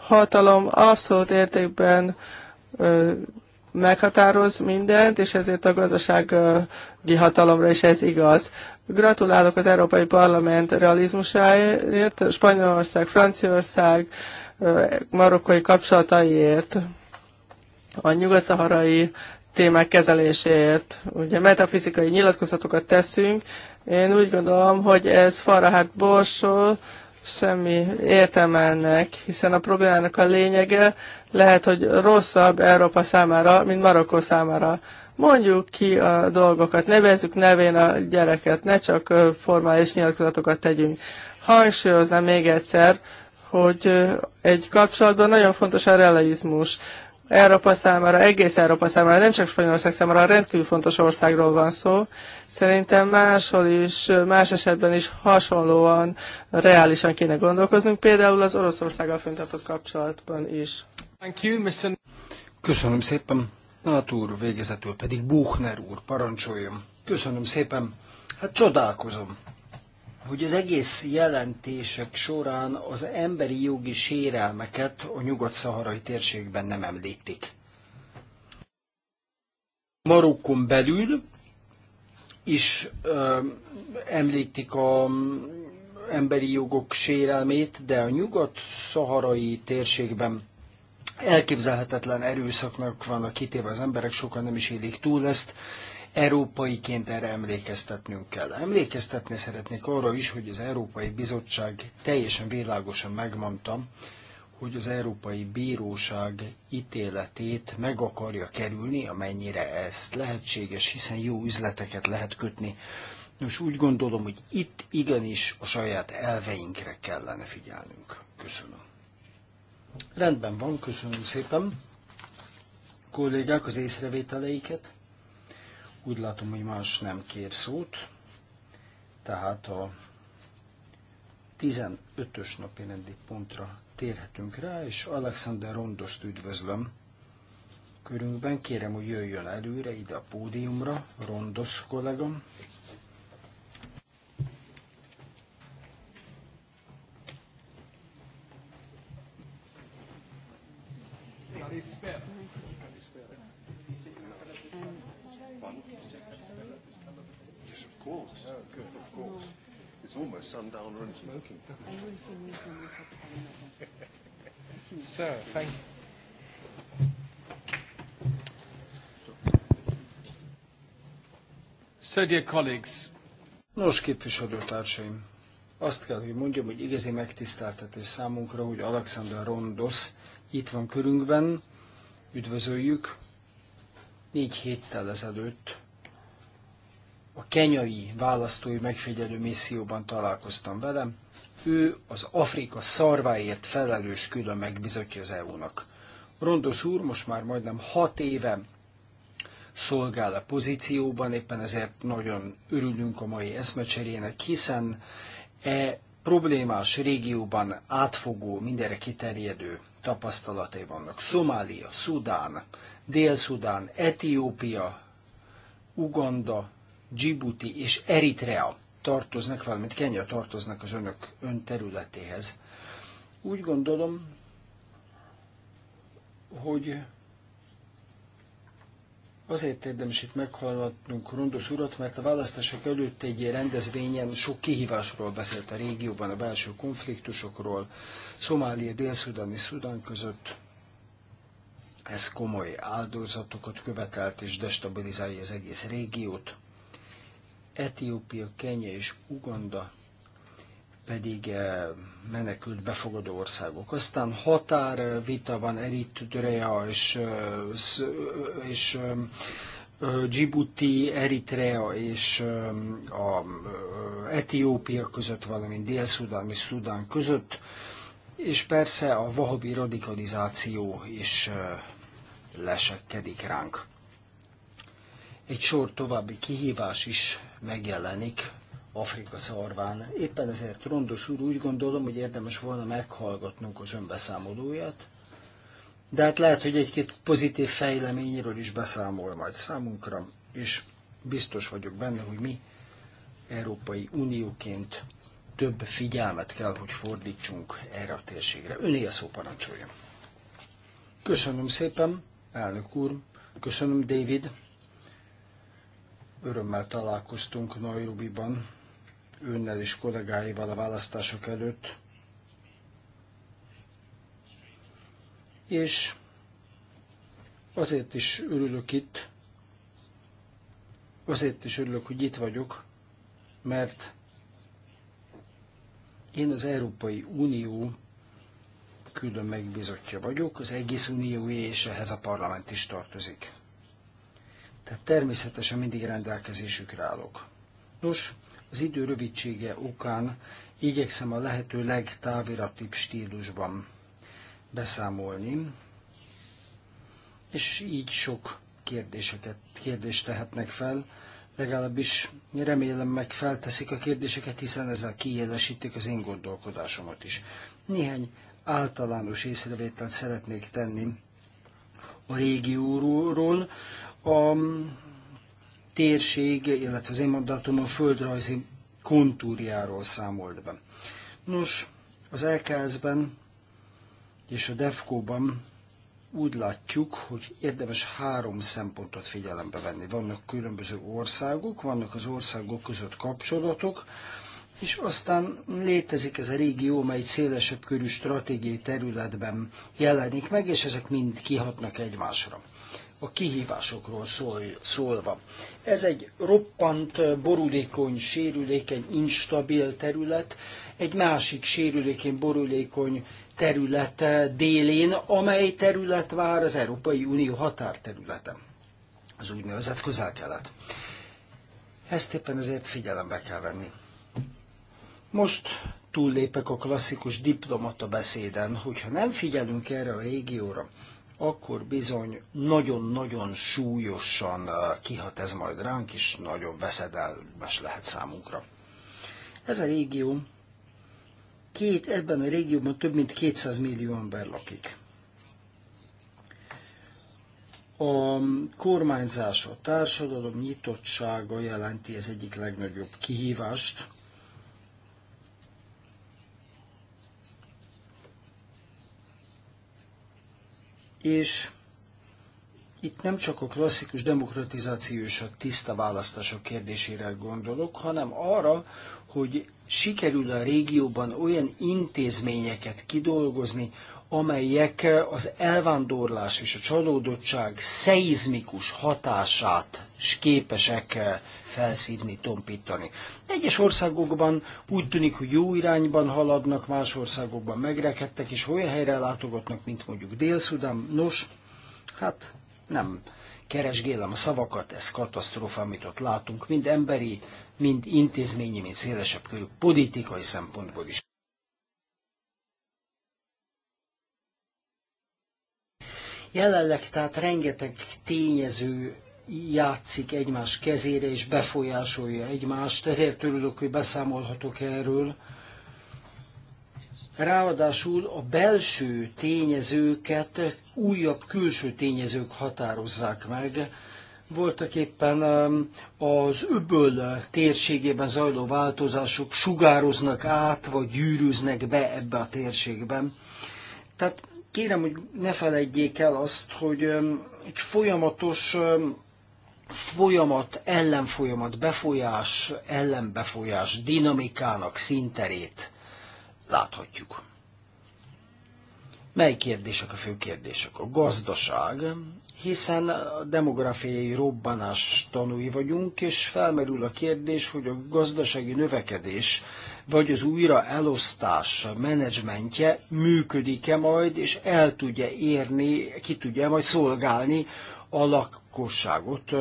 Speaker 4: hatalom abszolút értékben meghatároz mindent, és ezért a gazdasági hatalomra is ez igaz. Gratulálok az Európai Parlament realizmusáért, Spanyolország, Franciaország, marokkai kapcsolataiért a nyugat-szaharai témák kezeléséért. Ugye metafizikai nyilatkozatokat teszünk. Én úgy gondolom, hogy ez Farahát borsol, semmi értelme ennek, hiszen a problémának a lényege lehet, hogy rosszabb Európa számára, mint Marokkó számára. Mondjuk ki a dolgokat, nevezzük nevén a gyereket, ne csak formális nyilatkozatokat tegyünk. Hangsúlyoznám még egyszer, hogy egy kapcsolatban nagyon fontos a realizmus. Európa számára, egész Európa számára, nem csak Spanyolország számára, rendkívül fontos országról van szó. Szerintem máshol is, más esetben is hasonlóan reálisan kéne gondolkoznunk, például az Oroszországgal fenntartott kapcsolatban is. Thank you, Mr.
Speaker 1: Köszönöm szépen. Nát úr, végezetül pedig Buchner úr, parancsoljon. Köszönöm szépen. Hát csodálkozom hogy az egész jelentések során az emberi jogi sérelmeket a nyugat-szaharai térségben nem említik. Marokkon belül is ö, említik a emberi jogok sérelmét, de a nyugat-szaharai térségben elképzelhetetlen erőszaknak vannak kitéve az emberek, sokan nem is élik túl ezt, Európaiként erre emlékeztetnünk kell. Emlékeztetni szeretnék arra is, hogy az Európai Bizottság teljesen világosan megmondta, hogy az Európai Bíróság ítéletét meg akarja kerülni, amennyire ezt lehetséges, hiszen jó üzleteket lehet kötni. Nos, úgy gondolom, hogy itt igenis a saját elveinkre kellene figyelnünk. Köszönöm. Rendben van, köszönöm szépen. Kollégák, az észrevételeiket. Úgy látom, hogy más nem kér szót, tehát a 15-ös napi rendi pontra térhetünk rá, és Alexander Rondoszt üdvözlöm körünkben. Kérem, hogy jöjjön előre ide a pódiumra, Rondosz kollégam.
Speaker 2: Yeah. course. Oh, good, of course. Oh. It's almost sundown and Smoking. so, [LAUGHS] thank So, dear colleagues.
Speaker 1: Nos, képviselőtársaim, azt kell, hogy mondjam, hogy igazi megtiszteltetés számunkra, hogy Alexander Rondos itt van körünkben, üdvözöljük. Négy héttel ezelőtt a kenyai választói megfigyelő misszióban találkoztam velem. Ő az Afrika szarváért felelős külön megbizotja az EU-nak. Rondos úr most már majdnem hat éve szolgál a pozícióban, éppen ezért nagyon örülünk a mai eszmecserének, hiszen e problémás régióban átfogó, mindenre kiterjedő tapasztalatai vannak. Szomália, Szudán, Dél-Szudán, Etiópia, Uganda, Djibouti és Eritrea tartoznak, valamint Kenya tartoznak az önök ön területéhez. Úgy gondolom, hogy azért érdemes itt meghallgatnunk Rondos urat, mert a választások előtt egy rendezvényen sok kihívásról beszélt a régióban, a belső konfliktusokról, Szomália, Dél-Szudán és Szudán között. Ez komoly áldozatokat követelt és destabilizálja az egész régiót. Etiópia, Kenya és Uganda pedig eh, menekült befogadó országok. Aztán határvita eh, van Eritrea és, eh, és Djibouti, Eritrea és a Etiópia között, valamint Dél-Szudán és Szudán között, és persze a vahabi radikalizáció is lesekedik ránk egy sor további kihívás is megjelenik Afrika szarván. Éppen ezért Rondos úr úgy gondolom, hogy érdemes volna meghallgatnunk az önbeszámolóját, de hát lehet, hogy egy-két pozitív fejleményről is beszámol majd számunkra, és biztos vagyok benne, hogy mi Európai Unióként több figyelmet kell, hogy fordítsunk erre a térségre. Öné a szó parancsolja. Köszönöm szépen, elnök úr, köszönöm David, örömmel találkoztunk Nairobi-ban, önnel és kollégáival a választások előtt, és azért is örülök itt, azért is örülök, hogy itt vagyok, mert én az Európai Unió külön megbizotja vagyok, az egész Unió és ehhez a parlament is tartozik. Tehát természetesen mindig rendelkezésükre állok. Nos, az idő rövidsége okán igyekszem a lehető legtáviratibb stílusban beszámolni, és így sok kérdéseket, kérdést tehetnek fel, legalábbis remélem meg felteszik a kérdéseket, hiszen ezzel kiélesítik az én gondolkodásomat is. Néhány általános észrevételt szeretnék tenni a régióról, a térség, illetve az én mandátum a földrajzi kontúrjáról számolt be. Nos, az LKS-ben és a DEFCO-ban úgy látjuk, hogy érdemes három szempontot figyelembe venni. Vannak különböző országok, vannak az országok között kapcsolatok, és aztán létezik ez a régió, mely szélesebb körű stratégiai területben jelenik meg, és ezek mind kihatnak egymásra a kihívásokról szól, szólva. Ez egy roppant, borulékony, sérülékeny, instabil terület, egy másik sérülékeny, borulékony terület délén, amely terület vár az Európai Unió határterülete, az úgynevezett közel-kelet. Ezt éppen ezért figyelembe kell venni. Most túllépek a klasszikus diplomata beszéden, hogyha nem figyelünk erre a régióra, akkor bizony nagyon-nagyon súlyosan uh, kihat ez majd ránk, és nagyon veszedelmes lehet számunkra. Ez a régió, két, ebben a régióban több mint 200 millió ember lakik. A kormányzás, a társadalom nyitottsága jelenti az egyik legnagyobb kihívást, és itt nem csak a klasszikus demokratizáció és a tiszta választások kérdésére gondolok, hanem arra, hogy sikerül a régióban olyan intézményeket kidolgozni, amelyek az elvándorlás és a csalódottság szeizmikus hatását is képesek eh, felszívni, tompítani. Egyes országokban úgy tűnik, hogy jó irányban haladnak, más országokban megrekedtek, és olyan helyre látogatnak, mint mondjuk Dél-Szudán. Nos, hát nem keresgélem a szavakat, ez katasztrófa, amit ott látunk, mind emberi, mind intézményi, mind szélesebb körű politikai szempontból is. Jelenleg tehát rengeteg tényező játszik egymás kezére és befolyásolja egymást, ezért örülök, hogy beszámolhatok erről. Ráadásul a belső tényezőket újabb külső tényezők határozzák meg. Voltak éppen um, az öböl térségében zajló változások sugároznak át, vagy gyűrűznek be ebbe a térségben. Tehát Kérem, hogy ne felejtjék el azt, hogy egy folyamatos folyamat, ellenfolyamat, befolyás, ellenbefolyás dinamikának szinterét láthatjuk. Mely kérdések a fő kérdések? A gazdaság, hiszen a demográfiai robbanás tanúi vagyunk, és felmerül a kérdés, hogy a gazdasági növekedés vagy az újra elosztás, menedzsmentje működik-e majd, és el tudja érni, ki tudja majd szolgálni a lakosságot.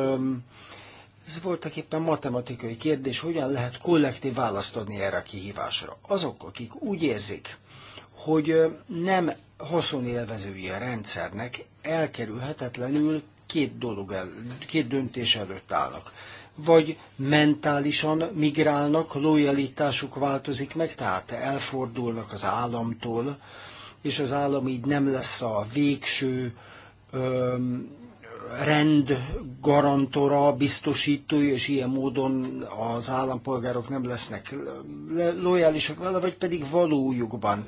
Speaker 1: Ez voltak éppen matematikai kérdés, hogyan lehet kollektív választ adni erre a kihívásra. Azok, akik úgy érzik, hogy nem haszonélvezői a rendszernek, elkerülhetetlenül két, dolog el, két döntés előtt állnak vagy mentálisan migrálnak, lojalitásuk változik meg, tehát elfordulnak az államtól, és az állam így nem lesz a végső öm, rend garantora, biztosítója, és ilyen módon az állampolgárok nem lesznek lojálisak vele, vagy pedig valójukban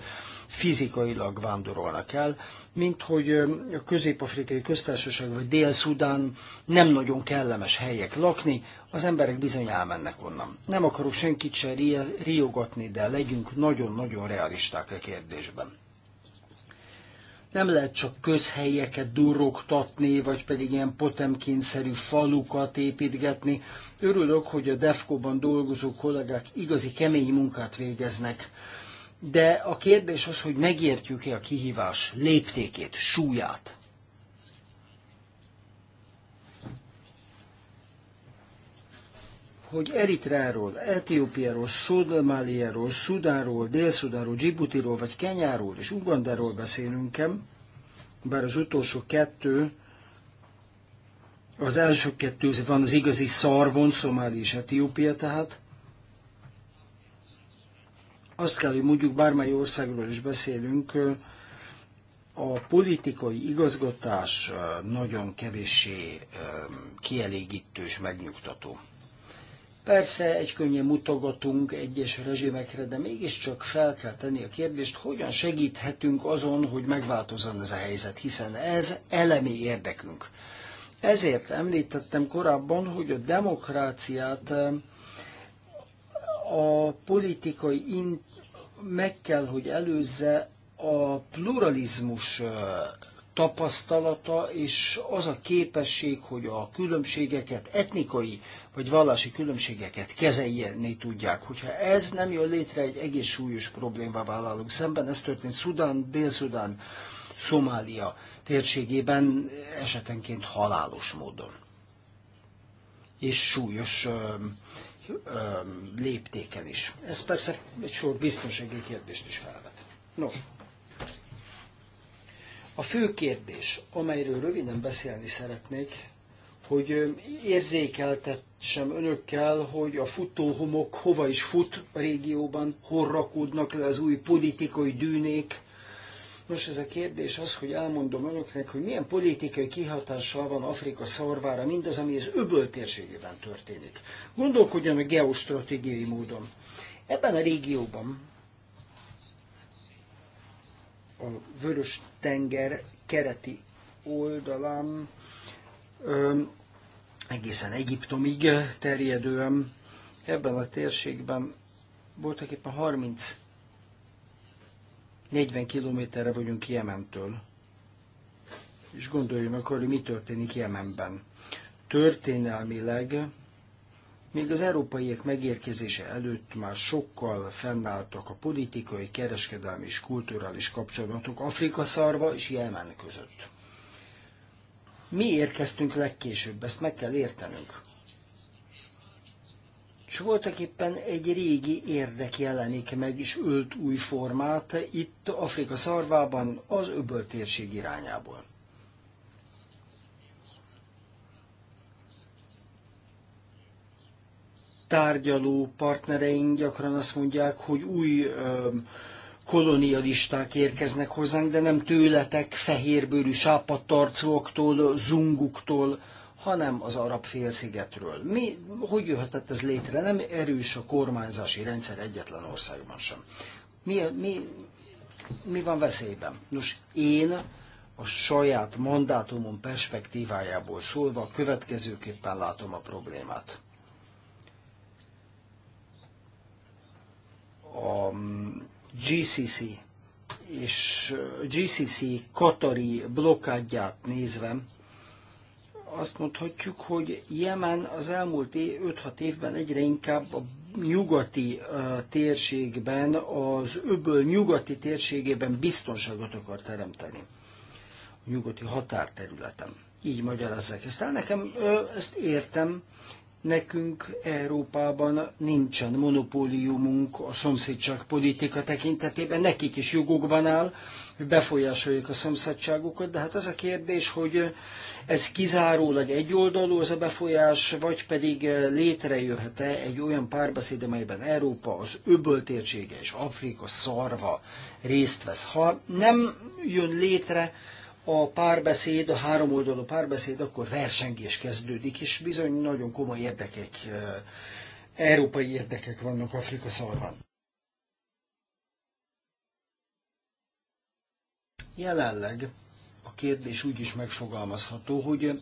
Speaker 1: fizikailag vándorolnak el, mint hogy a közép-afrikai köztársaság vagy Dél-Szudán nem nagyon kellemes helyek lakni, az emberek bizony elmennek onnan. Nem akarok senkit se riogatni, de legyünk nagyon-nagyon realisták a e kérdésben nem lehet csak közhelyeket durrogtatni, vagy pedig ilyen potemkényszerű falukat építgetni. Örülök, hogy a DEFCO-ban dolgozó kollégák igazi kemény munkát végeznek, de a kérdés az, hogy megértjük-e a kihívás léptékét, súlyát. hogy Eritráról, Etiópiáról, Szodomáliáról, Szudáról, Dél-Szudáról, Djibutiról vagy Kenyáról és Ugandáról beszélünk bár az utolsó kettő, az első kettő van az igazi szarvon, Szomália és Etiópia tehát, azt kell, hogy mondjuk bármely országról is beszélünk, a politikai igazgatás nagyon kevéssé kielégítő és megnyugtató. Persze egy könnyen mutogatunk egyes rezsimekre, de mégiscsak fel kell tenni a kérdést, hogyan segíthetünk azon, hogy megváltozzon ez a helyzet, hiszen ez elemi érdekünk. Ezért említettem korábban, hogy a demokráciát a politikai in, meg kell, hogy előzze a pluralizmus tapasztalata és az a képesség, hogy a különbségeket, etnikai vagy vallási különbségeket kezelni tudják. Hogyha ez nem jön létre, egy egész súlyos problémával vállalunk szemben. Ez történt Szudán, Dél-Szudán, Szomália térségében esetenként halálos módon. És súlyos léptéken is. Ez persze egy sor biztonsági kérdést is felvet. Nos, a fő kérdés, amelyről röviden beszélni szeretnék, hogy érzékeltessem önökkel, hogy a futóhomok hova is fut a régióban, hol rakódnak le az új politikai dűnék, Nos, ez a kérdés az, hogy elmondom önöknek, hogy milyen politikai kihatással van Afrika szarvára mindaz, ami az öböl térségében történik. a geostratégiai módon. Ebben a régióban a Vörös tenger kereti oldalán egészen Egyiptomig terjedően ebben a térségben voltak éppen 30 40 kilométerre vagyunk Kémen-től, És gondoljunk akkor, hogy mi történik Jemenben. Történelmileg még az európaiak megérkezése előtt már sokkal fennálltak a politikai, kereskedelmi és kulturális kapcsolatok Afrika szarva és Jemen között. Mi érkeztünk legkésőbb, ezt meg kell értenünk és voltak éppen egy régi érdek jelenik meg, és ölt új formát itt Afrika szarvában az öböl térség irányából. Tárgyaló partnereink gyakran azt mondják, hogy új ö, kolonialisták érkeznek hozzánk, de nem tőletek, fehérbőrű sápadtarcúaktól, zunguktól, hanem az arab félszigetről. Mi, hogy jöhetett ez létre? Nem erős a kormányzási rendszer egyetlen országban sem. Mi, mi, mi van veszélyben? Nos, én a saját mandátumom perspektívájából szólva következőképpen látom a problémát. A mm, GCC és GCC Katari blokkádját nézve, azt mondhatjuk, hogy Jemen az elmúlt 5-6 évben egyre inkább a nyugati térségben, az öböl nyugati térségében biztonságot akar teremteni. A nyugati határterületen. Így magyarázzák ezt el. Nekem ezt értem, Nekünk Európában nincsen monopóliumunk a szomszédság politika tekintetében, nekik is jogokban áll, hogy befolyásoljuk a szomszédságukat, de hát ez a kérdés, hogy ez kizárólag egyoldalú ez a befolyás, vagy pedig létrejöhet-e egy olyan párbeszéd, amelyben Európa, az öböl és Afrika szarva részt vesz. Ha nem jön létre, a párbeszéd, a háromoldalú párbeszéd, akkor versengés kezdődik, és bizony nagyon komoly érdekek, eh, európai érdekek vannak Afrika szarban. Jelenleg a kérdés úgy is megfogalmazható, hogy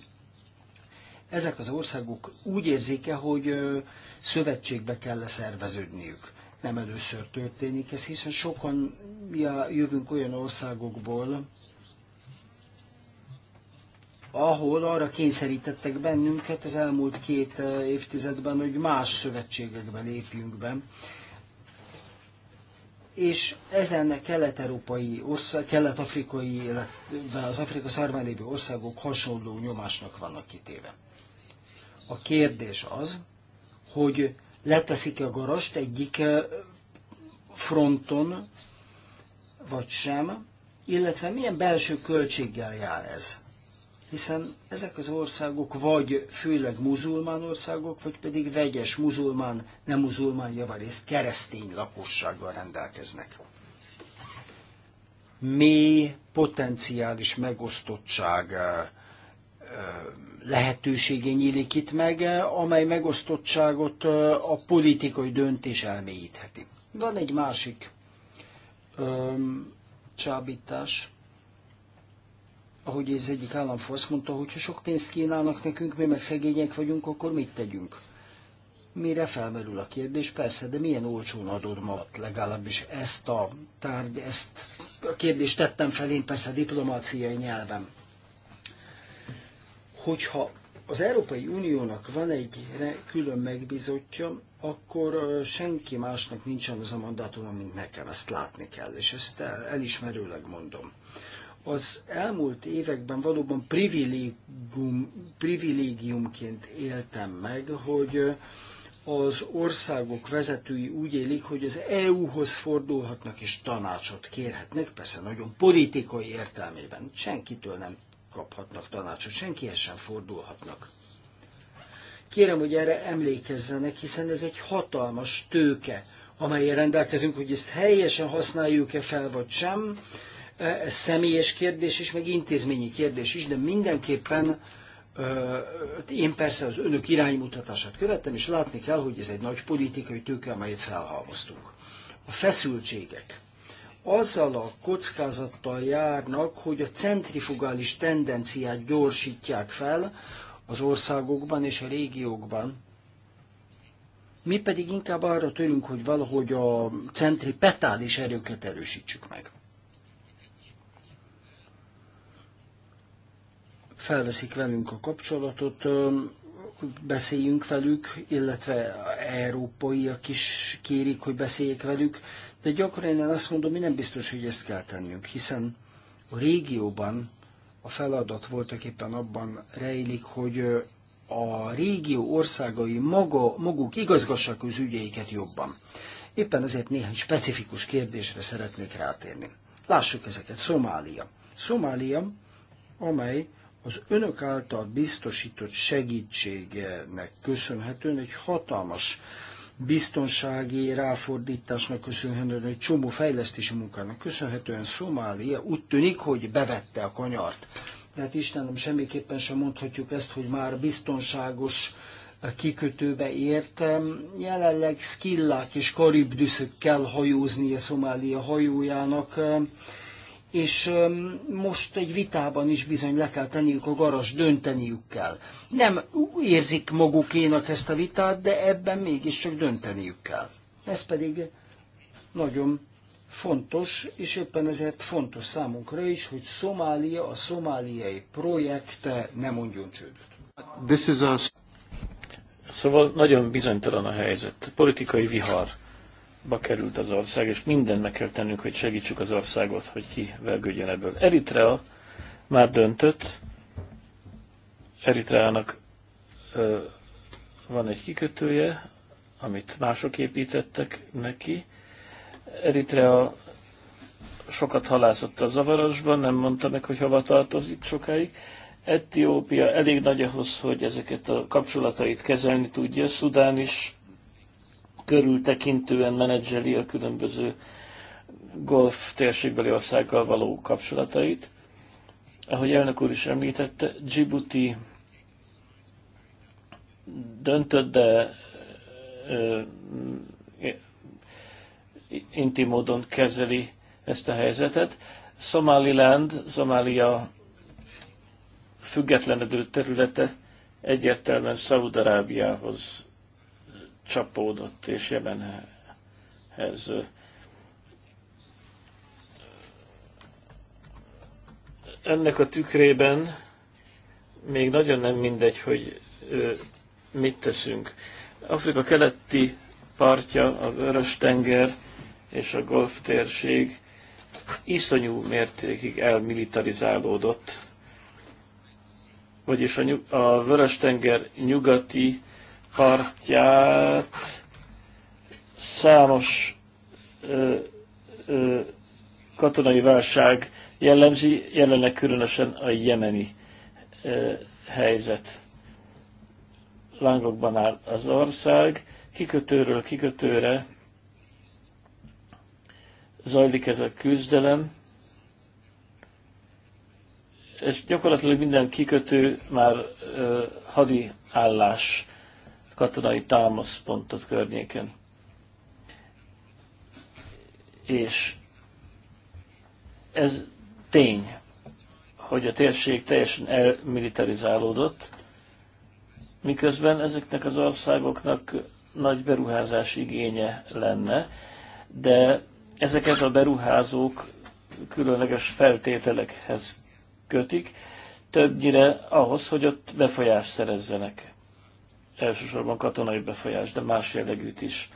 Speaker 1: ezek az országok úgy érzik-e, hogy eh, szövetségbe kell -e szerveződniük. Nem először történik ez, hiszen sokan jövünk olyan országokból, ahol arra kényszerítettek bennünket az elmúlt két eh, évtizedben, hogy más szövetségekbe lépjünk be. És ezen kelet-európai, kelet-afrikai, illetve az Afrika szárván lévő országok hasonló nyomásnak vannak kitéve. A kérdés az, hogy leteszik-e a garast egyik eh, fronton, vagy sem, illetve milyen belső költséggel jár ez hiszen ezek az országok vagy főleg muzulmán országok, vagy pedig vegyes muzulmán, nem muzulmán javarészt keresztény lakossággal rendelkeznek. Mély potenciális megosztottság eh, eh, lehetősége nyílik itt meg, eh, amely megosztottságot a politikai döntés elmélyítheti. Van egy másik öm, csábítás, ahogy ez egyik államfő azt mondta, hogy ha sok pénzt kínálnak nekünk, mi meg szegények vagyunk, akkor mit tegyünk? Mire felmerül a kérdés? Persze, de milyen olcsón adod ma? Legalábbis ezt a tárgy, ezt a kérdést tettem fel én persze diplomáciai nyelven. Hogyha az Európai Uniónak van egy külön megbizotja, akkor senki másnak nincsen az a mandátum, mint nekem, ezt látni kell, és ezt elismerőleg mondom az elmúlt években valóban privilégium, privilégiumként éltem meg, hogy az országok vezetői úgy élik, hogy az EU-hoz fordulhatnak és tanácsot kérhetnek, persze nagyon politikai értelmében. Senkitől nem kaphatnak tanácsot, senkihez sem fordulhatnak. Kérem, hogy erre emlékezzenek, hiszen ez egy hatalmas tőke, amelyen rendelkezünk, hogy ezt helyesen használjuk-e fel, vagy sem, ez személyes kérdés is, meg intézményi kérdés is, de mindenképpen e, hát én persze az önök iránymutatását követtem, és látni kell, hogy ez egy nagy politikai tőke, amelyet felhalmoztunk. A feszültségek azzal a kockázattal járnak, hogy a centrifugális tendenciát gyorsítják fel az országokban és a régiókban. Mi pedig inkább arra törünk, hogy valahogy a centripetális erőket erősítsük meg. felveszik velünk a kapcsolatot, beszéljünk velük, illetve európaiak is kérik, hogy beszéljek velük, de gyakran én azt mondom, mi nem biztos, hogy ezt kell tennünk, hiszen a régióban a feladat voltak éppen abban rejlik, hogy a régió országai maga, maguk igazgassák az ügyeiket jobban. Éppen ezért néhány specifikus kérdésre szeretnék rátérni. Lássuk ezeket. Szomália. Szomália, amely az önök által biztosított segítségnek köszönhetően egy hatalmas biztonsági ráfordításnak köszönhetően, egy csomó fejlesztési munkának köszönhetően Szomália úgy tűnik, hogy bevette a kanyart. Tehát Istenem, semmiképpen sem mondhatjuk ezt, hogy már biztonságos kikötőbe értem. Jelenleg Skillák és Karib kell hajózni a Szomália hajójának és most egy vitában is bizony le kell tenniük a garas, dönteniük kell. Nem érzik magukénak ezt a vitát, de ebben mégiscsak dönteniük kell. Ez pedig nagyon fontos, és éppen ezért fontos számunkra is, hogy Szomália, a szomáliai projekt ne mondjon csődöt.
Speaker 3: This is a... Szóval nagyon bizonytalan a helyzet. Politikai vihar ba került az ország, és mindent meg kell tennünk, hogy segítsük az országot, hogy kivergődjön ebből. Eritrea már döntött, Eritreának ö, van egy kikötője, amit mások építettek neki. Eritrea sokat halászott a zavarosban, nem mondta meg, hogy hova tartozik sokáig. Etiópia elég nagy ahhoz, hogy ezeket a kapcsolatait kezelni tudja, Szudán is körültekintően menedzseli a különböző golf térségbeli országgal való kapcsolatait. Ahogy elnök úr is említette, Djibouti döntött, de ö, intim módon kezeli ezt a helyzetet. Somaliland, Somália függetlenedő területe egyértelműen Szaúd-Arábiához csapódott és Jemenhez ennek a tükrében még nagyon nem mindegy, hogy ö, mit teszünk. Afrika keleti partja, a Vörös-tenger és a Golf térség iszonyú mértékig elmilitarizálódott. Vagyis a, a Vörös-tenger nyugati partját számos ö, ö, katonai válság jellemzi, jelenleg különösen a jemeni ö, helyzet. Lángokban áll az ország, kikötőről kikötőre zajlik ez a küzdelem, és gyakorlatilag minden kikötő már ö, hadi állás katonai támaszpontot környéken. És ez tény, hogy a térség teljesen elmilitarizálódott, miközben ezeknek az országoknak nagy beruházás igénye lenne, de ezeket a beruházók különleges feltételekhez kötik, többnyire ahhoz, hogy ott befolyást szerezzenek elsősorban katonai befolyás, de más jellegűt is.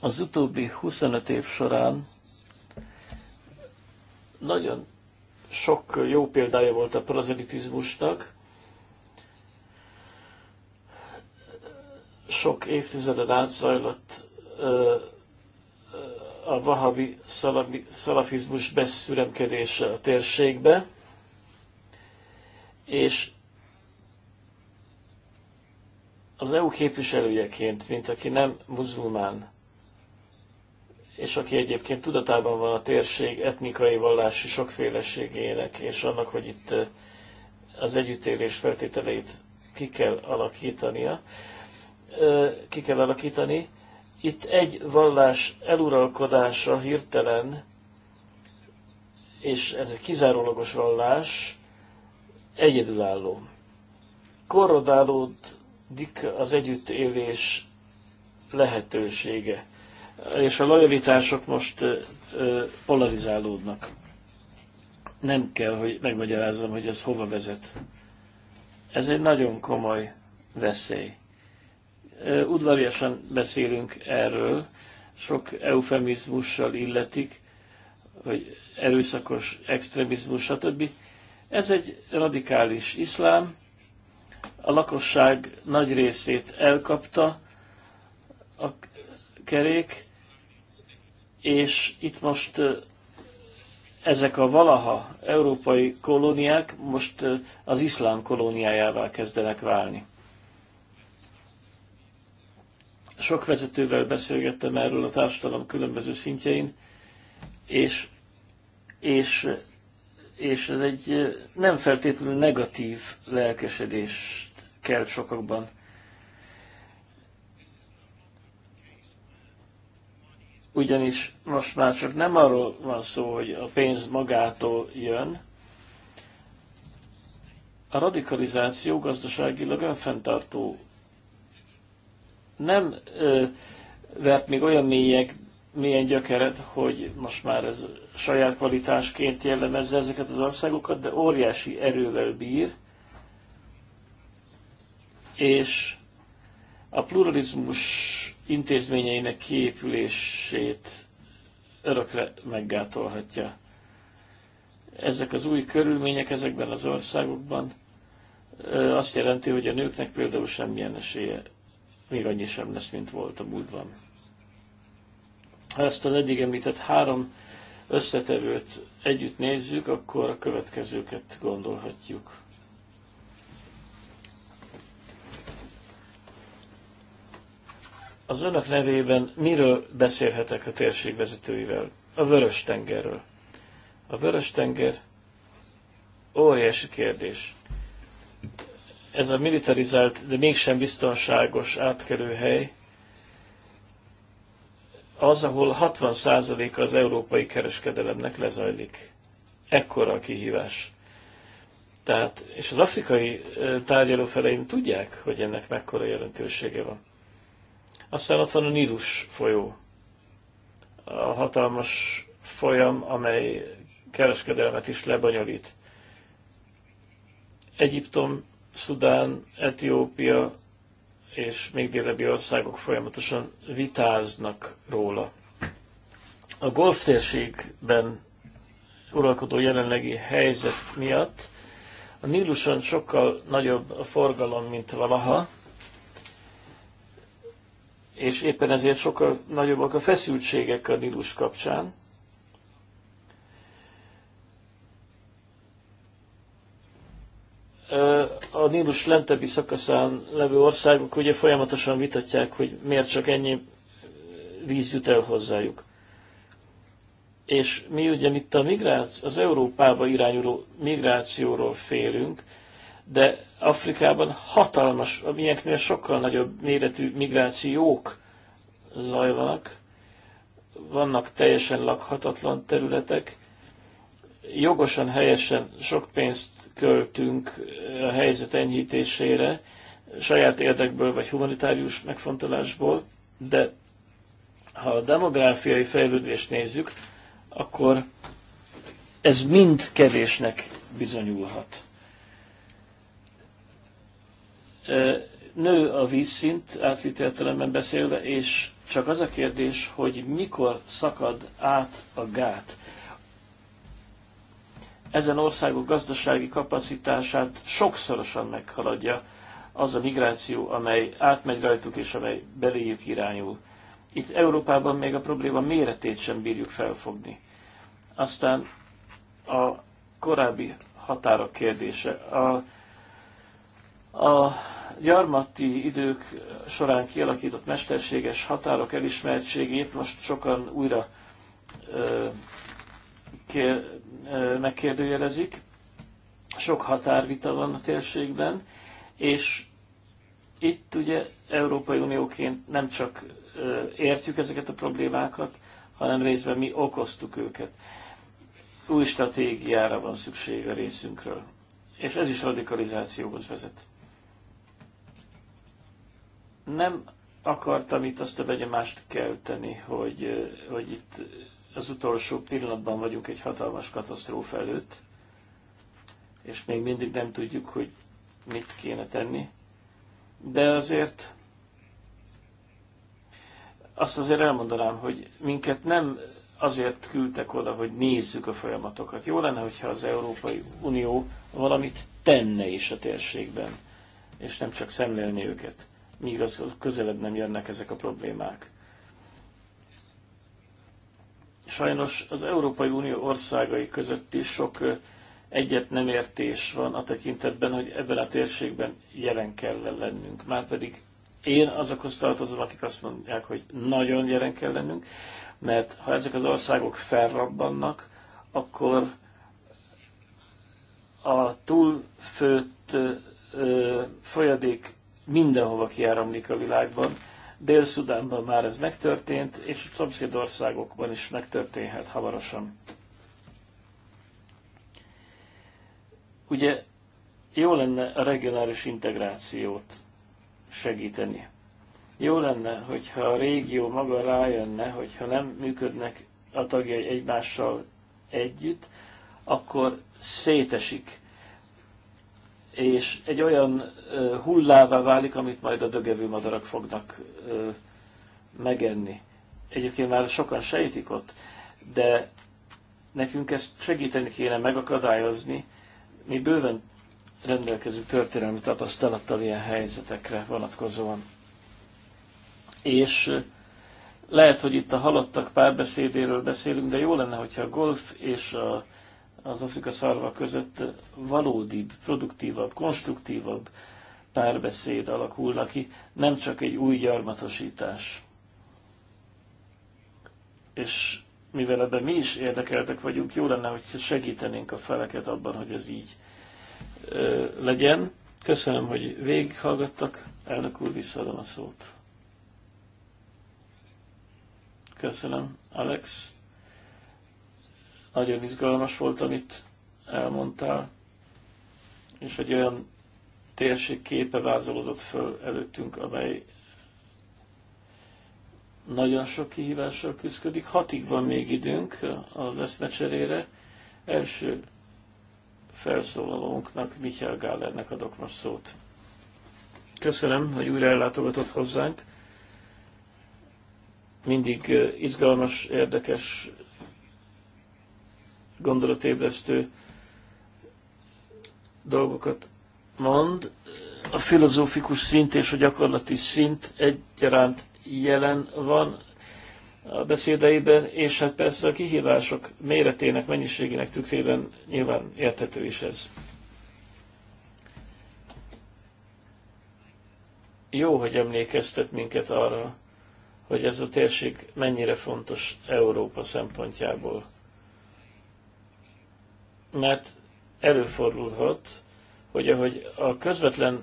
Speaker 3: Az utóbbi 25 év során nagyon sok jó példája volt a prozelitizmusnak, sok évtizeden át zajlott ö, a vahabi szalabi, szalafizmus beszüremkedése a térségbe, és az EU képviselőjeként, mint aki nem muzulmán, és aki egyébként tudatában van a térség etnikai vallási sokféleségének, és annak, hogy itt eh, az együttélés feltételeit ki kell alakítania, eh, ki kell alakítani. Itt egy vallás eluralkodása hirtelen, és ez egy kizárólagos vallás, egyedülálló. Korrodálód dik az együttélés lehetősége. És a lojalitások most polarizálódnak. Nem kell, hogy megmagyarázzam, hogy ez hova vezet. Ez egy nagyon komoly veszély. Udvariasan beszélünk erről, sok eufemizmussal illetik, vagy erőszakos extremizmus, stb. Ez egy radikális iszlám, a lakosság nagy részét elkapta a kerék, és itt most ezek a valaha európai kolóniák most az iszlám kolóniájával kezdenek válni. Sok vezetővel beszélgettem erről a társadalom különböző szintjein, és, és, és ez egy nem feltétlenül negatív lelkesedés kell sokakban. Ugyanis most már csak nem arról van szó, hogy a pénz magától jön, a radikalizáció gazdaságilag önfenntartó. Nem ö, vert még olyan mélyek, milyen gyökeret, hogy most már ez saját kvalitásként jellemezze ezeket az országokat, de óriási erővel bír, és a pluralizmus intézményeinek kiépülését örökre meggátolhatja. Ezek az új körülmények ezekben az országokban azt jelenti, hogy a nőknek például semmilyen esélye még annyi sem lesz, mint volt a múltban. Ha ezt az eddig említett három összetevőt együtt nézzük, akkor a következőket gondolhatjuk. az önök nevében miről beszélhetek a térség vezetőivel? A Vörös-tengerről. A Vörös-tenger óriási kérdés. Ez a militarizált, de mégsem biztonságos átkelőhely, az, ahol 60%-a az európai kereskedelemnek lezajlik. Ekkora a kihívás. Tehát, és az afrikai tárgyalófeleim tudják, hogy ennek mekkora jelentősége van. Aztán ott van a Nílus folyó, a hatalmas folyam, amely kereskedelmet is lebonyolít. Egyiptom, Szudán, Etiópia és még délebbi országok folyamatosan vitáznak róla. A golf térségben uralkodó jelenlegi helyzet miatt a Níluson sokkal nagyobb a forgalom, mint valaha, és éppen ezért sokkal nagyobbak a feszültségek a Nilus kapcsán. A Nílus lentebbi szakaszán levő országok ugye folyamatosan vitatják, hogy miért csak ennyi víz jut el hozzájuk. És mi ugye itt a migráció, az Európába irányuló migrációról félünk, de Afrikában hatalmas, amilyenknél sokkal nagyobb méretű migrációk zajlanak, vannak teljesen lakhatatlan területek, jogosan, helyesen sok pénzt költünk eh, a helyzet enyhítésére, saját érdekből vagy humanitárius megfontolásból, de ha a demográfiai fejlődést nézzük, akkor ez mind kevésnek bizonyulhat. Nő a vízszint, átviteltelemben beszélve, és csak az a kérdés, hogy mikor szakad át a gát. Ezen országok gazdasági kapacitását sokszorosan meghaladja az a migráció, amely átmegy rajtuk és amely beléjük irányul. Itt Európában még a probléma méretét sem bírjuk felfogni. Aztán a korábbi határok kérdése. A a gyarmati idők során kialakított mesterséges határok elismertségét most sokan újra ö, kér, ö, megkérdőjelezik. Sok határvita van a térségben, és itt ugye Európai Unióként nem csak ö, értjük ezeket a problémákat, hanem részben mi okoztuk őket. Új stratégiára van szükség a részünkről. És ez is radikalizációhoz vezet nem akartam itt azt a benyomást kelteni, hogy, hogy itt az utolsó pillanatban vagyunk egy hatalmas katasztrófa előtt, és még mindig nem tudjuk, hogy mit kéne tenni. De azért azt azért elmondanám, hogy minket nem azért küldtek oda, hogy nézzük a folyamatokat. Jó lenne, hogyha az Európai Unió valamit tenne is a térségben, és nem csak szemlélni őket míg az közelebb nem jönnek ezek a problémák. Sajnos az Európai Unió országai között is sok egyet nem értés van a tekintetben, hogy ebben a térségben jelen kell lennünk. Márpedig én azokhoz tartozom, akik azt mondják, hogy nagyon jelen kell lennünk, mert ha ezek az országok felrabbannak, akkor a túlfőtt folyadék mindenhova kiáramlik a világban. Dél-Szudánban már ez megtörtént, és a szomszédországokban is megtörténhet hamarosan. Ugye jó lenne a regionális integrációt segíteni. Jó lenne, hogyha a régió maga rájönne, hogyha nem működnek a tagjai egymással együtt, akkor szétesik és egy olyan hullává válik, amit majd a dögevő madarak fognak megenni. Egyébként már sokan sejtik ott, de nekünk ezt segíteni kéne megakadályozni. Mi bőven rendelkezünk történelmi tapasztalattal ilyen helyzetekre vonatkozóan. És lehet, hogy itt a halottak párbeszédéről beszélünk, de jó lenne, hogyha a golf és a az Afrika szarva között valódi, produktívabb, konstruktívabb párbeszéd alakul, ki, nem csak egy új gyarmatosítás. És mivel ebben mi is érdekeltek vagyunk, jó lenne, hogy segítenénk a feleket abban, hogy ez így ö, legyen. Köszönöm, hogy végighallgattak. Elnök úr, visszaadom a szót. Köszönöm, Alex. Nagyon izgalmas volt, amit elmondtál, és egy olyan térség képe vázolódott föl előttünk, amely nagyon sok kihívással küzdik. Hatig van még időnk az veszmecserére. Első felszólalónknak, Michael Gálernek adok most szót. Köszönöm, hogy újra ellátogatott hozzánk. Mindig eh, izgalmas, érdekes gondolatébresztő dolgokat mond. A filozófikus szint és a gyakorlati szint egyaránt jelen van a beszédeiben, és hát persze a kihívások méretének, mennyiségének tükrében nyilván érthető is ez. Jó, hogy emlékeztet minket arra, hogy ez a térség mennyire fontos Európa szempontjából mert előfordulhat, hogy ahogy a közvetlen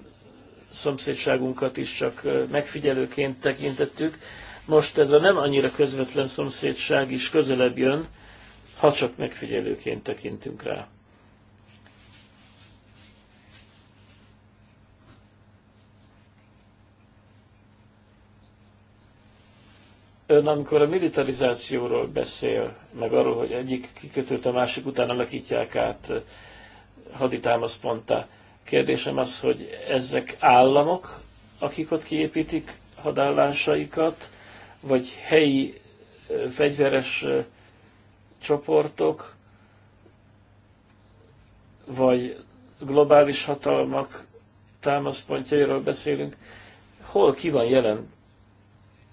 Speaker 3: szomszédságunkat is csak megfigyelőként tekintettük, most ez a nem annyira közvetlen szomszédság is közelebb jön, ha csak megfigyelőként tekintünk rá. ön, amikor a militarizációról beszél, meg arról, hogy egyik kikötőt a másik után alakítják át eh, haditámaszponttá, kérdésem az, hogy ezek államok, akik ott kiépítik hadállásaikat, vagy helyi eh, fegyveres eh, csoportok, vagy globális hatalmak támaszpontjairól beszélünk, hol ki van jelen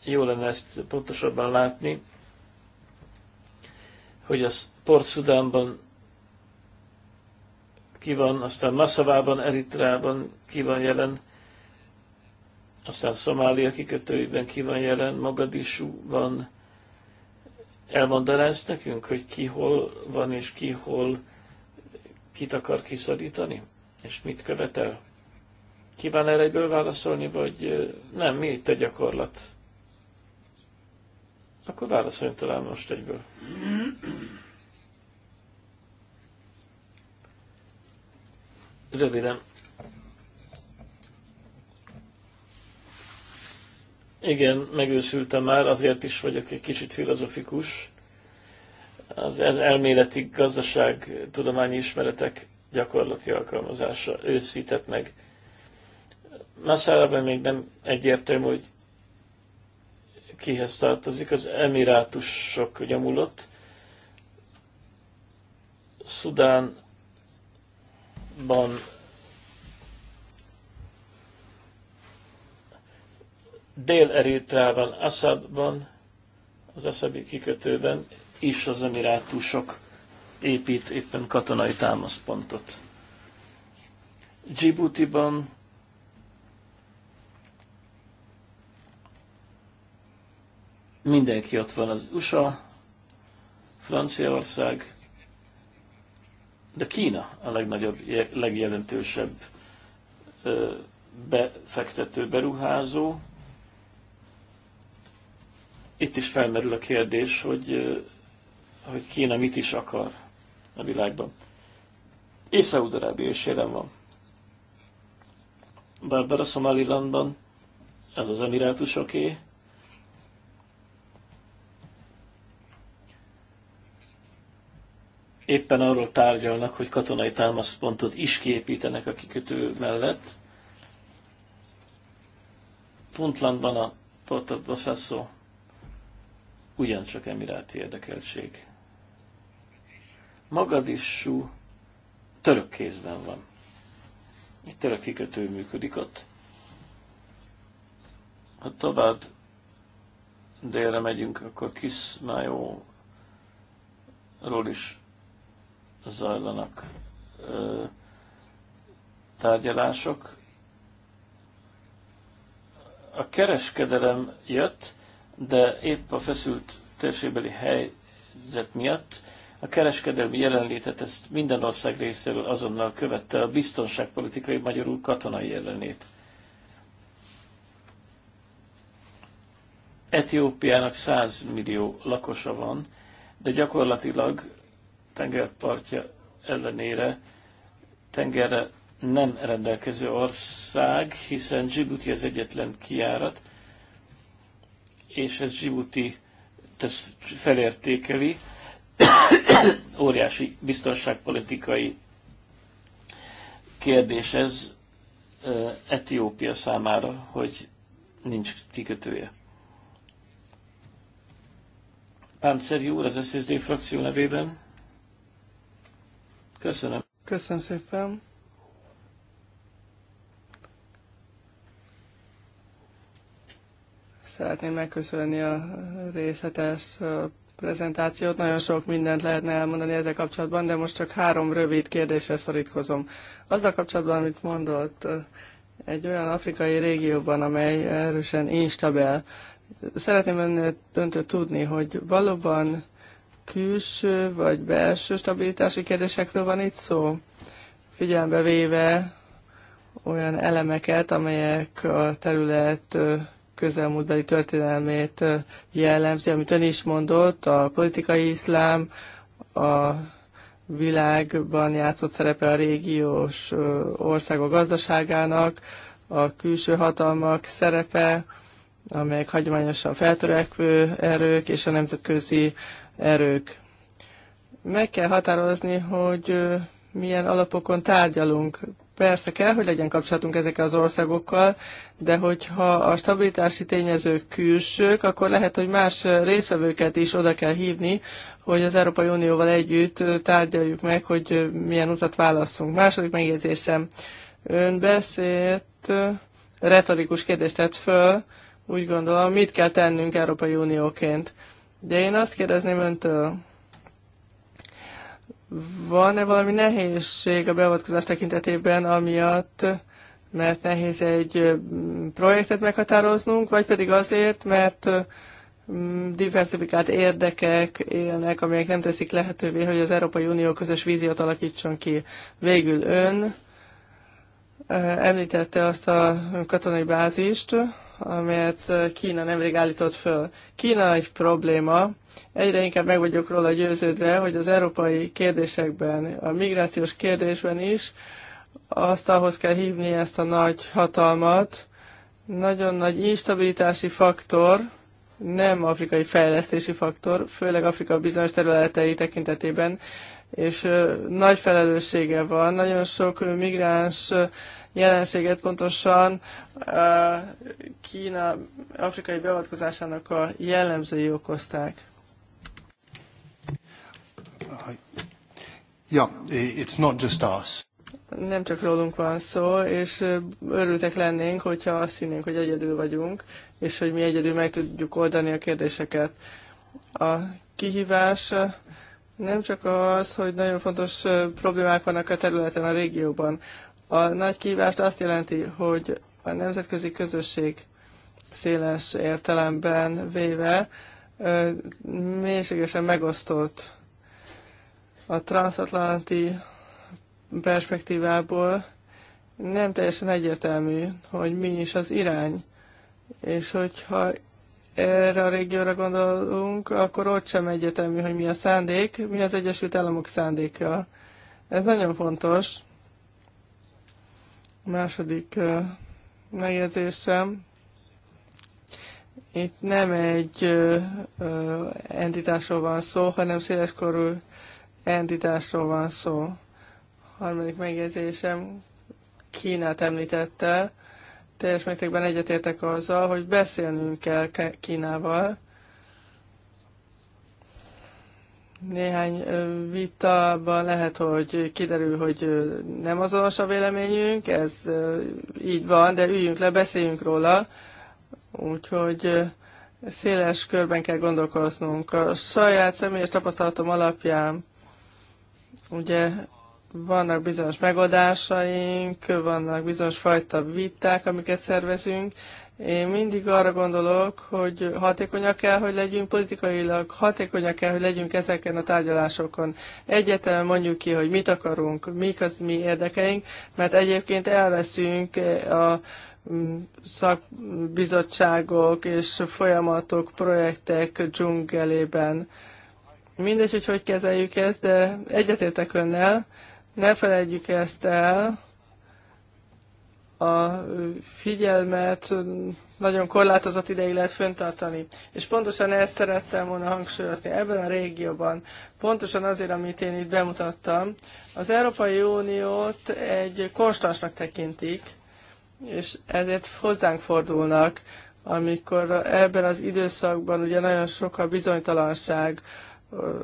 Speaker 3: jó lenne ezt pontosabban látni, hogy a Port Sudánban ki van, aztán Massavában Eritrában ki van jelen, aztán Szomália kikötőiben ki van jelen, van. Elmondaná ezt nekünk, hogy ki hol van és ki hol kit akar kiszorítani? És mit követel? Kíván erre egyből válaszolni, vagy nem? Mi itt a gyakorlat? Akkor válaszolj, talán most egyből. Röviden. Igen, megőszültem már, azért is vagyok egy kicsit filozofikus. Az elméleti gazdaság tudományi ismeretek gyakorlati alkalmazása őszített meg. Massárában még nem egyértelmű, hogy kihez tartozik, az emirátusok gyomulott. Szudánban Dél-Eritrában, Assadban, az Assadi kikötőben is az emirátusok épít éppen katonai támaszpontot. Djibouti-ban mindenki ott van, az USA, Franciaország, de Kína a legnagyobb, legjelentősebb befektető, beruházó. Itt is felmerül a kérdés, hogy, hogy Kína mit is akar a világban. És Szaúd-Arábia is jelen van. Barbara Somalilandban, ez az emirátusoké, éppen arról tárgyalnak, hogy katonai támaszpontot is kiépítenek a kikötő mellett. Puntlandban a Porta Bosasso ugyancsak emiráti érdekeltség. Magadissú török kézben van. Egy török kikötő működik ott. Ha tovább délre megyünk, akkor Kismájóról is zajlanak ö, tárgyalások. A kereskedelem jött, de épp a feszült térségbeli helyzet miatt a kereskedelmi jelenlétet ezt minden ország részéről azonnal követte a biztonságpolitikai magyarul katonai jelenlét. Etiópiának 100 millió lakosa van, de gyakorlatilag tengerpartja ellenére tengerre nem rendelkező ország, hiszen Djibouti az egyetlen kiárat, és ez Djibouti ezt felértékeli, [COUGHS] óriási biztonságpolitikai kérdés ez Etiópia számára, hogy nincs kikötője. Páncer úr az SZSZD frakció nevében. Köszönöm.
Speaker 4: Köszönöm szépen. Szeretném megköszönni a részletes prezentációt. Nagyon sok mindent lehetne elmondani ezzel kapcsolatban, de most csak három rövid kérdésre szorítkozom. Azzal kapcsolatban, amit mondott, egy olyan afrikai régióban, amely erősen instabil. Szeretném öntől tudni, hogy valóban külső vagy belső stabilitási kérdésekről van itt szó, figyelembe véve olyan elemeket, amelyek a terület közelmúltbeli történelmét jellemzi, amit ön is mondott, a politikai iszlám, a világban játszott szerepe a régiós országok gazdaságának, a külső hatalmak szerepe, amelyek hagyományosan feltörekvő erők, és a nemzetközi erők. Meg kell határozni, hogy milyen alapokon tárgyalunk. Persze kell, hogy legyen kapcsolatunk ezekkel az országokkal, de hogyha a stabilitási tényezők külsők, akkor lehet, hogy más részvevőket is oda kell hívni, hogy az Európai Unióval együtt tárgyaljuk meg, hogy milyen utat válasszunk. Második megjegyzésem. Ön beszélt, retorikus kérdést tett föl, úgy gondolom, mit kell tennünk Európai Unióként. De én azt kérdezném öntől, van-e valami nehézség a beavatkozás tekintetében, amiatt, mert nehéz egy projektet meghatároznunk, vagy pedig azért, mert diversifikált érdekek élnek, amelyek nem teszik lehetővé, hogy az Európai Unió közös víziót alakítson ki. Végül ön említette azt a katonai bázist, amelyet Kína nemrég állított föl. Kína egy probléma, egyre inkább meg vagyok róla győződve, hogy az európai kérdésekben, a migrációs kérdésben is azt ahhoz kell hívni ezt a nagy hatalmat, nagyon nagy instabilitási faktor, nem afrikai fejlesztési faktor, főleg Afrika bizonyos területei tekintetében, és nagy felelőssége van. Nagyon sok migráns jelenséget pontosan Kína afrikai beavatkozásának a jellemzői okozták.
Speaker 2: Yeah, it's not just us.
Speaker 4: Nem csak rólunk van szó, és örültek lennénk, hogyha azt hinnénk, hogy egyedül vagyunk, és hogy mi egyedül meg tudjuk oldani a kérdéseket. A kihívás nem csak az, hogy nagyon fontos problémák vannak a területen, a régióban. A nagy kívást azt jelenti, hogy a nemzetközi közösség széles értelemben véve mélységesen megosztott a transatlanti perspektívából nem teljesen egyértelmű, hogy mi is az irány. És hogyha erre a régióra gondolunk, akkor ott sem egyetemű, hogy mi a szándék, mi az Egyesült Államok szándéka. Ez nagyon fontos, Második megjegyzésem. Itt nem egy entitásról van szó, hanem széleskorú entitásról van szó. Harmadik megjegyzésem, Kínát említette. Teljes mértékben egyetértek azzal, hogy beszélnünk kell Kínával, Néhány vitában lehet, hogy kiderül, hogy nem azonos a véleményünk, ez így van, de üljünk le, beszéljünk róla. Úgyhogy széles körben kell gondolkoznunk. A saját személyes tapasztalatom alapján ugye vannak bizonyos megoldásaink, vannak bizonyos fajta viták, amiket szervezünk, én mindig arra gondolok, hogy hatékonyak kell, hogy legyünk politikailag, hatékonyak kell, hogy legyünk ezeken a tárgyalásokon. Egyetem mondjuk ki, hogy mit akarunk, mik az mi érdekeink, mert egyébként elveszünk eh, a mm, szakbizottságok és folyamatok, projektek dzsungelében. Mindegy, hogy hogy kezeljük ezt, de egyetértek önnel, ne felejtjük ezt el, a figyelmet nagyon korlátozott ideig lehet föntartani. És pontosan ezt szerettem volna hangsúlyozni ebben a régióban, pontosan azért, amit én itt bemutattam, az Európai Uniót egy konstansnak tekintik, és ezért hozzánk fordulnak, amikor ebben az időszakban ugye nagyon sok a bizonytalanság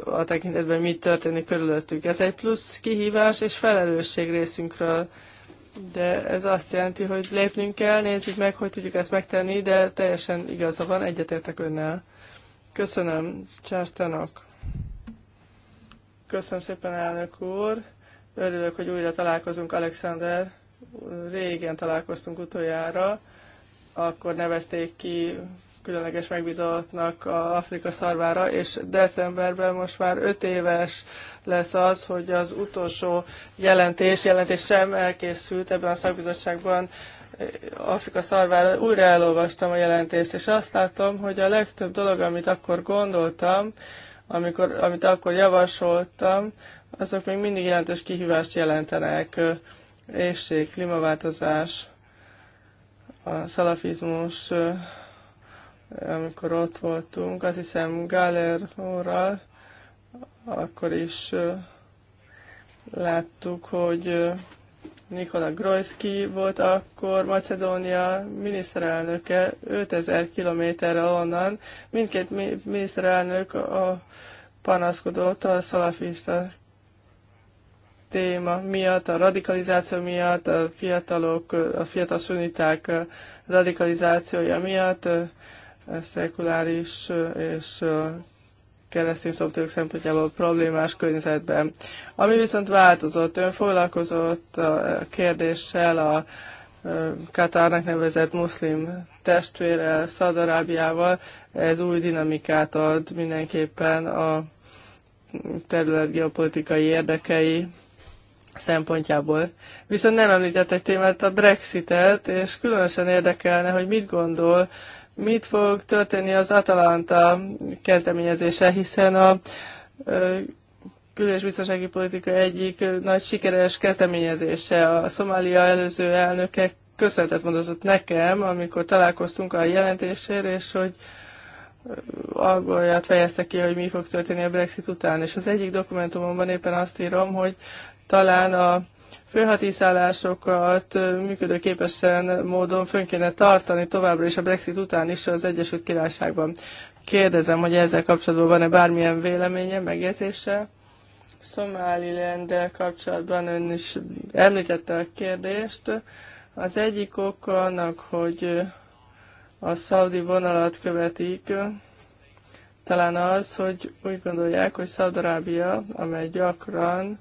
Speaker 4: a tekintetben, mi történik körülöttük. Ez egy plusz kihívás és felelősség részünkről de ez azt jelenti, hogy lépnünk kell, nézzük meg, hogy tudjuk ezt megtenni, de teljesen igaza van, egyetértek önnel. Köszönöm, Császtanok. Köszönöm szépen, elnök úr. Örülök, hogy újra találkozunk, Alexander. Régen találkoztunk utoljára, akkor nevezték ki különleges megbízottnak a Afrika szarvára, és decemberben most már öt éves lesz az, hogy az utolsó jelentés, jelentés sem elkészült ebben a szakbizottságban Afrika szarvára, újra elolvastam a jelentést, és azt látom, hogy a legtöbb dolog, amit akkor gondoltam, amikor, amit akkor javasoltam, azok még mindig jelentős kihívást jelentenek. Éhség, klímaváltozás, a szalafizmus, amikor ott voltunk, azt hiszem Galler úrral, akkor is láttuk, hogy Nikola Grojski volt akkor Macedónia miniszterelnöke, 5000 kilométerre onnan. Mindkét miniszterelnök a panaszkodott a szalafista téma miatt, a radikalizáció miatt, a fiatalok, a fiatal szuniták radikalizációja miatt, szekuláris és keresztény szoptők szempontjából problémás környezetben. Ami viszont változott, ön foglalkozott a kérdéssel a Katárnak nevezett muszlim testvére, Szadarábiával, ez új dinamikát ad mindenképpen a terület geopolitikai érdekei szempontjából. Viszont nem említett egy témát, a Brexitet, és különösen érdekelne, hogy mit gondol mit fog történni az Atalanta kezdeményezése, hiszen a kül- és biztonsági politika egyik nagy sikeres kezdeményezése. A Szomália előző elnöke köszöntet mondott nekem, amikor találkoztunk a jelentésért, és hogy aggolját fejezte ki, hogy mi fog történni a Brexit után. És az egyik dokumentumomban éppen azt írom, hogy talán a főhatiszállásokat működőképesen módon fönn kéne tartani továbbra is a Brexit után is az Egyesült Királyságban. Kérdezem, hogy ezzel kapcsolatban van-e bármilyen véleménye, megjegyzése? Szomálilenddel kapcsolatban ön is említette a kérdést. Az egyik ok annak, hogy a szaudi vonalat követik, talán az, hogy úgy gondolják, hogy Szaudarábia, amely gyakran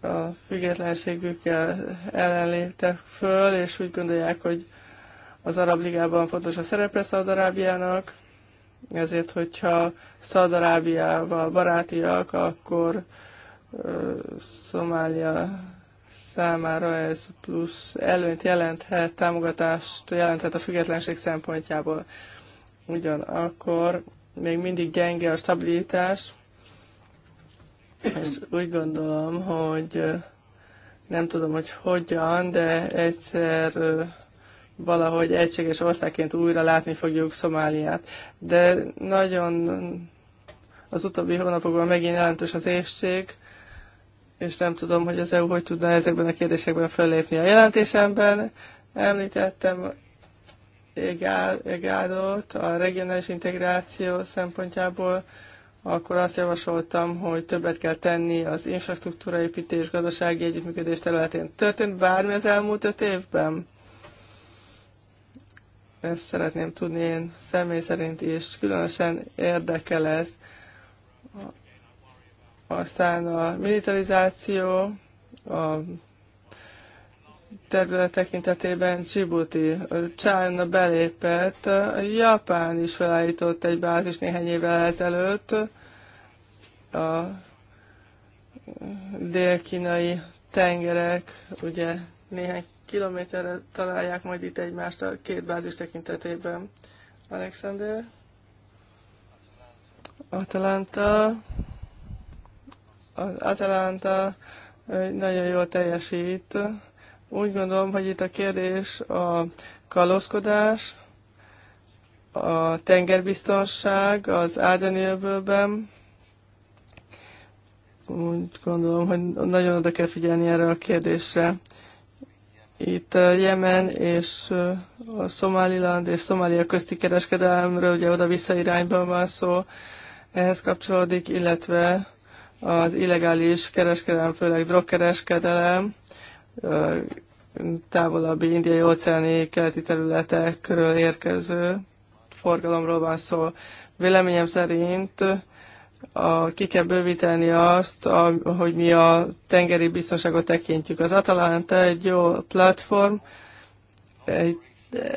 Speaker 4: a függetlenségükkel ellen léptek föl, és úgy gondolják, hogy az Arab Ligában fontos a szerepe Szaudarábiának, ezért, hogyha Szaudarábiával barátiak, akkor ö, Szomália számára ez plusz előnyt jelenthet, támogatást jelenthet a függetlenség szempontjából. Ugyanakkor még mindig gyenge a stabilitás, és úgy gondolom, hogy nem tudom, hogy hogyan, de egyszer valahogy egységes országként újra látni fogjuk Szomáliát. De nagyon az utóbbi hónapokban megint jelentős az éjség, és nem tudom, hogy az EU hogy tudna ezekben a kérdésekben fellépni. A jelentésemben említettem Egádot a regionális integráció szempontjából, akkor azt javasoltam, hogy többet kell tenni az infrastruktúraépítés, gazdasági együttműködés területén. Történt bármi az elmúlt öt évben? Ezt szeretném tudni én személy szerint is. Különösen érdekel ez. Aztán a militarizáció, a terület tekintetében Djibouti. Csána belépett, Japán is felállított egy bázis néhány évvel ezelőtt a dél-kínai tengerek, ugye néhány kilométerre találják majd itt egymást a két bázis tekintetében. Alexander, Atalanta, az Atalanta eh, nagyon jól teljesít úgy gondolom, hogy itt a kérdés a kalózkodás, a tengerbiztonság az Ádenélbőben. Úgy gondolom, hogy nagyon oda kell figyelni erre a kérdésre. Itt Jemen és a Szomáliland és Szomália közti kereskedelemről ugye oda-vissza irányban van szó, ehhez kapcsolódik, illetve az illegális kereskedelem, főleg drogkereskedelem, távolabbi indiai óceáni keleti területekről érkező forgalomról van szó. Véleményem szerint a, ki kell bővíteni azt, a, hogy mi a tengeri biztonságot tekintjük. Az Atalanta egy jó platform, egy,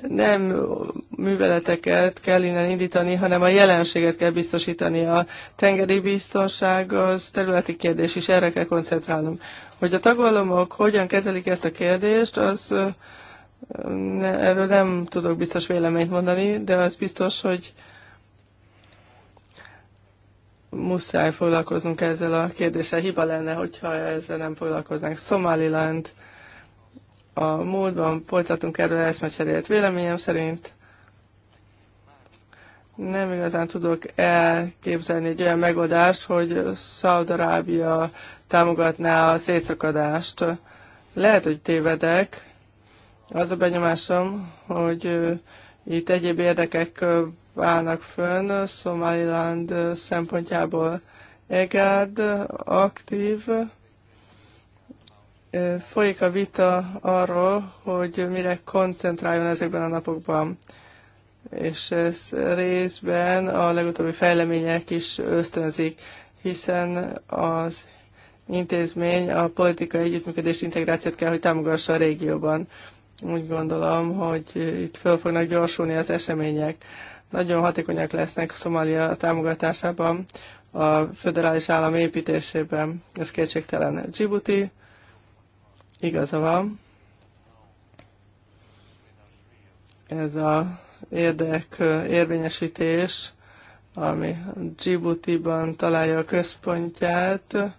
Speaker 4: nem műveleteket kell innen indítani, hanem a jelenséget kell biztosítani. A tengeri biztonság az területi kérdés is, erre kell koncentrálnunk. Hogy a tagállamok hogyan kezelik ezt a kérdést, az ne, erről nem tudok biztos véleményt mondani, de az biztos, hogy muszáj foglalkoznunk ezzel a kérdéssel. Hiba lenne, hogyha ezzel nem foglalkoznánk. Somaliland. A múltban folytatunk erről eszmecserélt véleményem szerint nem igazán tudok elképzelni egy olyan megoldást, hogy Szaudarábia támogatná a szétszakadást. Lehet, hogy tévedek. Az a benyomásom, hogy itt egyéb érdekek válnak fönn Somaliland szempontjából. Egárd aktív, folyik a vita arról, hogy mire koncentráljon ezekben a napokban és ez részben a legutóbbi fejlemények is ösztönzik, hiszen az intézmény a politikai együttműködés integrációt kell, hogy támogassa a régióban. Úgy gondolom, hogy itt föl fognak gyorsulni az események. Nagyon hatékonyak lesznek Szomália támogatásában, a föderális állam építésében. Ez kétségtelen. Djibouti, igaza van. Ez a érdek érvényesítés, ami Djibouti-ban találja a központját,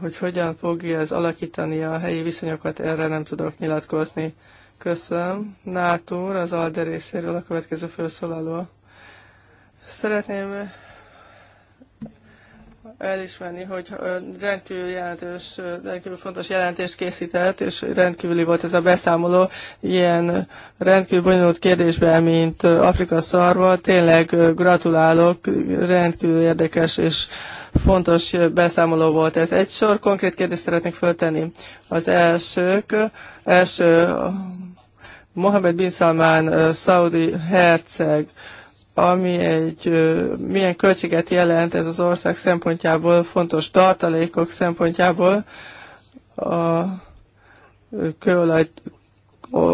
Speaker 4: hogy hogyan fogja ez alakítani a helyi viszonyokat, erre nem tudok nyilatkozni. Köszönöm. Nátor, az ALDE részéről a következő felszólaló. Szeretném elismerni, hogy rendkívül jelentős, rendkívül fontos jelentést készített, és rendkívüli volt ez a beszámoló. Ilyen rendkívül bonyolult kérdésben, mint Afrika szarva, tényleg gratulálok, rendkívül érdekes és fontos beszámoló volt ez. Egy sor konkrét kérdést szeretnék föltenni. Az elsők, első Mohamed Bin Salman, Saudi herceg, ami egy, milyen költséget jelent ez az ország szempontjából, fontos tartalékok szempontjából, a kőolaj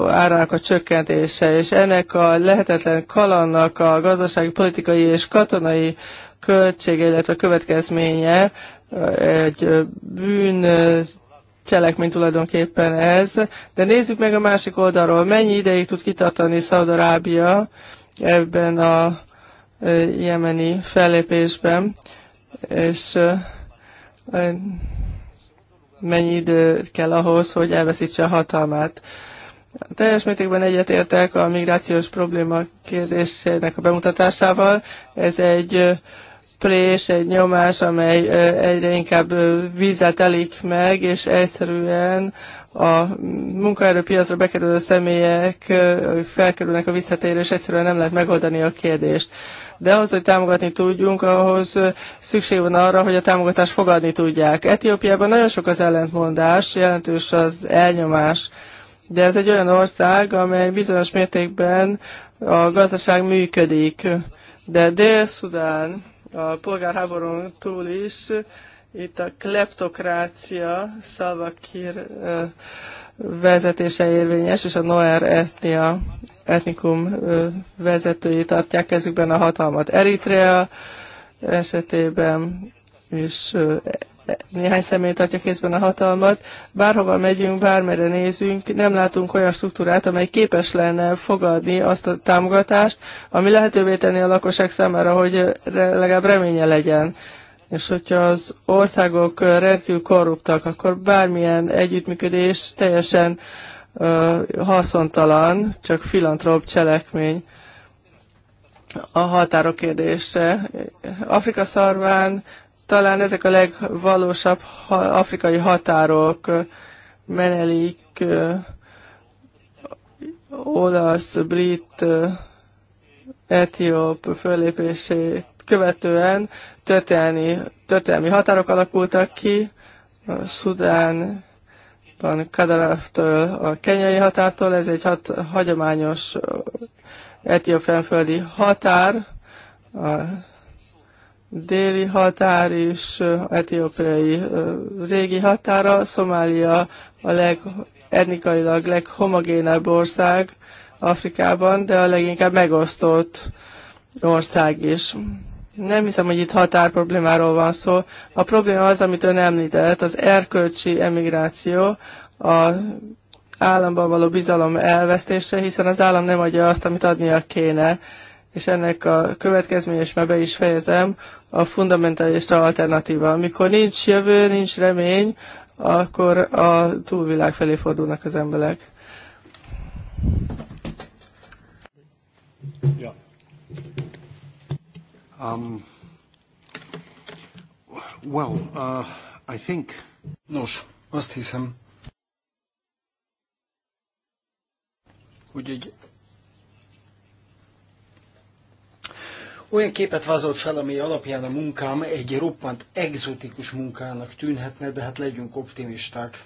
Speaker 4: árának a csökkentése, és ennek a lehetetlen kalannak a gazdasági, politikai és katonai költsége, illetve következménye egy bűn cselekmény tulajdonképpen ez. De nézzük meg a másik oldalról, mennyi ideig tud kitartani Szaudarábia, ebben a jemeni fellépésben, és mennyi idő kell ahhoz, hogy elveszítse a hatalmát. Teljes mértékben egyetértek a migrációs probléma kérdésének a bemutatásával. Ez egy prés, egy nyomás, amely egyre inkább vízzel telik meg, és egyszerűen a munkaerőpiacra bekerülő személyek felkerülnek a visszatérés, egyszerűen nem lehet megoldani a kérdést. De ahhoz, hogy támogatni tudjunk, ahhoz szükség van arra, hogy a támogatást fogadni tudják. Etiópiában nagyon sok az ellentmondás, jelentős az elnyomás, de ez egy olyan ország, amely bizonyos mértékben a gazdaság működik. De Dél-Szudán a polgárháborún túl is itt a kleptokrácia Salva vezetése érvényes, és a Noer etnia, etnikum vezetői tartják kezükben a hatalmat Eritrea esetében, is e, néhány személy tartja kézben a hatalmat. Bárhova megyünk, bármerre nézünk, nem látunk olyan struktúrát, amely képes lenne fogadni azt a támogatást, ami lehetővé tenni a lakosság számára, hogy legalább reménye legyen. És hogyha az országok rendkívül korruptak, akkor bármilyen együttműködés teljesen ö, haszontalan, csak filantróp cselekmény a határok kérdése. Afrika szarván talán ezek a legvalósabb afrikai határok, menelik, olasz, brit, etióp fölépését követően történelmi, történelmi határok alakultak ki, a Szudánban Kadaraftól a kenyai határtól, ez egy hat, hagyományos etióp fennföldi határ, a déli határ is, etiópiai régi határa, Szomália a leg, etnikailag leghomogénebb ország Afrikában, de a leginkább megosztott ország is. Nem hiszem, hogy itt határ problémáról van szó. A probléma az, amit ön említett, az erkölcsi emigráció, a államban való bizalom elvesztése, hiszen az állam nem adja azt, amit adnia kéne, és ennek a következménye, és már be is fejezem, a fundamentalista alternatíva. Amikor nincs jövő, nincs remény, akkor a túlvilág felé fordulnak az emberek.
Speaker 2: Ja.
Speaker 1: Um, well, uh, I think... Nos, azt hiszem, hogy egy olyan képet vázolt fel, ami alapján a munkám egy roppant egzotikus munkának tűnhetne, de hát legyünk optimisták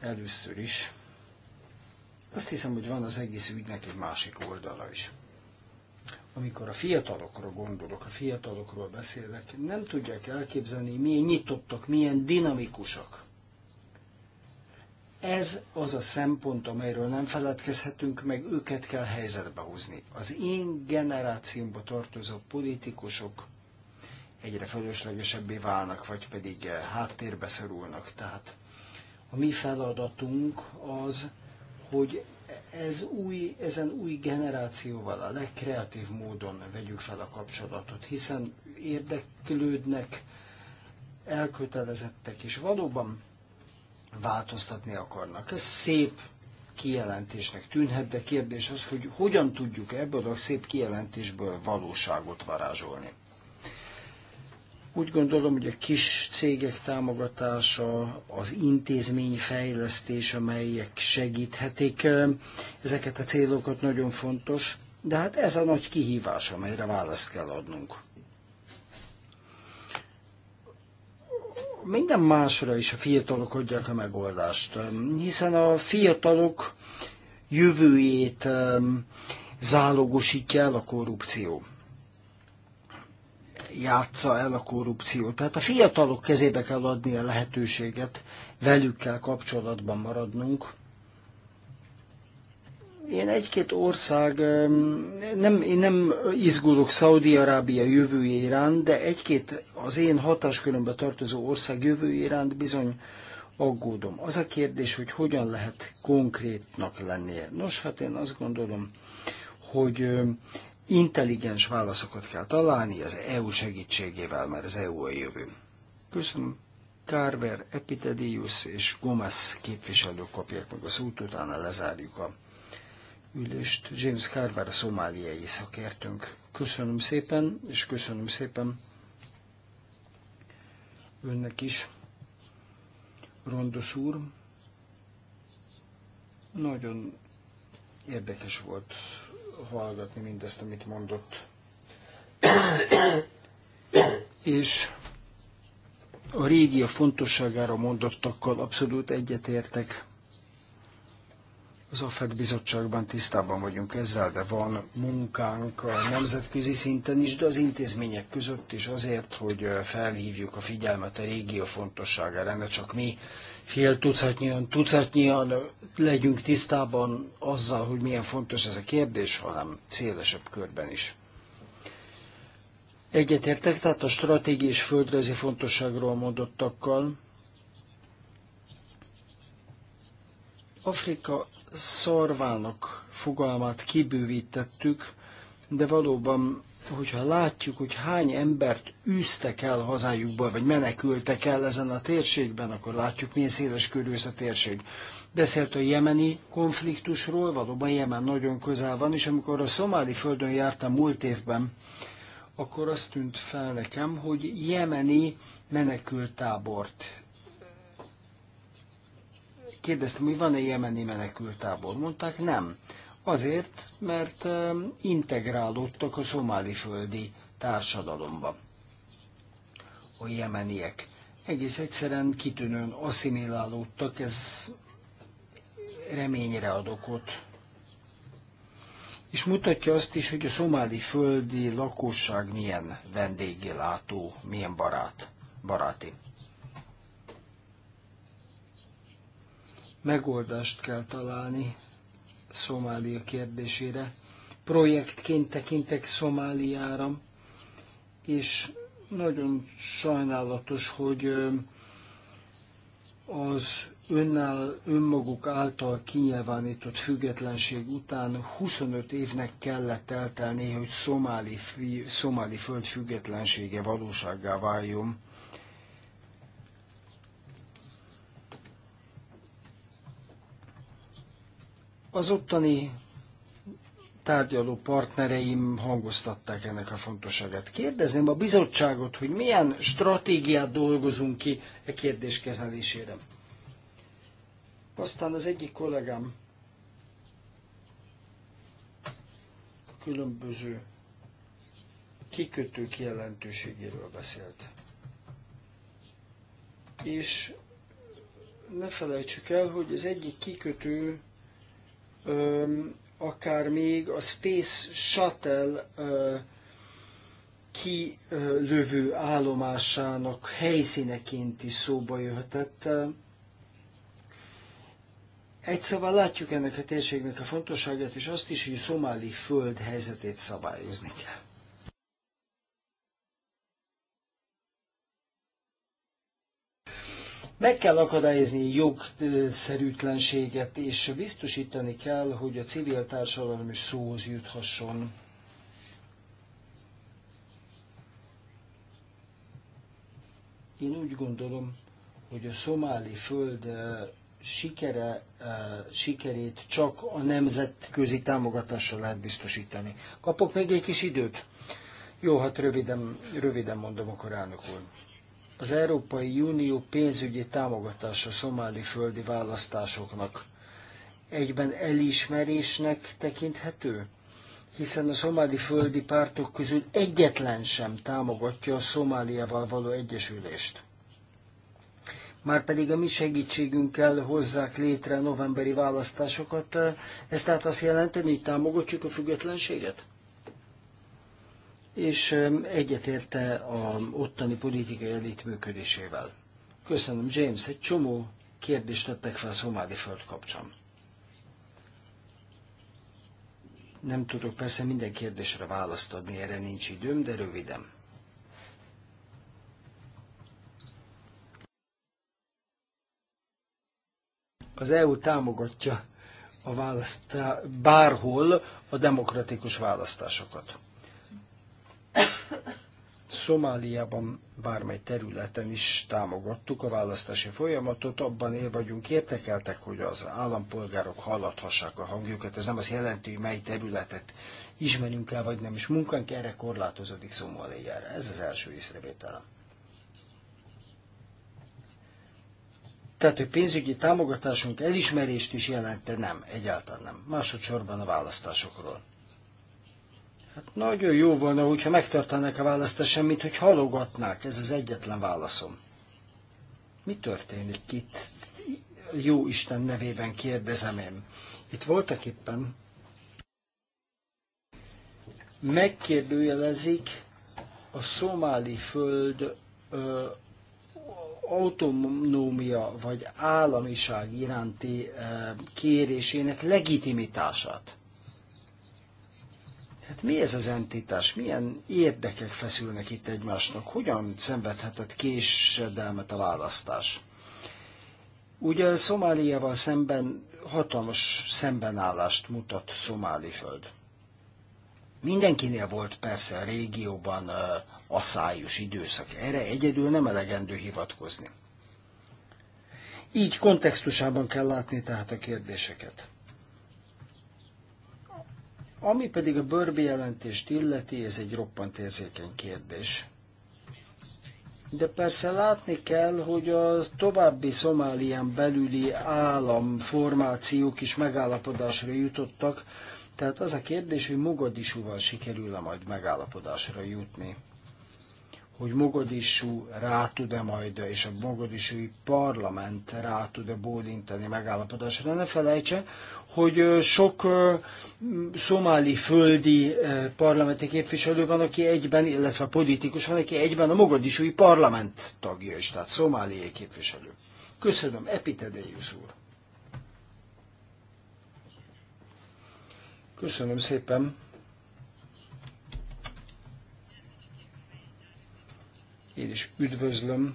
Speaker 1: először is. Azt hiszem, hogy van az egész ügynek egy másik oldala is amikor a fiatalokra gondolok, a fiatalokról beszélek, nem tudják elképzelni, milyen nyitottak, milyen dinamikusak. Ez az a szempont, amelyről nem feledkezhetünk, meg őket kell helyzetbe hozni. Az én generációmba tartozó politikusok egyre fölöslegesebbé válnak, vagy pedig háttérbe szorulnak. Tehát a mi feladatunk az, hogy ez új, ezen új generációval a legkreatív módon vegyük fel a kapcsolatot, hiszen érdeklődnek, elkötelezettek, és valóban változtatni akarnak. Ez szép kijelentésnek tűnhet, de kérdés az, hogy hogyan tudjuk ebből a szép kijelentésből valóságot varázsolni. Úgy gondolom, hogy a kis cégek támogatása, az intézmény fejlesztése, amelyek segíthetik ezeket a célokat nagyon fontos, de hát ez a nagy kihívás, amelyre választ kell adnunk. Minden másra is a fiatalok adják a megoldást, hiszen a fiatalok jövőjét zálogosítja el a korrupció játsza el a korrupciót. Tehát a fiatalok kezébe kell adni a lehetőséget, velük kell kapcsolatban maradnunk. Én egy-két ország, nem, én nem izgulok Szaudi-Arábia jövője iránt, de egy-két az én hatáskörömbe tartozó ország jövője iránt bizony aggódom. Az a kérdés, hogy hogyan lehet konkrétnak lennie. Nos, hát én azt gondolom, hogy Intelligens válaszokat kell találni az EU segítségével, mert az EU a jövő. Köszönöm. Carver, Epitedius és Gomez képviselők kapják meg a szót, utána lezárjuk a ülést. James Carver, a szomáliai szakértőnk. Köszönöm szépen, és köszönöm szépen önnek is, Rondos úr. Nagyon érdekes volt hallgatni mindezt, amit mondott. És a régi a fontosságára mondottakkal abszolút egyetértek. Az AFED bizottságban tisztában vagyunk ezzel, de van munkánk a nemzetközi szinten is, de az intézmények között is azért, hogy felhívjuk a figyelmet a régió fontosságára, ne csak mi fél tucatnyian, tucatnyian legyünk tisztában azzal, hogy milyen fontos ez a kérdés, hanem szélesebb körben is. Egyetértek, tehát a stratégiai és földrajzi fontosságról mondottakkal. Afrika szarvának fogalmát kibővítettük, de valóban, hogyha látjuk, hogy hány embert űztek el hazájukba, vagy menekültek el ezen a térségben, akkor látjuk, milyen széles körül ez a térség. Beszélt a jemeni konfliktusról, valóban Jemen nagyon közel van, és amikor a szomáli földön jártam múlt évben, akkor azt tűnt fel nekem, hogy jemeni menekültábort kérdeztem, hogy van-e jemeni menekültábor. Mondták, nem. Azért, mert integrálódtak a szomáli földi társadalomba a jemeniek. Egész egyszerűen kitűnően asszimilálódtak, ez reményre ad okot. És mutatja azt is, hogy a szomáli földi lakosság milyen vendéglátó, milyen barát, baráti. megoldást kell találni Szomália kérdésére. Projektként tekintek Szomáliára, és nagyon sajnálatos, hogy az önnál, önmaguk által kinyilvánított függetlenség után 25 évnek kellett eltelni, hogy szomáli, szomáli föld függetlensége valósággá váljon. Az ottani tárgyaló partnereim hangoztatták ennek a fontosságát. Kérdezném a bizottságot, hogy milyen stratégiát dolgozunk ki e kérdés kezelésére. Aztán az egyik kollégám különböző kikötők jelentőségéről beszélt. És ne felejtsük el, hogy az egyik kikötő akár még a Space Shuttle kilövő állomásának helyszíneként is szóba jöhetett. Egy szóval látjuk ennek a térségnek a fontosságát, és azt is, hogy a szomáli föld helyzetét szabályozni kell. Meg kell akadályozni jogszerűtlenséget, és biztosítani kell, hogy a civil társadalom is szóhoz juthasson. Én úgy gondolom, hogy a szomáli föld eh, sikere, eh, sikerét csak a nemzetközi támogatással lehet biztosítani. Kapok még egy kis időt? Jó, hát röviden, röviden mondom akkor elnök úr az Európai Unió pénzügyi támogatása szomáli földi választásoknak egyben elismerésnek tekinthető? Hiszen a szomáli földi pártok közül egyetlen sem támogatja a Szomáliával való egyesülést. Márpedig a mi segítségünkkel hozzák létre novemberi választásokat, ez tehát azt jelenteni, hogy támogatjuk a függetlenséget? és egyetérte a ottani politikai elit működésével. Köszönöm, James. Egy csomó kérdést tettek fel Szomáli föld kapcsán. Nem tudok persze minden kérdésre választ adni, erre nincs időm, de röviden. Az EU támogatja a választá- bárhol a demokratikus választásokat. Szomáliában bármely területen is támogattuk a választási folyamatot, abban él vagyunk értekeltek, hogy az állampolgárok hallathassák a hangjukat. Ez nem azt jelenti, hogy mely területet ismerünk el, vagy nem, is munkánk erre korlátozódik Szomáliára. Ez az első észrevételem. Tehát, hogy pénzügyi támogatásunk elismerést is jelente, nem, egyáltalán nem. Másodszorban a választásokról. Hát nagyon jó volna, hogyha megtartanák a választást, semmit, hogy halogatnák. Ez az egyetlen válaszom. Mi történik itt? Jó Isten nevében kérdezem én. Itt voltak éppen megkérdőjelezik a szomáli föld ö, autonómia vagy államiság iránti ö, kérésének legitimitását. Hát mi ez az entitás? Milyen érdekek feszülnek itt egymásnak? Hogyan szenvedhetett késedelmet a választás? Ugye Szomáliával szemben hatalmas szembenállást mutat föld. Mindenkinél volt persze a régióban asszályos időszak. Erre egyedül nem elegendő hivatkozni. Így kontextusában kell látni tehát a kérdéseket. Ami pedig a bőrbejelentést illeti, ez egy roppant érzékeny kérdés. De persze látni kell, hogy a további Szomálián belüli államformációk is megállapodásra jutottak, tehát az a kérdés, hogy Mogadisúval sikerül-e majd megállapodásra jutni hogy Mogadisú rá tud-e majd, és a Mogadisúi parlament rá tud-e bódintani megállapodásra. Ne felejtse, hogy sok szomáli földi parlamenti képviselő van, aki egyben, illetve politikus van, aki egyben a Mogadisúi parlament tagja is, tehát szomáli képviselő. Köszönöm, Epitedeus úr. Köszönöm szépen. Én is üdvözlöm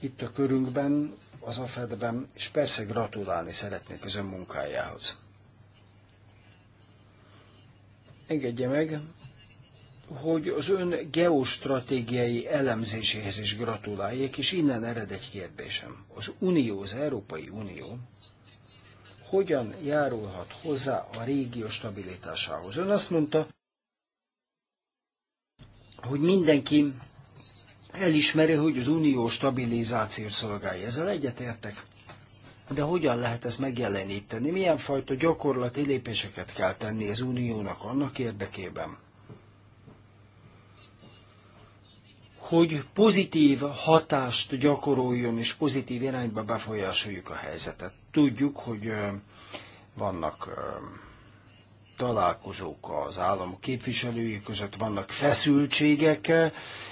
Speaker 1: itt a körünkben, az AFED-ben, és persze gratulálni szeretnék az ön munkájához. Engedje meg, hogy az ön geostratégiai elemzéséhez is gratuláljék, és innen ered egy kérdésem. Az Unió, az Európai Unió hogyan járulhat hozzá a régió stabilitásához? Ön azt mondta, hogy mindenki elismeri, hogy az unió stabilizációt szolgálja. Ezzel egyetértek. De hogyan lehet ezt megjeleníteni? Milyen fajta gyakorlati lépéseket kell tenni az uniónak annak érdekében? hogy pozitív hatást gyakoroljon és pozitív irányba befolyásoljuk a helyzetet. Tudjuk, hogy vannak találkozók az állam képviselői között vannak feszültségek,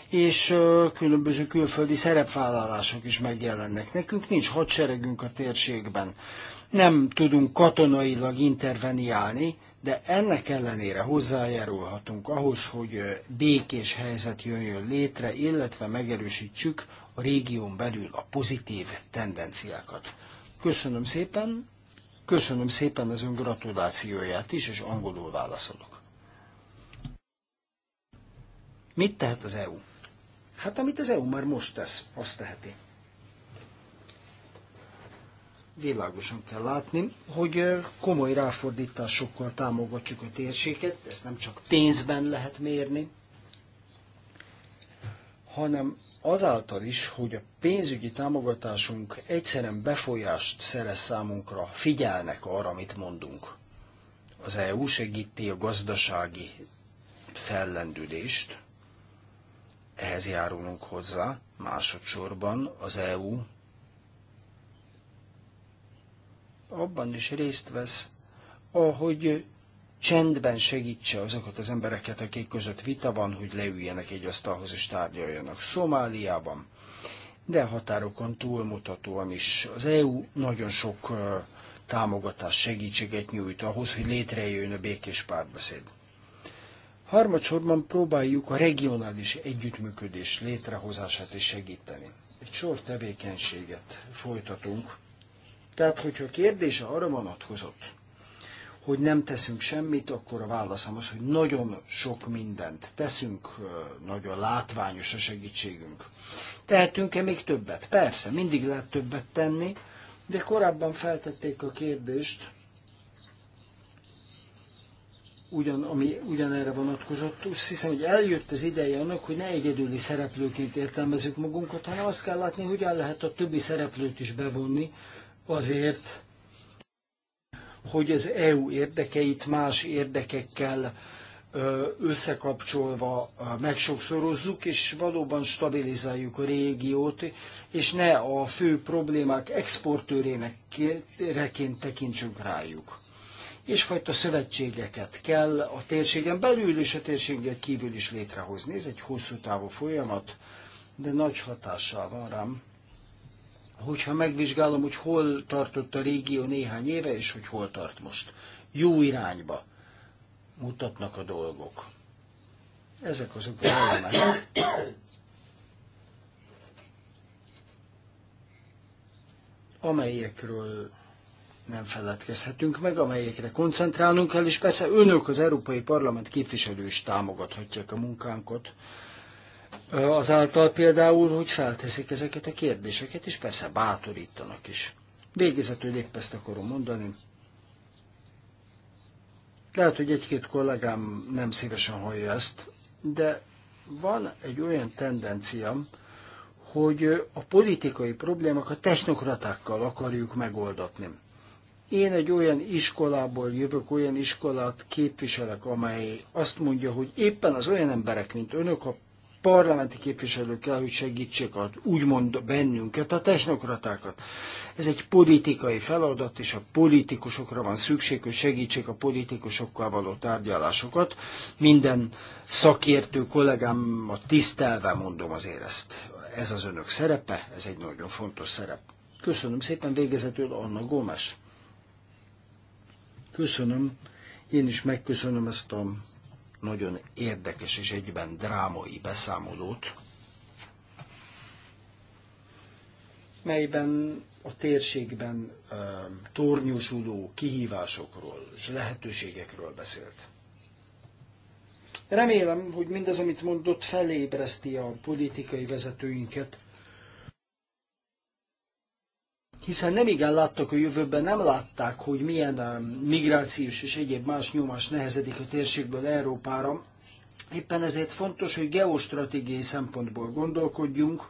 Speaker 1: és különböző külföldi szerepvállalások is megjelennek. Nekünk nincs hadseregünk a térségben, nem tudunk katonailag interveniálni, de ennek ellenére hozzájárulhatunk ahhoz, hogy békés helyzet jöjjön létre, illetve megerősítsük a régión belül a pozitív tendenciákat. Köszönöm szépen, Köszönöm szépen az ön gratulációját is, és angolul válaszolok. Mit tehet az EU? Hát amit az EU már most tesz, azt teheti. Világosan kell látni, hogy komoly ráfordításokkal támogatjuk a térséget, ezt nem csak pénzben lehet mérni, hanem azáltal is, hogy a pénzügyi támogatásunk egyszerűen befolyást szerez számunkra, figyelnek arra, amit mondunk. Az EU segíti a gazdasági fellendülést, ehhez járulunk hozzá, másodszorban az EU abban is részt vesz, ahogy csendben segítse azokat az embereket, akik között vita van, hogy leüljenek egy asztalhoz és tárgyaljanak. Szomáliában, de határokon túlmutatóan is. Az EU nagyon sok támogatás, segítséget nyújt ahhoz, hogy létrejöjjön a békés párbeszéd. Harmadsorban próbáljuk a regionális együttműködés létrehozását is segíteni. Egy sor tevékenységet folytatunk. Tehát, hogyha a kérdése arra vonatkozott, hogy nem teszünk semmit, akkor a válaszom az, hogy nagyon sok mindent teszünk, nagyon látványos a segítségünk. Tehetünk-e még többet? Persze, mindig lehet többet tenni, de korábban feltették a kérdést, ugyan, ami ugyanerre vonatkozott. úgy hiszem, hogy eljött az ideje annak, hogy ne egyedüli szereplőként értelmezzük magunkat, hanem azt kell látni, hogyan lehet a többi szereplőt is bevonni azért, hogy az EU érdekeit más érdekekkel összekapcsolva megsokszorozzuk, és valóban stabilizáljuk a régiót, és ne a fő problémák exportőréneként tekintsünk rájuk. És fajta szövetségeket kell a térségen belül és a térségen kívül is létrehozni. Ez egy hosszú távú folyamat, de nagy hatással van rám hogyha megvizsgálom, hogy hol tartott a régió néhány éve, és hogy hol tart most. Jó irányba mutatnak a dolgok. Ezek azok a dolgok, amelyekről nem feledkezhetünk meg, amelyekre koncentrálnunk kell, és persze önök az Európai Parlament képviselő is támogathatják a munkánkat, azáltal például, hogy felteszik ezeket a kérdéseket, és persze bátorítanak is. Végezetül épp ezt akarom mondani. Lehet, hogy egy-két kollégám nem szívesen hallja ezt, de van egy olyan tendencia, hogy a politikai problémákat technokratákkal akarjuk megoldatni. Én egy olyan iskolából jövök, olyan iskolát képviselek, amely azt mondja, hogy éppen az olyan emberek, mint önök, a parlamenti képviselők kell, hogy segítsék az úgymond bennünket, a technokratákat. Ez egy politikai feladat, és a politikusokra van szükség, hogy segítsék a politikusokkal való tárgyalásokat. Minden szakértő a tisztelve mondom azért ezt. Ez az önök szerepe, ez egy nagyon fontos szerep. Köszönöm szépen végezetül Anna Gomes. Köszönöm. Én is megköszönöm ezt a nagyon érdekes és egyben drámai beszámolót, melyben a térségben e, tornyosuló kihívásokról és lehetőségekről beszélt. Remélem, hogy mindez, amit mondott, felébreszti a politikai vezetőinket hiszen nem igen láttak a jövőben, nem látták, hogy milyen um, migrációs és egyéb más nyomás nehezedik a térségből Európára. Éppen ezért fontos, hogy geostratégiai szempontból gondolkodjunk,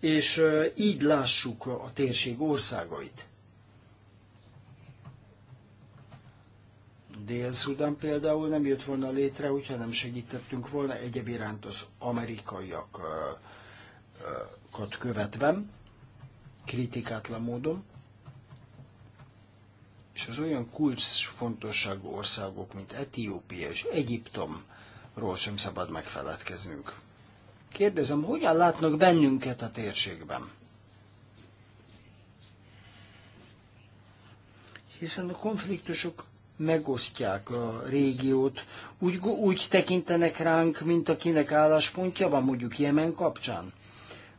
Speaker 1: és uh, így lássuk a térség országait. Dél-Szudán például nem jött volna létre, hogyha nem segítettünk volna egyéb iránt az amerikaiakat követve kritikátlan módon, és az olyan kulcsfontosságú országok, mint Etiópia és Egyiptomról sem szabad megfeledkeznünk. Kérdezem, hogyan látnak bennünket a térségben? Hiszen a konfliktusok megosztják a régiót, úgy, úgy tekintenek ránk, mint akinek álláspontja van, mondjuk Jemen kapcsán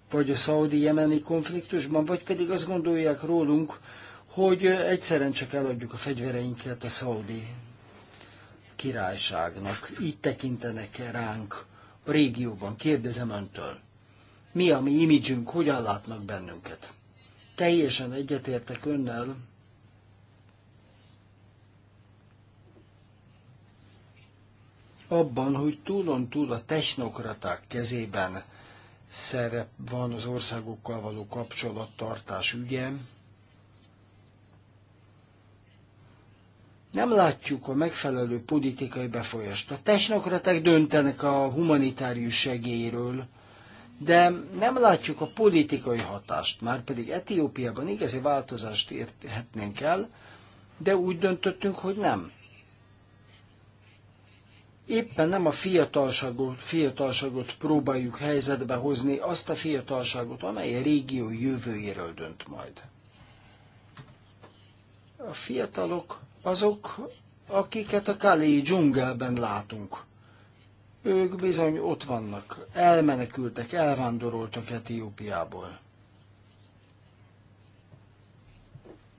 Speaker 1: vagy a szaudi-jemeni konfliktusban, vagy pedig azt gondolják rólunk, hogy egyszerűen csak eladjuk a fegyvereinket a szaudi királyságnak. Így tekintenek ránk a régióban. Kérdezem öntől. Mi a mi imidzsünk, hogyan látnak bennünket? Teljesen egyetértek önnel, abban, hogy túlon túl a technokraták kezében szerep van az országokkal való kapcsolattartás ügye. Nem látjuk a megfelelő politikai befolyást. A technokraták döntenek a humanitárius segélyről, de nem látjuk a politikai hatást, már pedig Etiópiában igazi változást érhetnénk el, de úgy döntöttünk, hogy nem éppen nem a fiatalságot, fiatalságot próbáljuk helyzetbe hozni, azt a fiatalságot, amely a régió jövőjéről dönt majd. A fiatalok azok, akiket a Kali dzsungelben látunk. Ők bizony ott vannak, elmenekültek, elvándoroltak Etiópiából.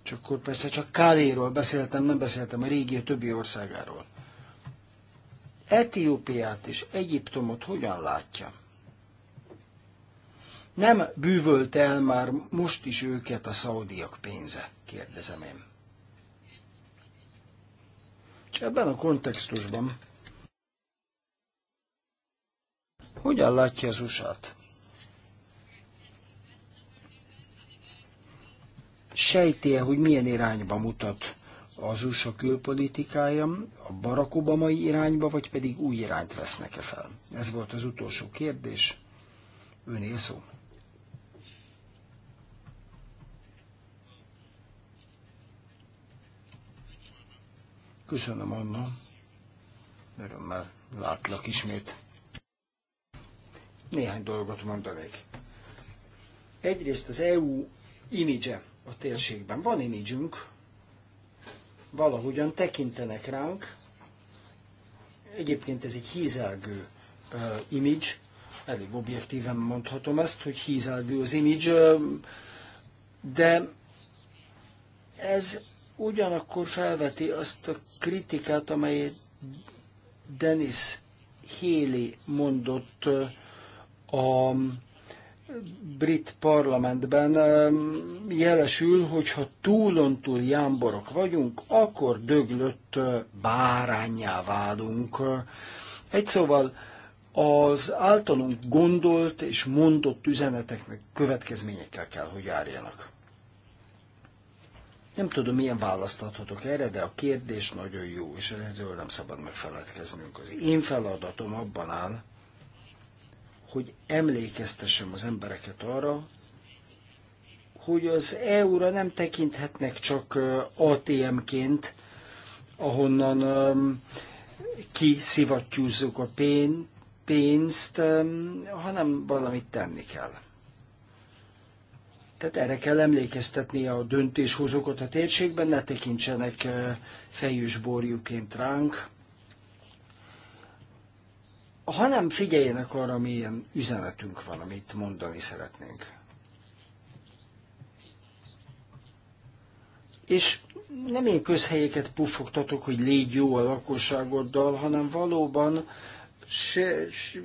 Speaker 1: Csak akkor persze csak Káléről beszéltem, nem beszéltem a régió többi országáról. Etiópiát és Egyiptomot hogyan látja? Nem bűvölt el már most is őket a szaudiak pénze, kérdezem én. És ebben a kontextusban hogyan látja az usa -t? hogy milyen irányba mutat az USA külpolitikája a Barack irányba, vagy pedig új irányt vesznek-e fel? Ez volt az utolsó kérdés. Önél szó. Köszönöm, Anna. Örömmel látlak ismét. Néhány dolgot mondanék. Egyrészt az EU imidzse a térségben. Van imidzsünk, valahogyan tekintenek ránk. Egyébként ez egy hízelgő uh, image, elég objektíven mondhatom ezt, hogy hízelgő az image, uh, de ez ugyanakkor felveti azt a kritikát, amelyet Dennis Héli mondott a brit parlamentben jelesül, ha túlontúl jámborok vagyunk, akkor döglött bárányá válunk. Egy szóval az általunk gondolt és mondott üzeneteknek következményekkel kell, hogy járjanak. Nem tudom, milyen választ adhatok erre, de a kérdés nagyon jó, és erről nem szabad megfeledkeznünk. Az én feladatom abban áll, hogy emlékeztessem az embereket arra, hogy az EU-ra nem tekinthetnek csak ATM-ként, ahonnan kiszivattyúzzuk a pénzt, hanem valamit tenni kell. Tehát erre kell emlékeztetni a döntéshozókat a térségben, ne tekintsenek fejűsborjúként ránk, hanem figyeljenek arra, milyen üzenetünk van, amit mondani szeretnénk. És nem én közhelyeket puffogtatok, hogy légy jó a lakosságoddal, hanem valóban se, se,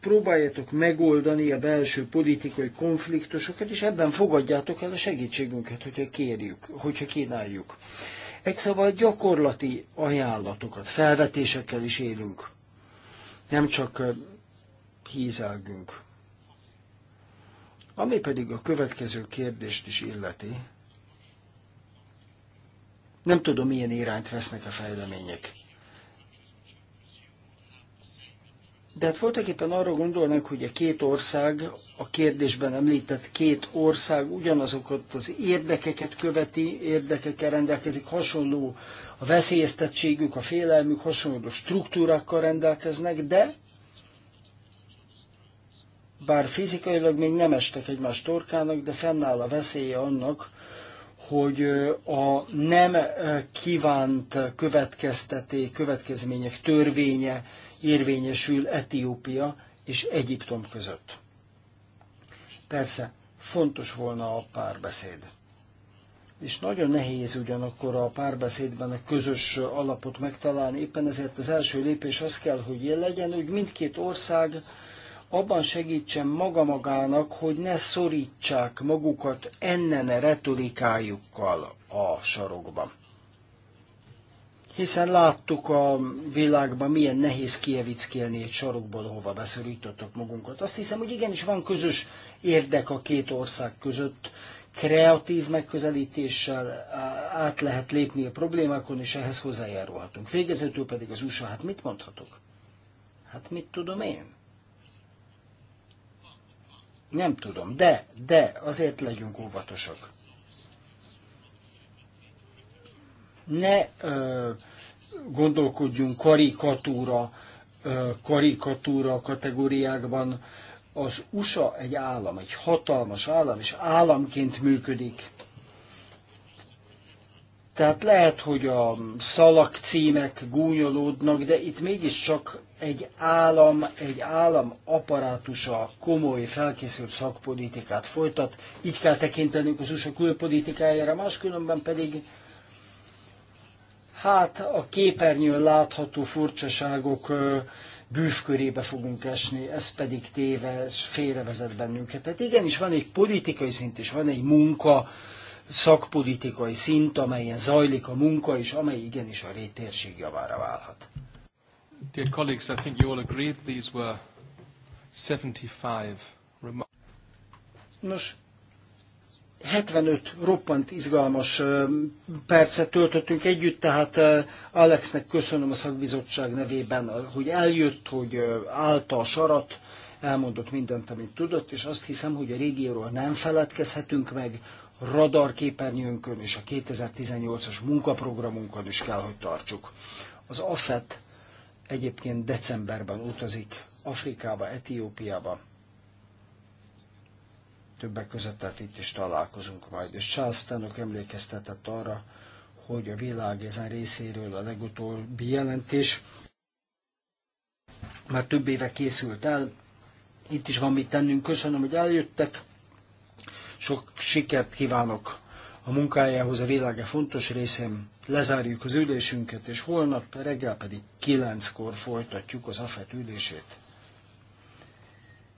Speaker 1: próbáljátok megoldani a belső politikai konfliktusokat, és ebben fogadjátok el a segítségünket, hogyha kérjük, hogyha kínáljuk. Egy szóval gyakorlati ajánlatokat, felvetésekkel is élünk nem csak hízelgünk. Ami pedig a következő kérdést is illeti, nem tudom, milyen irányt vesznek a fejlemények. De hát voltak éppen arra gondolnak, hogy a két ország, a kérdésben említett két ország ugyanazokat az érdekeket követi, érdekekkel rendelkezik, hasonló a veszélyeztettségük, a félelmük hasonló struktúrákkal rendelkeznek, de bár fizikailag még nem estek egymás torkának, de fennáll a veszélye annak, hogy a nem kívánt következteté, következmények törvénye érvényesül Etiópia és Egyiptom között. Persze, fontos volna a párbeszéd és nagyon nehéz ugyanakkor a párbeszédben a közös alapot megtalálni. Éppen ezért az első lépés az kell, hogy legyen, hogy mindkét ország abban segítsen maga magának, hogy ne szorítsák magukat ennene retorikájukkal a sarokban. Hiszen láttuk a világban, milyen nehéz kievickélni egy sarokból, hova beszorítottak magunkat. Azt hiszem, hogy igenis van közös érdek a két ország között, kreatív megközelítéssel át lehet lépni a problémákon, és ehhez hozzájárulhatunk. Végezetül pedig az USA, hát mit mondhatok? Hát mit tudom én? Nem tudom, de, de azért legyünk óvatosak. Ne ö, gondolkodjunk karikatúra, ö, karikatúra kategóriákban, az USA egy állam, egy hatalmas állam, és államként működik. Tehát lehet, hogy a szalak címek gúnyolódnak, de itt mégiscsak egy állam, egy állam apparátusa komoly felkészült szakpolitikát folytat. Így kell tekintenünk az USA külpolitikájára, máskülönben pedig hát a képernyőn látható furcsaságok bűvkörébe fogunk esni, ez pedig téves, félrevezet bennünket. Tehát igenis van egy politikai szint, és van egy munka, szakpolitikai szint, amelyen zajlik a munka, és amely igenis a rétérség javára válhat.
Speaker 2: Dear colleagues, I think you all agreed these were 75 remarks. Nos,
Speaker 1: 75 roppant izgalmas percet töltöttünk együtt, tehát Alexnek köszönöm a szakbizottság nevében, hogy eljött, hogy állta a sarat, elmondott mindent, amit tudott, és azt hiszem, hogy a régióról nem feledkezhetünk meg, radarképernyőnkön és a 2018-as munkaprogramunkon is kell, hogy tartsuk. Az AFET egyébként decemberben utazik Afrikába, Etiópiába, Többek között tehát itt is találkozunk majd. És Charles Tannock emlékeztetett arra, hogy a világ ezen részéről a legutóbbi jelentés már több éve készült el. Itt is van mit tennünk. Köszönöm, hogy eljöttek. Sok sikert kívánok a munkájához a világe fontos részén. Lezárjuk az ülésünket, és holnap reggel pedig kilenckor folytatjuk az AFET ülését.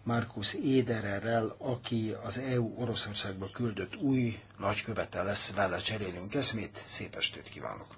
Speaker 1: Markus Édererrel, aki az EU Oroszországba küldött új nagykövete lesz, vele cserélünk eszmét. Szép estét kívánok!